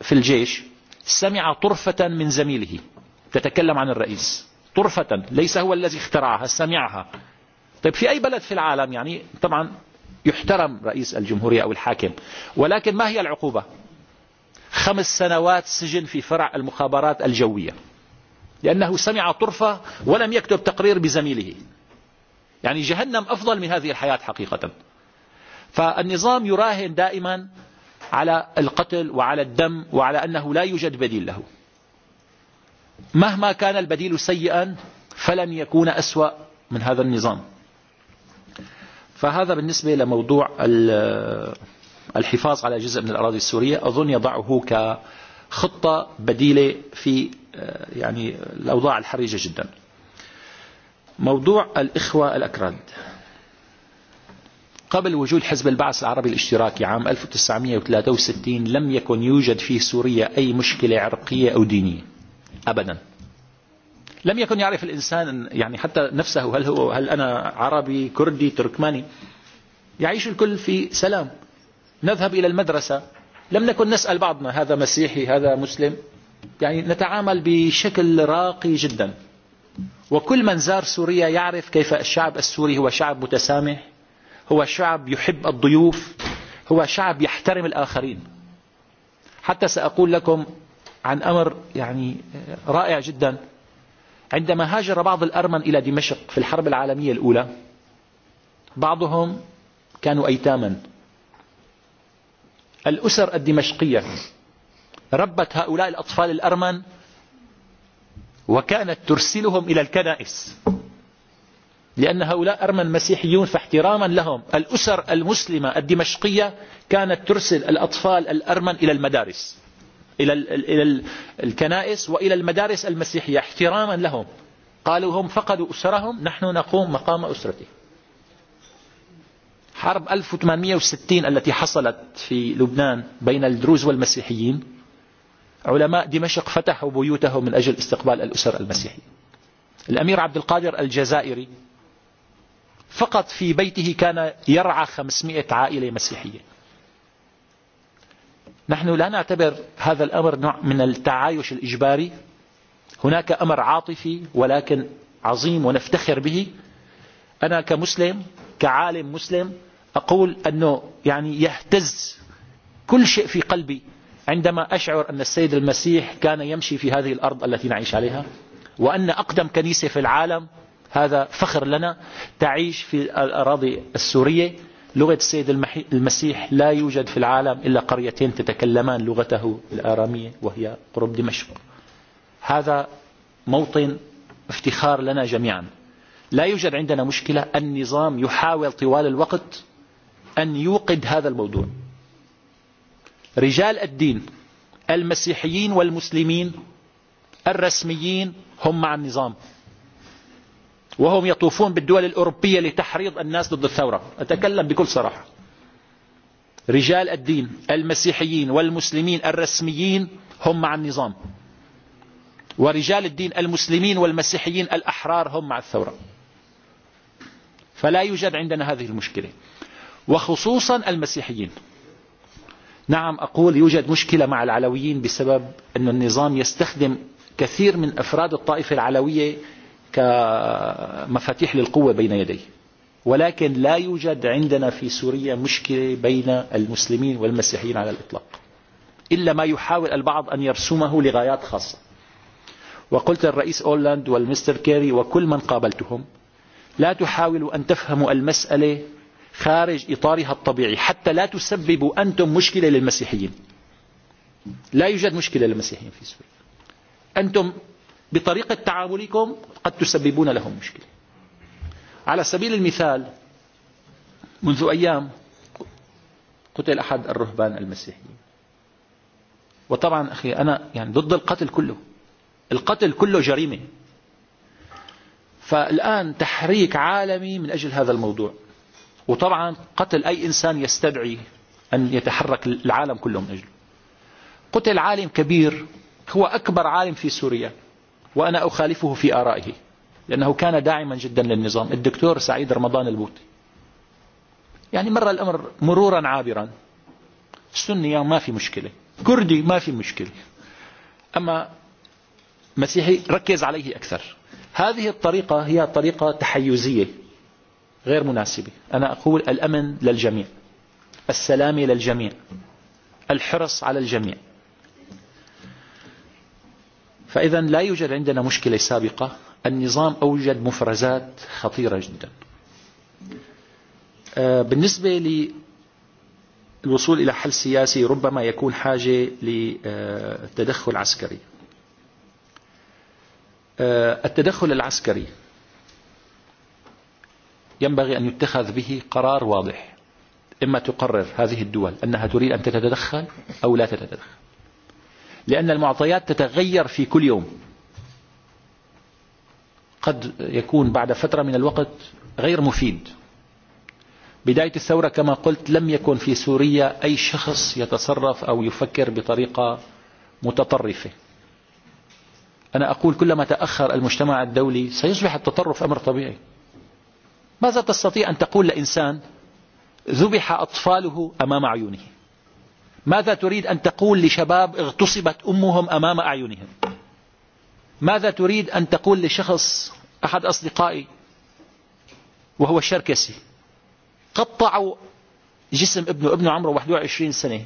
في الجيش سمع طرفة من زميله تتكلم عن الرئيس طرفة ليس هو الذي اخترعها سمعها طيب في أي بلد في العالم يعني طبعا يحترم رئيس الجمهورية أو الحاكم ولكن ما هي العقوبة خمس سنوات سجن في فرع المخابرات الجوية لأنه سمع طرفة ولم يكتب تقرير بزميله يعني جهنم أفضل من هذه الحياة حقيقة فالنظام يراهن دائما على القتل وعلى الدم وعلى أنه لا يوجد بديل له مهما كان البديل سيئا فلن يكون أسوأ من هذا النظام فهذا بالنسبة لموضوع الحفاظ على جزء من الأراضي السورية أظن يضعه كخطة بديلة في يعني الأوضاع الحرجة جدا موضوع الإخوة الأكراد قبل وجود حزب البعث العربي الاشتراكي عام 1963 لم يكن يوجد في سوريا أي مشكلة عرقية أو دينية أبدا لم يكن يعرف الإنسان يعني حتى نفسه هل, هو هل أنا عربي كردي تركماني يعيش الكل في سلام نذهب إلى المدرسة لم نكن نسأل بعضنا هذا مسيحي هذا مسلم يعني نتعامل بشكل راقي جدا وكل من زار سوريا يعرف كيف الشعب السوري هو شعب متسامح هو شعب يحب الضيوف هو شعب يحترم الآخرين حتى سأقول لكم عن أمر يعني رائع جدا عندما هاجر بعض الأرمن إلى دمشق في الحرب العالمية الأولى بعضهم كانوا أيتاما الأسر الدمشقية ربت هؤلاء الأطفال الأرمن وكانت ترسلهم إلى الكنائس لأن هؤلاء أرمن مسيحيون فاحتراما لهم الأسر المسلمة الدمشقية كانت ترسل الأطفال الأرمن إلى المدارس إلى, إلى الكنائس وإلى المدارس المسيحية احتراما لهم قالوا هم فقدوا أسرهم نحن نقوم مقام أسرته حرب 1860 التي حصلت في لبنان بين الدروز والمسيحيين علماء دمشق فتحوا بيوتهم من أجل استقبال الأسر المسيحية الأمير عبد القادر الجزائري فقط في بيته كان يرعى خمسمائة عائلة مسيحية نحن لا نعتبر هذا الأمر نوع من التعايش الإجباري هناك أمر عاطفي ولكن عظيم ونفتخر به أنا كمسلم كعالم مسلم أقول أنه يعني يهتز كل شيء في قلبي عندما أشعر أن السيد المسيح كان يمشي في هذه الأرض التي نعيش عليها وأن أقدم كنيسة في العالم هذا فخر لنا تعيش في الأراضي السورية لغة السيد المسيح لا يوجد في العالم إلا قريتين تتكلمان لغته الآرامية وهي قرب دمشق هذا موطن افتخار لنا جميعا لا يوجد عندنا مشكلة النظام يحاول طوال الوقت أن يوقد هذا الموضوع رجال الدين المسيحيين والمسلمين الرسميين هم مع النظام وهم يطوفون بالدول الأوروبية لتحريض الناس ضد الثورة أتكلم بكل صراحة رجال الدين المسيحيين والمسلمين الرسميين هم مع النظام ورجال الدين المسلمين والمسيحيين الأحرار هم مع الثورة فلا يوجد عندنا هذه المشكلة وخصوصا المسيحيين نعم أقول يوجد مشكلة مع العلويين بسبب أن النظام يستخدم كثير من أفراد الطائفة العلوية كمفاتيح للقوة بين يديه ولكن لا يوجد عندنا في سوريا مشكلة بين المسلمين والمسيحيين على الإطلاق إلا ما يحاول البعض أن يرسمه لغايات خاصة وقلت الرئيس أولاند والمستر كيري وكل من قابلتهم لا تحاولوا أن تفهموا المسألة خارج إطارها الطبيعي حتى لا تسببوا أنتم مشكلة للمسيحيين لا يوجد مشكلة للمسيحيين في سوريا أنتم بطريقة تعاملكم قد تسببون لهم مشكلة على سبيل المثال منذ أيام قتل أحد الرهبان المسيحيين وطبعا أخي أنا يعني ضد القتل كله القتل كله جريمة فالآن تحريك عالمي من أجل هذا الموضوع وطبعا قتل أي إنسان يستدعي أن يتحرك العالم كله من أجله قتل عالم كبير هو أكبر عالم في سوريا وأنا أخالفه في آرائه لأنه كان داعما جدا للنظام الدكتور سعيد رمضان البوطي يعني مر الأمر مرورا عابرا سنية ما في مشكلة كردي ما في مشكلة أما مسيحي ركز عليه أكثر هذه الطريقة هي طريقة تحيزية غير مناسبة أنا أقول الأمن للجميع السلام للجميع الحرص على الجميع فإذا لا يوجد عندنا مشكلة سابقة النظام أوجد مفرزات خطيرة جدا بالنسبة للوصول إلى حل سياسي ربما يكون حاجة لتدخل عسكري التدخل العسكري ينبغي أن يتخذ به قرار واضح إما تقرر هذه الدول أنها تريد أن تتدخل أو لا تتدخل لأن المعطيات تتغير في كل يوم قد يكون بعد فترة من الوقت غير مفيد بداية الثورة كما قلت لم يكن في سوريا أي شخص يتصرف أو يفكر بطريقة متطرفة أنا أقول كلما تأخر المجتمع الدولي سيصبح التطرف أمر طبيعي ماذا تستطيع أن تقول لإنسان ذبح أطفاله أمام عيونه ماذا تريد أن تقول لشباب اغتصبت أمهم أمام أعينهم ماذا تريد أن تقول لشخص أحد أصدقائي وهو الشركسي قطعوا جسم ابنه ابنه عمره 21 سنة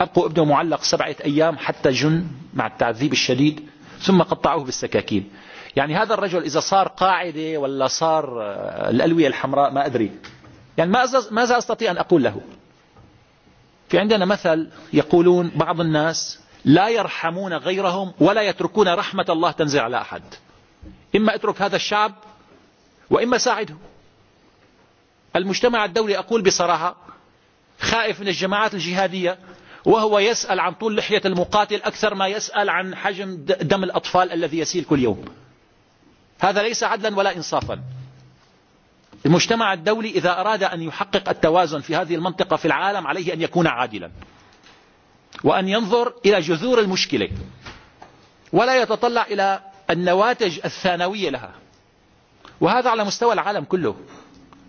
أبقوا ابنه معلق سبعة أيام حتى جن مع التعذيب الشديد ثم قطعوه بالسكاكين يعني هذا الرجل إذا صار قاعدة ولا صار الألوية الحمراء ما أدري يعني ماذا أستطيع أن أقول له في عندنا مثل يقولون بعض الناس لا يرحمون غيرهم ولا يتركون رحمة الله تنزل على أحد إما اترك هذا الشعب وإما ساعده المجتمع الدولي أقول بصراحة خائف من الجماعات الجهادية وهو يسأل عن طول لحية المقاتل أكثر ما يسأل عن حجم دم الأطفال الذي يسيل كل يوم هذا ليس عدلا ولا إنصافا المجتمع الدولي إذا أراد أن يحقق التوازن في هذه المنطقة في العالم عليه أن يكون عادلا وأن ينظر إلى جذور المشكلة ولا يتطلع إلى النواتج الثانوية لها وهذا على مستوى العالم كله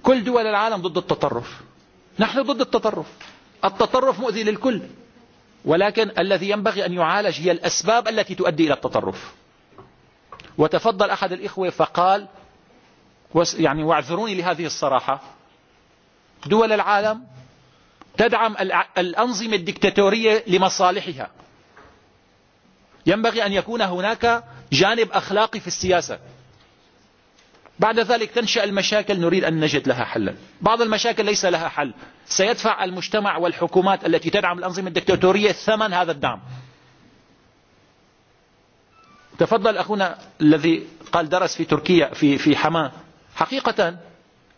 كل دول العالم ضد التطرف نحن ضد التطرف التطرف مؤذي للكل ولكن الذي ينبغي أن يعالج هي الأسباب التي تؤدي إلى التطرف وتفضل أحد الإخوة فقال يعني واعذروني لهذه الصراحة دول العالم تدعم الأنظمة الدكتاتورية لمصالحها ينبغي أن يكون هناك جانب أخلاقي في السياسة بعد ذلك تنشأ المشاكل نريد أن نجد لها حلا بعض المشاكل ليس لها حل سيدفع المجتمع والحكومات التي تدعم الأنظمة الدكتاتورية ثمن هذا الدعم تفضل أخونا الذي قال درس في تركيا في في حماه حقيقة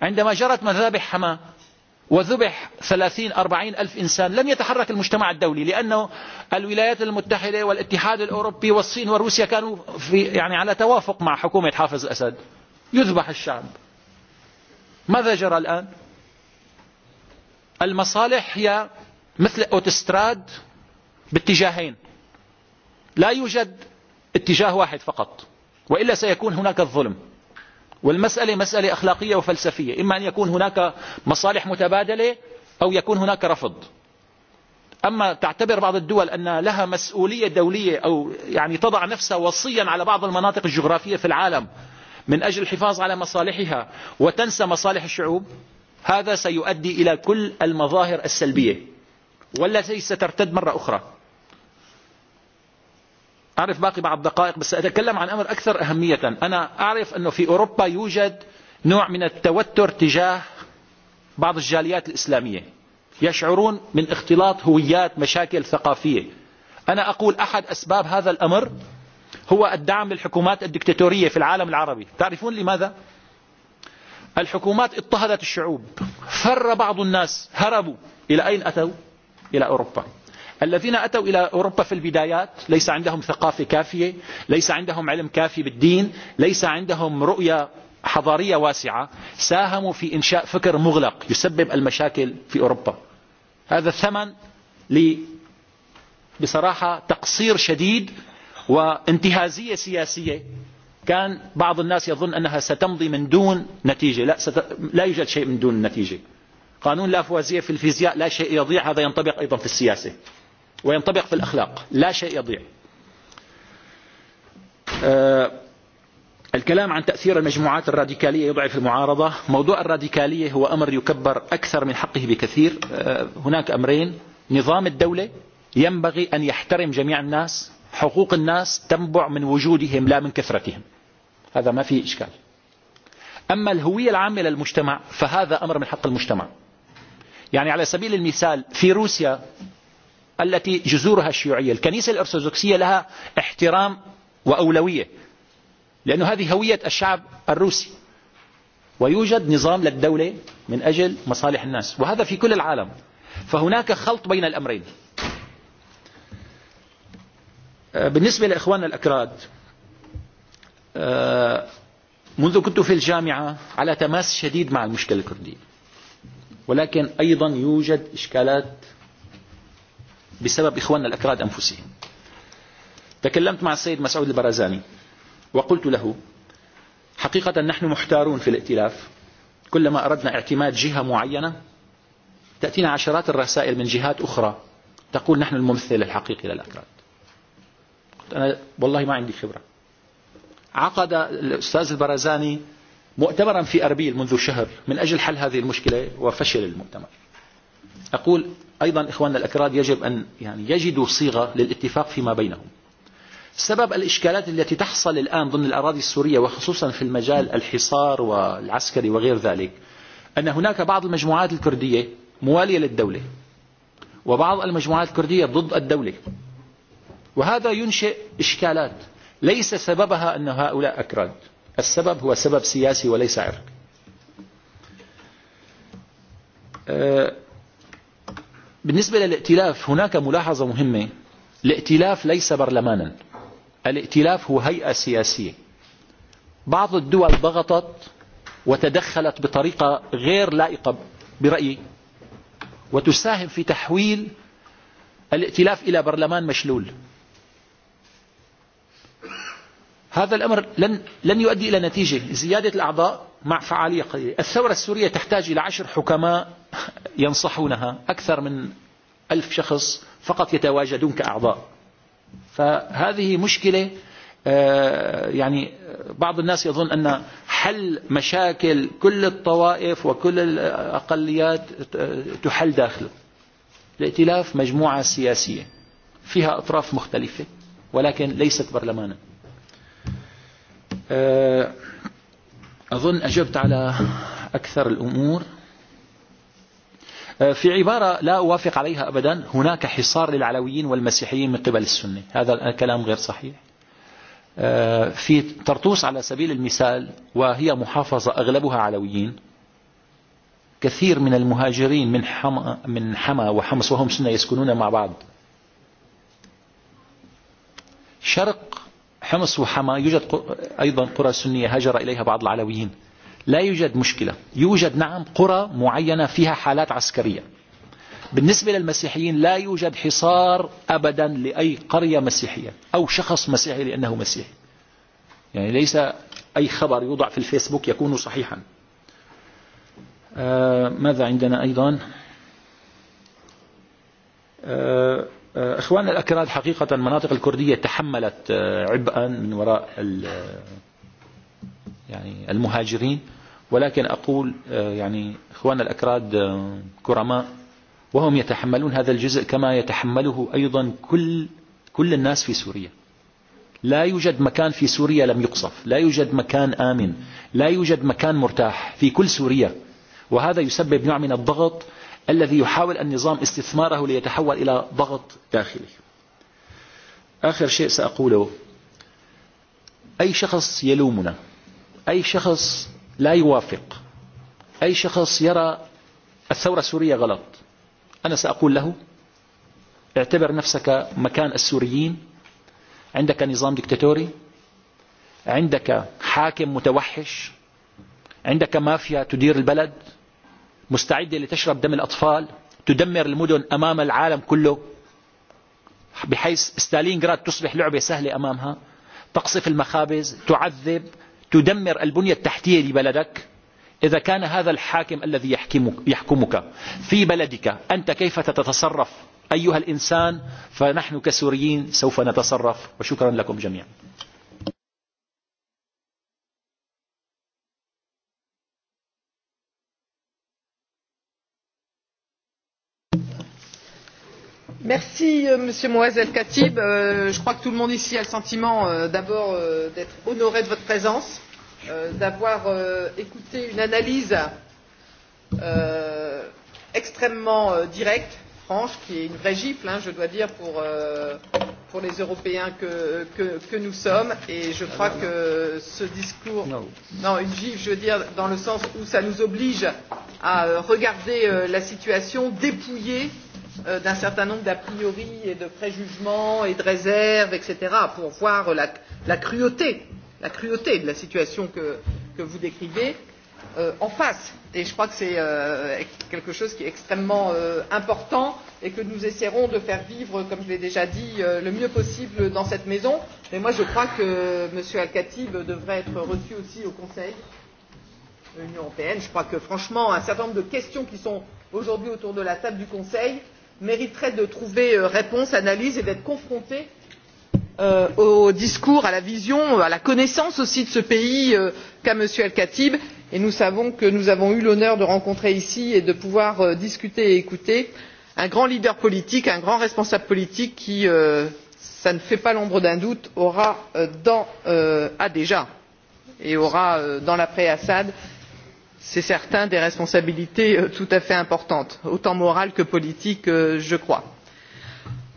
عندما جرت مذابح حما وذبح ثلاثين أربعين ألف إنسان لم يتحرك المجتمع الدولي لأن الولايات المتحدة والاتحاد الأوروبي والصين وروسيا كانوا في يعني على توافق مع حكومة حافظ الأسد يذبح الشعب ماذا جرى الآن المصالح هي مثل أوتستراد باتجاهين لا يوجد اتجاه واحد فقط وإلا سيكون هناك الظلم والمسألة مسألة أخلاقية وفلسفية إما أن يكون هناك مصالح متبادلة أو يكون هناك رفض أما تعتبر بعض الدول أن لها مسؤولية دولية أو يعني تضع نفسها وصيا على بعض المناطق الجغرافية في العالم من أجل الحفاظ على مصالحها وتنسى مصالح الشعوب هذا سيؤدي إلى كل المظاهر السلبية والتي سترتد مرة أخرى أعرف باقي بعض الدقائق بس أتكلم عن أمر أكثر أهمية أنا أعرف أنه في أوروبا يوجد نوع من التوتر تجاه بعض الجاليات الإسلامية يشعرون من اختلاط هويات مشاكل ثقافية أنا أقول أحد أسباب هذا الأمر هو الدعم للحكومات الدكتاتورية في العالم العربي تعرفون لماذا؟ الحكومات اضطهدت الشعوب فر بعض الناس هربوا إلى أين أتوا؟ إلى أوروبا الذين أتوا إلى أوروبا في البدايات ليس عندهم ثقافة كافية ليس عندهم علم كافي بالدين ليس عندهم رؤية حضارية واسعة ساهموا في إنشاء فكر مغلق يسبب المشاكل في أوروبا هذا الثمن ل بصراحة تقصير شديد وانتهازية سياسية كان بعض الناس يظن أنها ستمضي من دون نتيجة لا, ست... لا يوجد شيء من دون نتيجة قانون لافوازية في الفيزياء لا شيء يضيع هذا ينطبق أيضا في السياسة وينطبق في الأخلاق لا شيء يضيع الكلام عن تأثير المجموعات الراديكالية يضعف المعارضة موضوع الراديكالية هو أمر يكبر أكثر من حقه بكثير هناك أمرين نظام الدولة ينبغي أن يحترم جميع الناس حقوق الناس تنبع من وجودهم لا من كثرتهم هذا ما فيه إشكال أما الهوية العامة للمجتمع فهذا أمر من حق المجتمع يعني على سبيل المثال في روسيا التي جذورها الشيوعية الكنيسة الأرثوذكسية لها احترام وأولوية لأن هذه هوية الشعب الروسي ويوجد نظام للدولة من أجل مصالح الناس وهذا في كل العالم فهناك خلط بين الأمرين بالنسبة لإخواننا الأكراد منذ كنت في الجامعة على تماس شديد مع المشكلة الكردية ولكن أيضا يوجد إشكالات بسبب إخواننا الأكراد أنفسهم تكلمت مع السيد مسعود البرزاني وقلت له حقيقة نحن محتارون في الائتلاف كلما أردنا اعتماد جهة معينة تأتينا عشرات الرسائل من جهات أخرى تقول نحن الممثل الحقيقي للأكراد قلت أنا والله ما عندي خبرة عقد الأستاذ البرزاني مؤتمرا في أربيل منذ شهر من أجل حل هذه المشكلة وفشل المؤتمر أقول أيضا إخواننا الأكراد يجب أن يعني يجدوا صيغة للاتفاق فيما بينهم سبب الإشكالات التي تحصل الآن ضمن الأراضي السورية وخصوصا في المجال الحصار والعسكري وغير ذلك أن هناك بعض المجموعات الكردية موالية للدولة وبعض المجموعات الكردية ضد الدولة وهذا ينشئ إشكالات ليس سببها أن هؤلاء أكراد السبب هو سبب سياسي وليس عرق بالنسبة للائتلاف هناك ملاحظة مهمة الائتلاف ليس برلمانا الائتلاف هو هيئة سياسية بعض الدول ضغطت وتدخلت بطريقة غير لائقة برأيي وتساهم في تحويل الائتلاف إلى برلمان مشلول هذا الأمر لن, لن يؤدي إلى نتيجة زيادة الأعضاء مع فعالية قليلة الثورة السورية تحتاج إلى عشر حكماء ينصحونها أكثر من ألف شخص فقط يتواجدون كأعضاء فهذه مشكلة يعني بعض الناس يظن أن حل مشاكل كل الطوائف وكل الأقليات تحل داخله الائتلاف مجموعة سياسية فيها أطراف مختلفة ولكن ليست برلمانا أظن أجبت على أكثر الأمور في عبارة لا أوافق عليها أبدا هناك حصار للعلويين والمسيحيين من قبل السنة هذا الكلام غير صحيح في ترطوس على سبيل المثال وهي محافظة أغلبها علويين كثير من المهاجرين من حما, من حما وحمص وهم سنة يسكنون مع بعض شرق حمص وحما يوجد أيضا قرى سنية هاجر إليها بعض العلويين لا يوجد مشكلة يوجد نعم قرى معينة فيها حالات عسكرية بالنسبة للمسيحيين لا يوجد حصار أبدا لأي قرية مسيحية أو شخص مسيحي لأنه مسيحي يعني ليس أي خبر يوضع في الفيسبوك يكون صحيحا ماذا عندنا أيضا؟ إخواننا الأكراد حقيقة المناطق الكردية تحملت عبئا من وراء يعني المهاجرين ولكن أقول يعني إخواننا الأكراد كرماء وهم يتحملون هذا الجزء كما يتحمله أيضا كل كل الناس في سوريا لا يوجد مكان في سوريا لم يقصف لا يوجد مكان آمن لا يوجد مكان مرتاح في كل سوريا وهذا يسبب نوع من الضغط الذي يحاول النظام استثماره ليتحول إلى ضغط داخلي آخر شيء سأقوله أي شخص يلومنا أي شخص لا يوافق أي شخص يرى الثورة السورية غلط أنا سأقول له اعتبر نفسك مكان السوريين عندك نظام ديكتاتوري عندك حاكم متوحش عندك مافيا تدير البلد مستعدة لتشرب دم الأطفال تدمر المدن أمام العالم كله بحيث ستالينغراد تصبح لعبة سهلة أمامها تقصف المخابز تعذب تدمر البنية التحتية لبلدك إذا كان هذا الحاكم الذي يحكمك, في بلدك أنت كيف تتصرف أيها الإنسان فنحن كسوريين سوف نتصرف وشكرا لكم جميعا Euh, Monsieur Moaz El Khatib. Euh, je crois que tout le monde ici a le sentiment euh, d'abord d'être honoré de votre présence, d'avoir écouté une analyse extrêmement directe, franche, qui est une vraie gifle, hein, je dois dire, pour, pour les Européens que, que, que nous sommes. Et je crois que ce discours, non, non une gifle, je veux dire, dans le sens où ça nous oblige à regarder la situation dépouillée Euh, d'un certain nombre d'a priori et de préjugements et de réserves, etc., pour voir la, la cruauté, la cruauté de la situation que, que vous décrivez euh, en face. Et je crois que c'est euh, quelque chose qui est extrêmement euh, important et que nous essaierons de faire vivre, comme je l'ai déjà dit, euh, le mieux possible dans cette maison. Mais moi, je crois que M. Al-Khatib devrait être reçu aussi au Conseil de l'Union européenne. Je crois que, franchement, un certain nombre de questions qui sont aujourd'hui autour de la table du Conseil mériterait de trouver euh, réponse analyse et d'être confronté euh, au discours à la vision euh, à la connaissance aussi de ce pays euh, qu'a m. el khatib et nous savons que nous avons eu l'honneur de rencontrer ici et de pouvoir euh, discuter et écouter un grand leader politique un grand responsable politique qui cela euh, ne fait pas l'ombre d'un doute aura dans, a ah, déjà et aura dans l'après assad c'est certain des responsabilités euh, tout à fait importantes autant morales que politiques euh, je crois.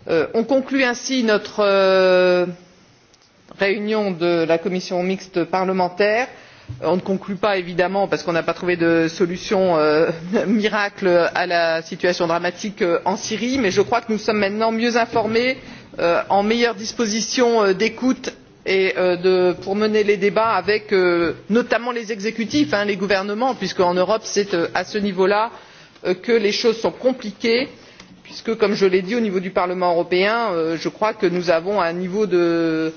Euh, on conclut ainsi notre réunion de la commission mixte parlementaire. on ne conclut pas évidemment parce qu'on n'a pas trouvé de solution miracle à la situation dramatique en syrie mais je crois que nous sommes maintenant mieux informés en meilleure disposition d'écoute et euh, pour mener les débats avec euh, notamment les exécutifs hein, les gouvernements puisqu'en europe c'est euh, à ce niveau là que les choses sont compliquées puisque comme je l'ai dit au niveau du parlement européen je crois que nous avons un niveau de,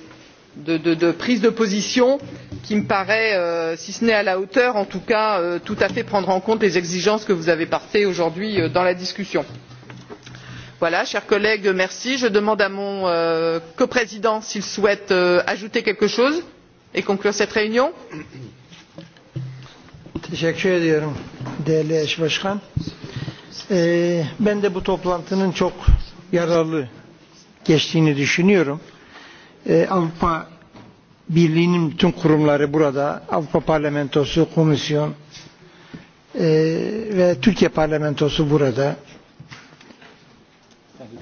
prise de position qui me paraît si ce n'est à la hauteur en tout cas tout à fait prendre en compte les exigences que vous avez portées aujourd'hui dans la discussion. je voilà chers collègues merci. je demande à mon euh, coprésident s'il souhaite euh, ajouter quelque chose et conclure cette réunion. teşekkür ediyorum değerli eș bașkan. Ee, ben de bu toplantının çok yararlı geçtiğini düşünüyorum. Ee, Avrupa Birliği'nin bütün kurumları burada, Avrupa Parlamentosu, Komisyon e, ve Türkiye Parlamentosu burada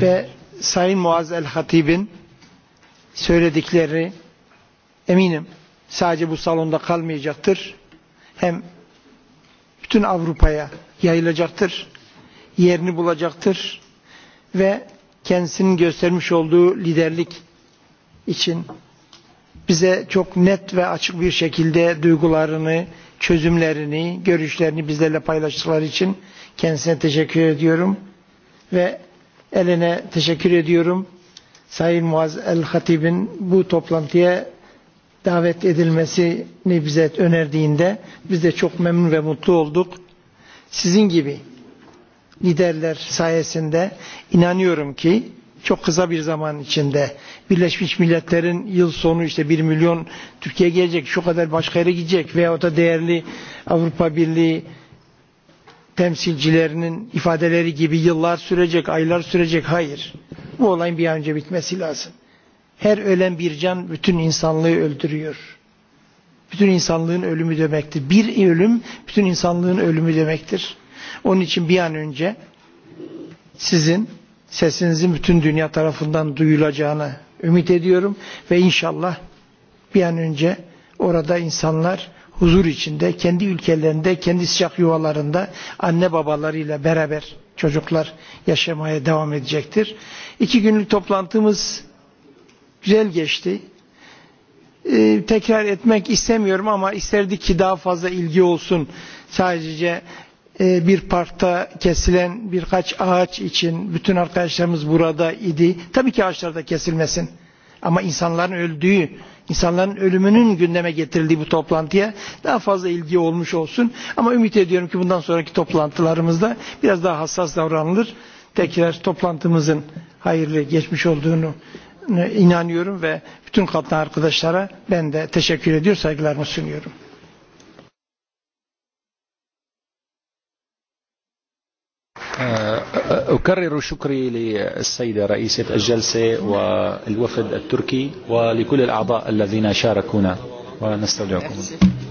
ve Sayın Muaz el-Hatib'in söyledikleri eminim sadece bu salonda kalmayacaktır. Hem bütün Avrupa'ya yayılacaktır. Yerini bulacaktır. Ve kendisinin göstermiş olduğu liderlik için bize çok net ve açık bir șekilde duygularını, çözümlerini, görüşlerini bizlerle paylaştıkları için kendisine teşekkür ediyorum. Ve eline teşekkür ediyorum. Sayın Muaz el-Hatib'in bu toplantıya davet edilmesini bize önerdiğinde biz de çok memnun ve mutlu olduk. Sizin gibi liderler sayesinde inanıyorum ki çok kısa bir zaman içinde Birleșmiș Milletler'in yıl sonu iște bir milyon Türkiye gelecek, șu kadar bașka yere gidecek veyahut da değerli Avrupa Birliği temsilcilerinin ifadeleri gibi yıllar sürecek, aylar sürecek. Hayır. Bu olayın bir an önce bitmesi lazım. Her ölen bir can bütün insanlığı öldürüyor. Bütün insanlığın ölümü demektir. Bir ölüm bütün insanlığın ölümü demektir. Onun için bir an önce sizin sesinizin bütün dünya tarafından duyulacağını ümit ediyorum ve inșallah bir an önce orada insanlar huzur içinde, kendi ülkelerinde, kendi sıcak yuvalarında anne babalarıyla beraber çocuklar yașamaya devam edecektir. İki günlük toplantımız güzel geçti. Ee, tekrar etmek istemiyorum ama isterdik ki daha fazla ilgi olsun. Sadece e, bir parkta kesilen birkaç ağaç için bütün arkadaşlarımız burada idi. Tabii ki ağaçlar da kesilmesin. Ama insanların öldüğü insanların ölümünün gündeme getirildiği bu toplantıya daha fazla ilgi olmuș olsun. Ama ümit ediyorum ki bundan sonraki toplantılarımızda biraz daha hassas davranılır. Tekrar toplantımızın hayırlı geçmiş olduğunu inanıyorum ve bütün katılan arkadașlara ben de teşekkür ediyor, saygılarımı sunuyorum. أكرر شكري للسيدة رئيسة الجلسة والوفد التركي ولكل الأعضاء الذين شاركونا ونستودعكم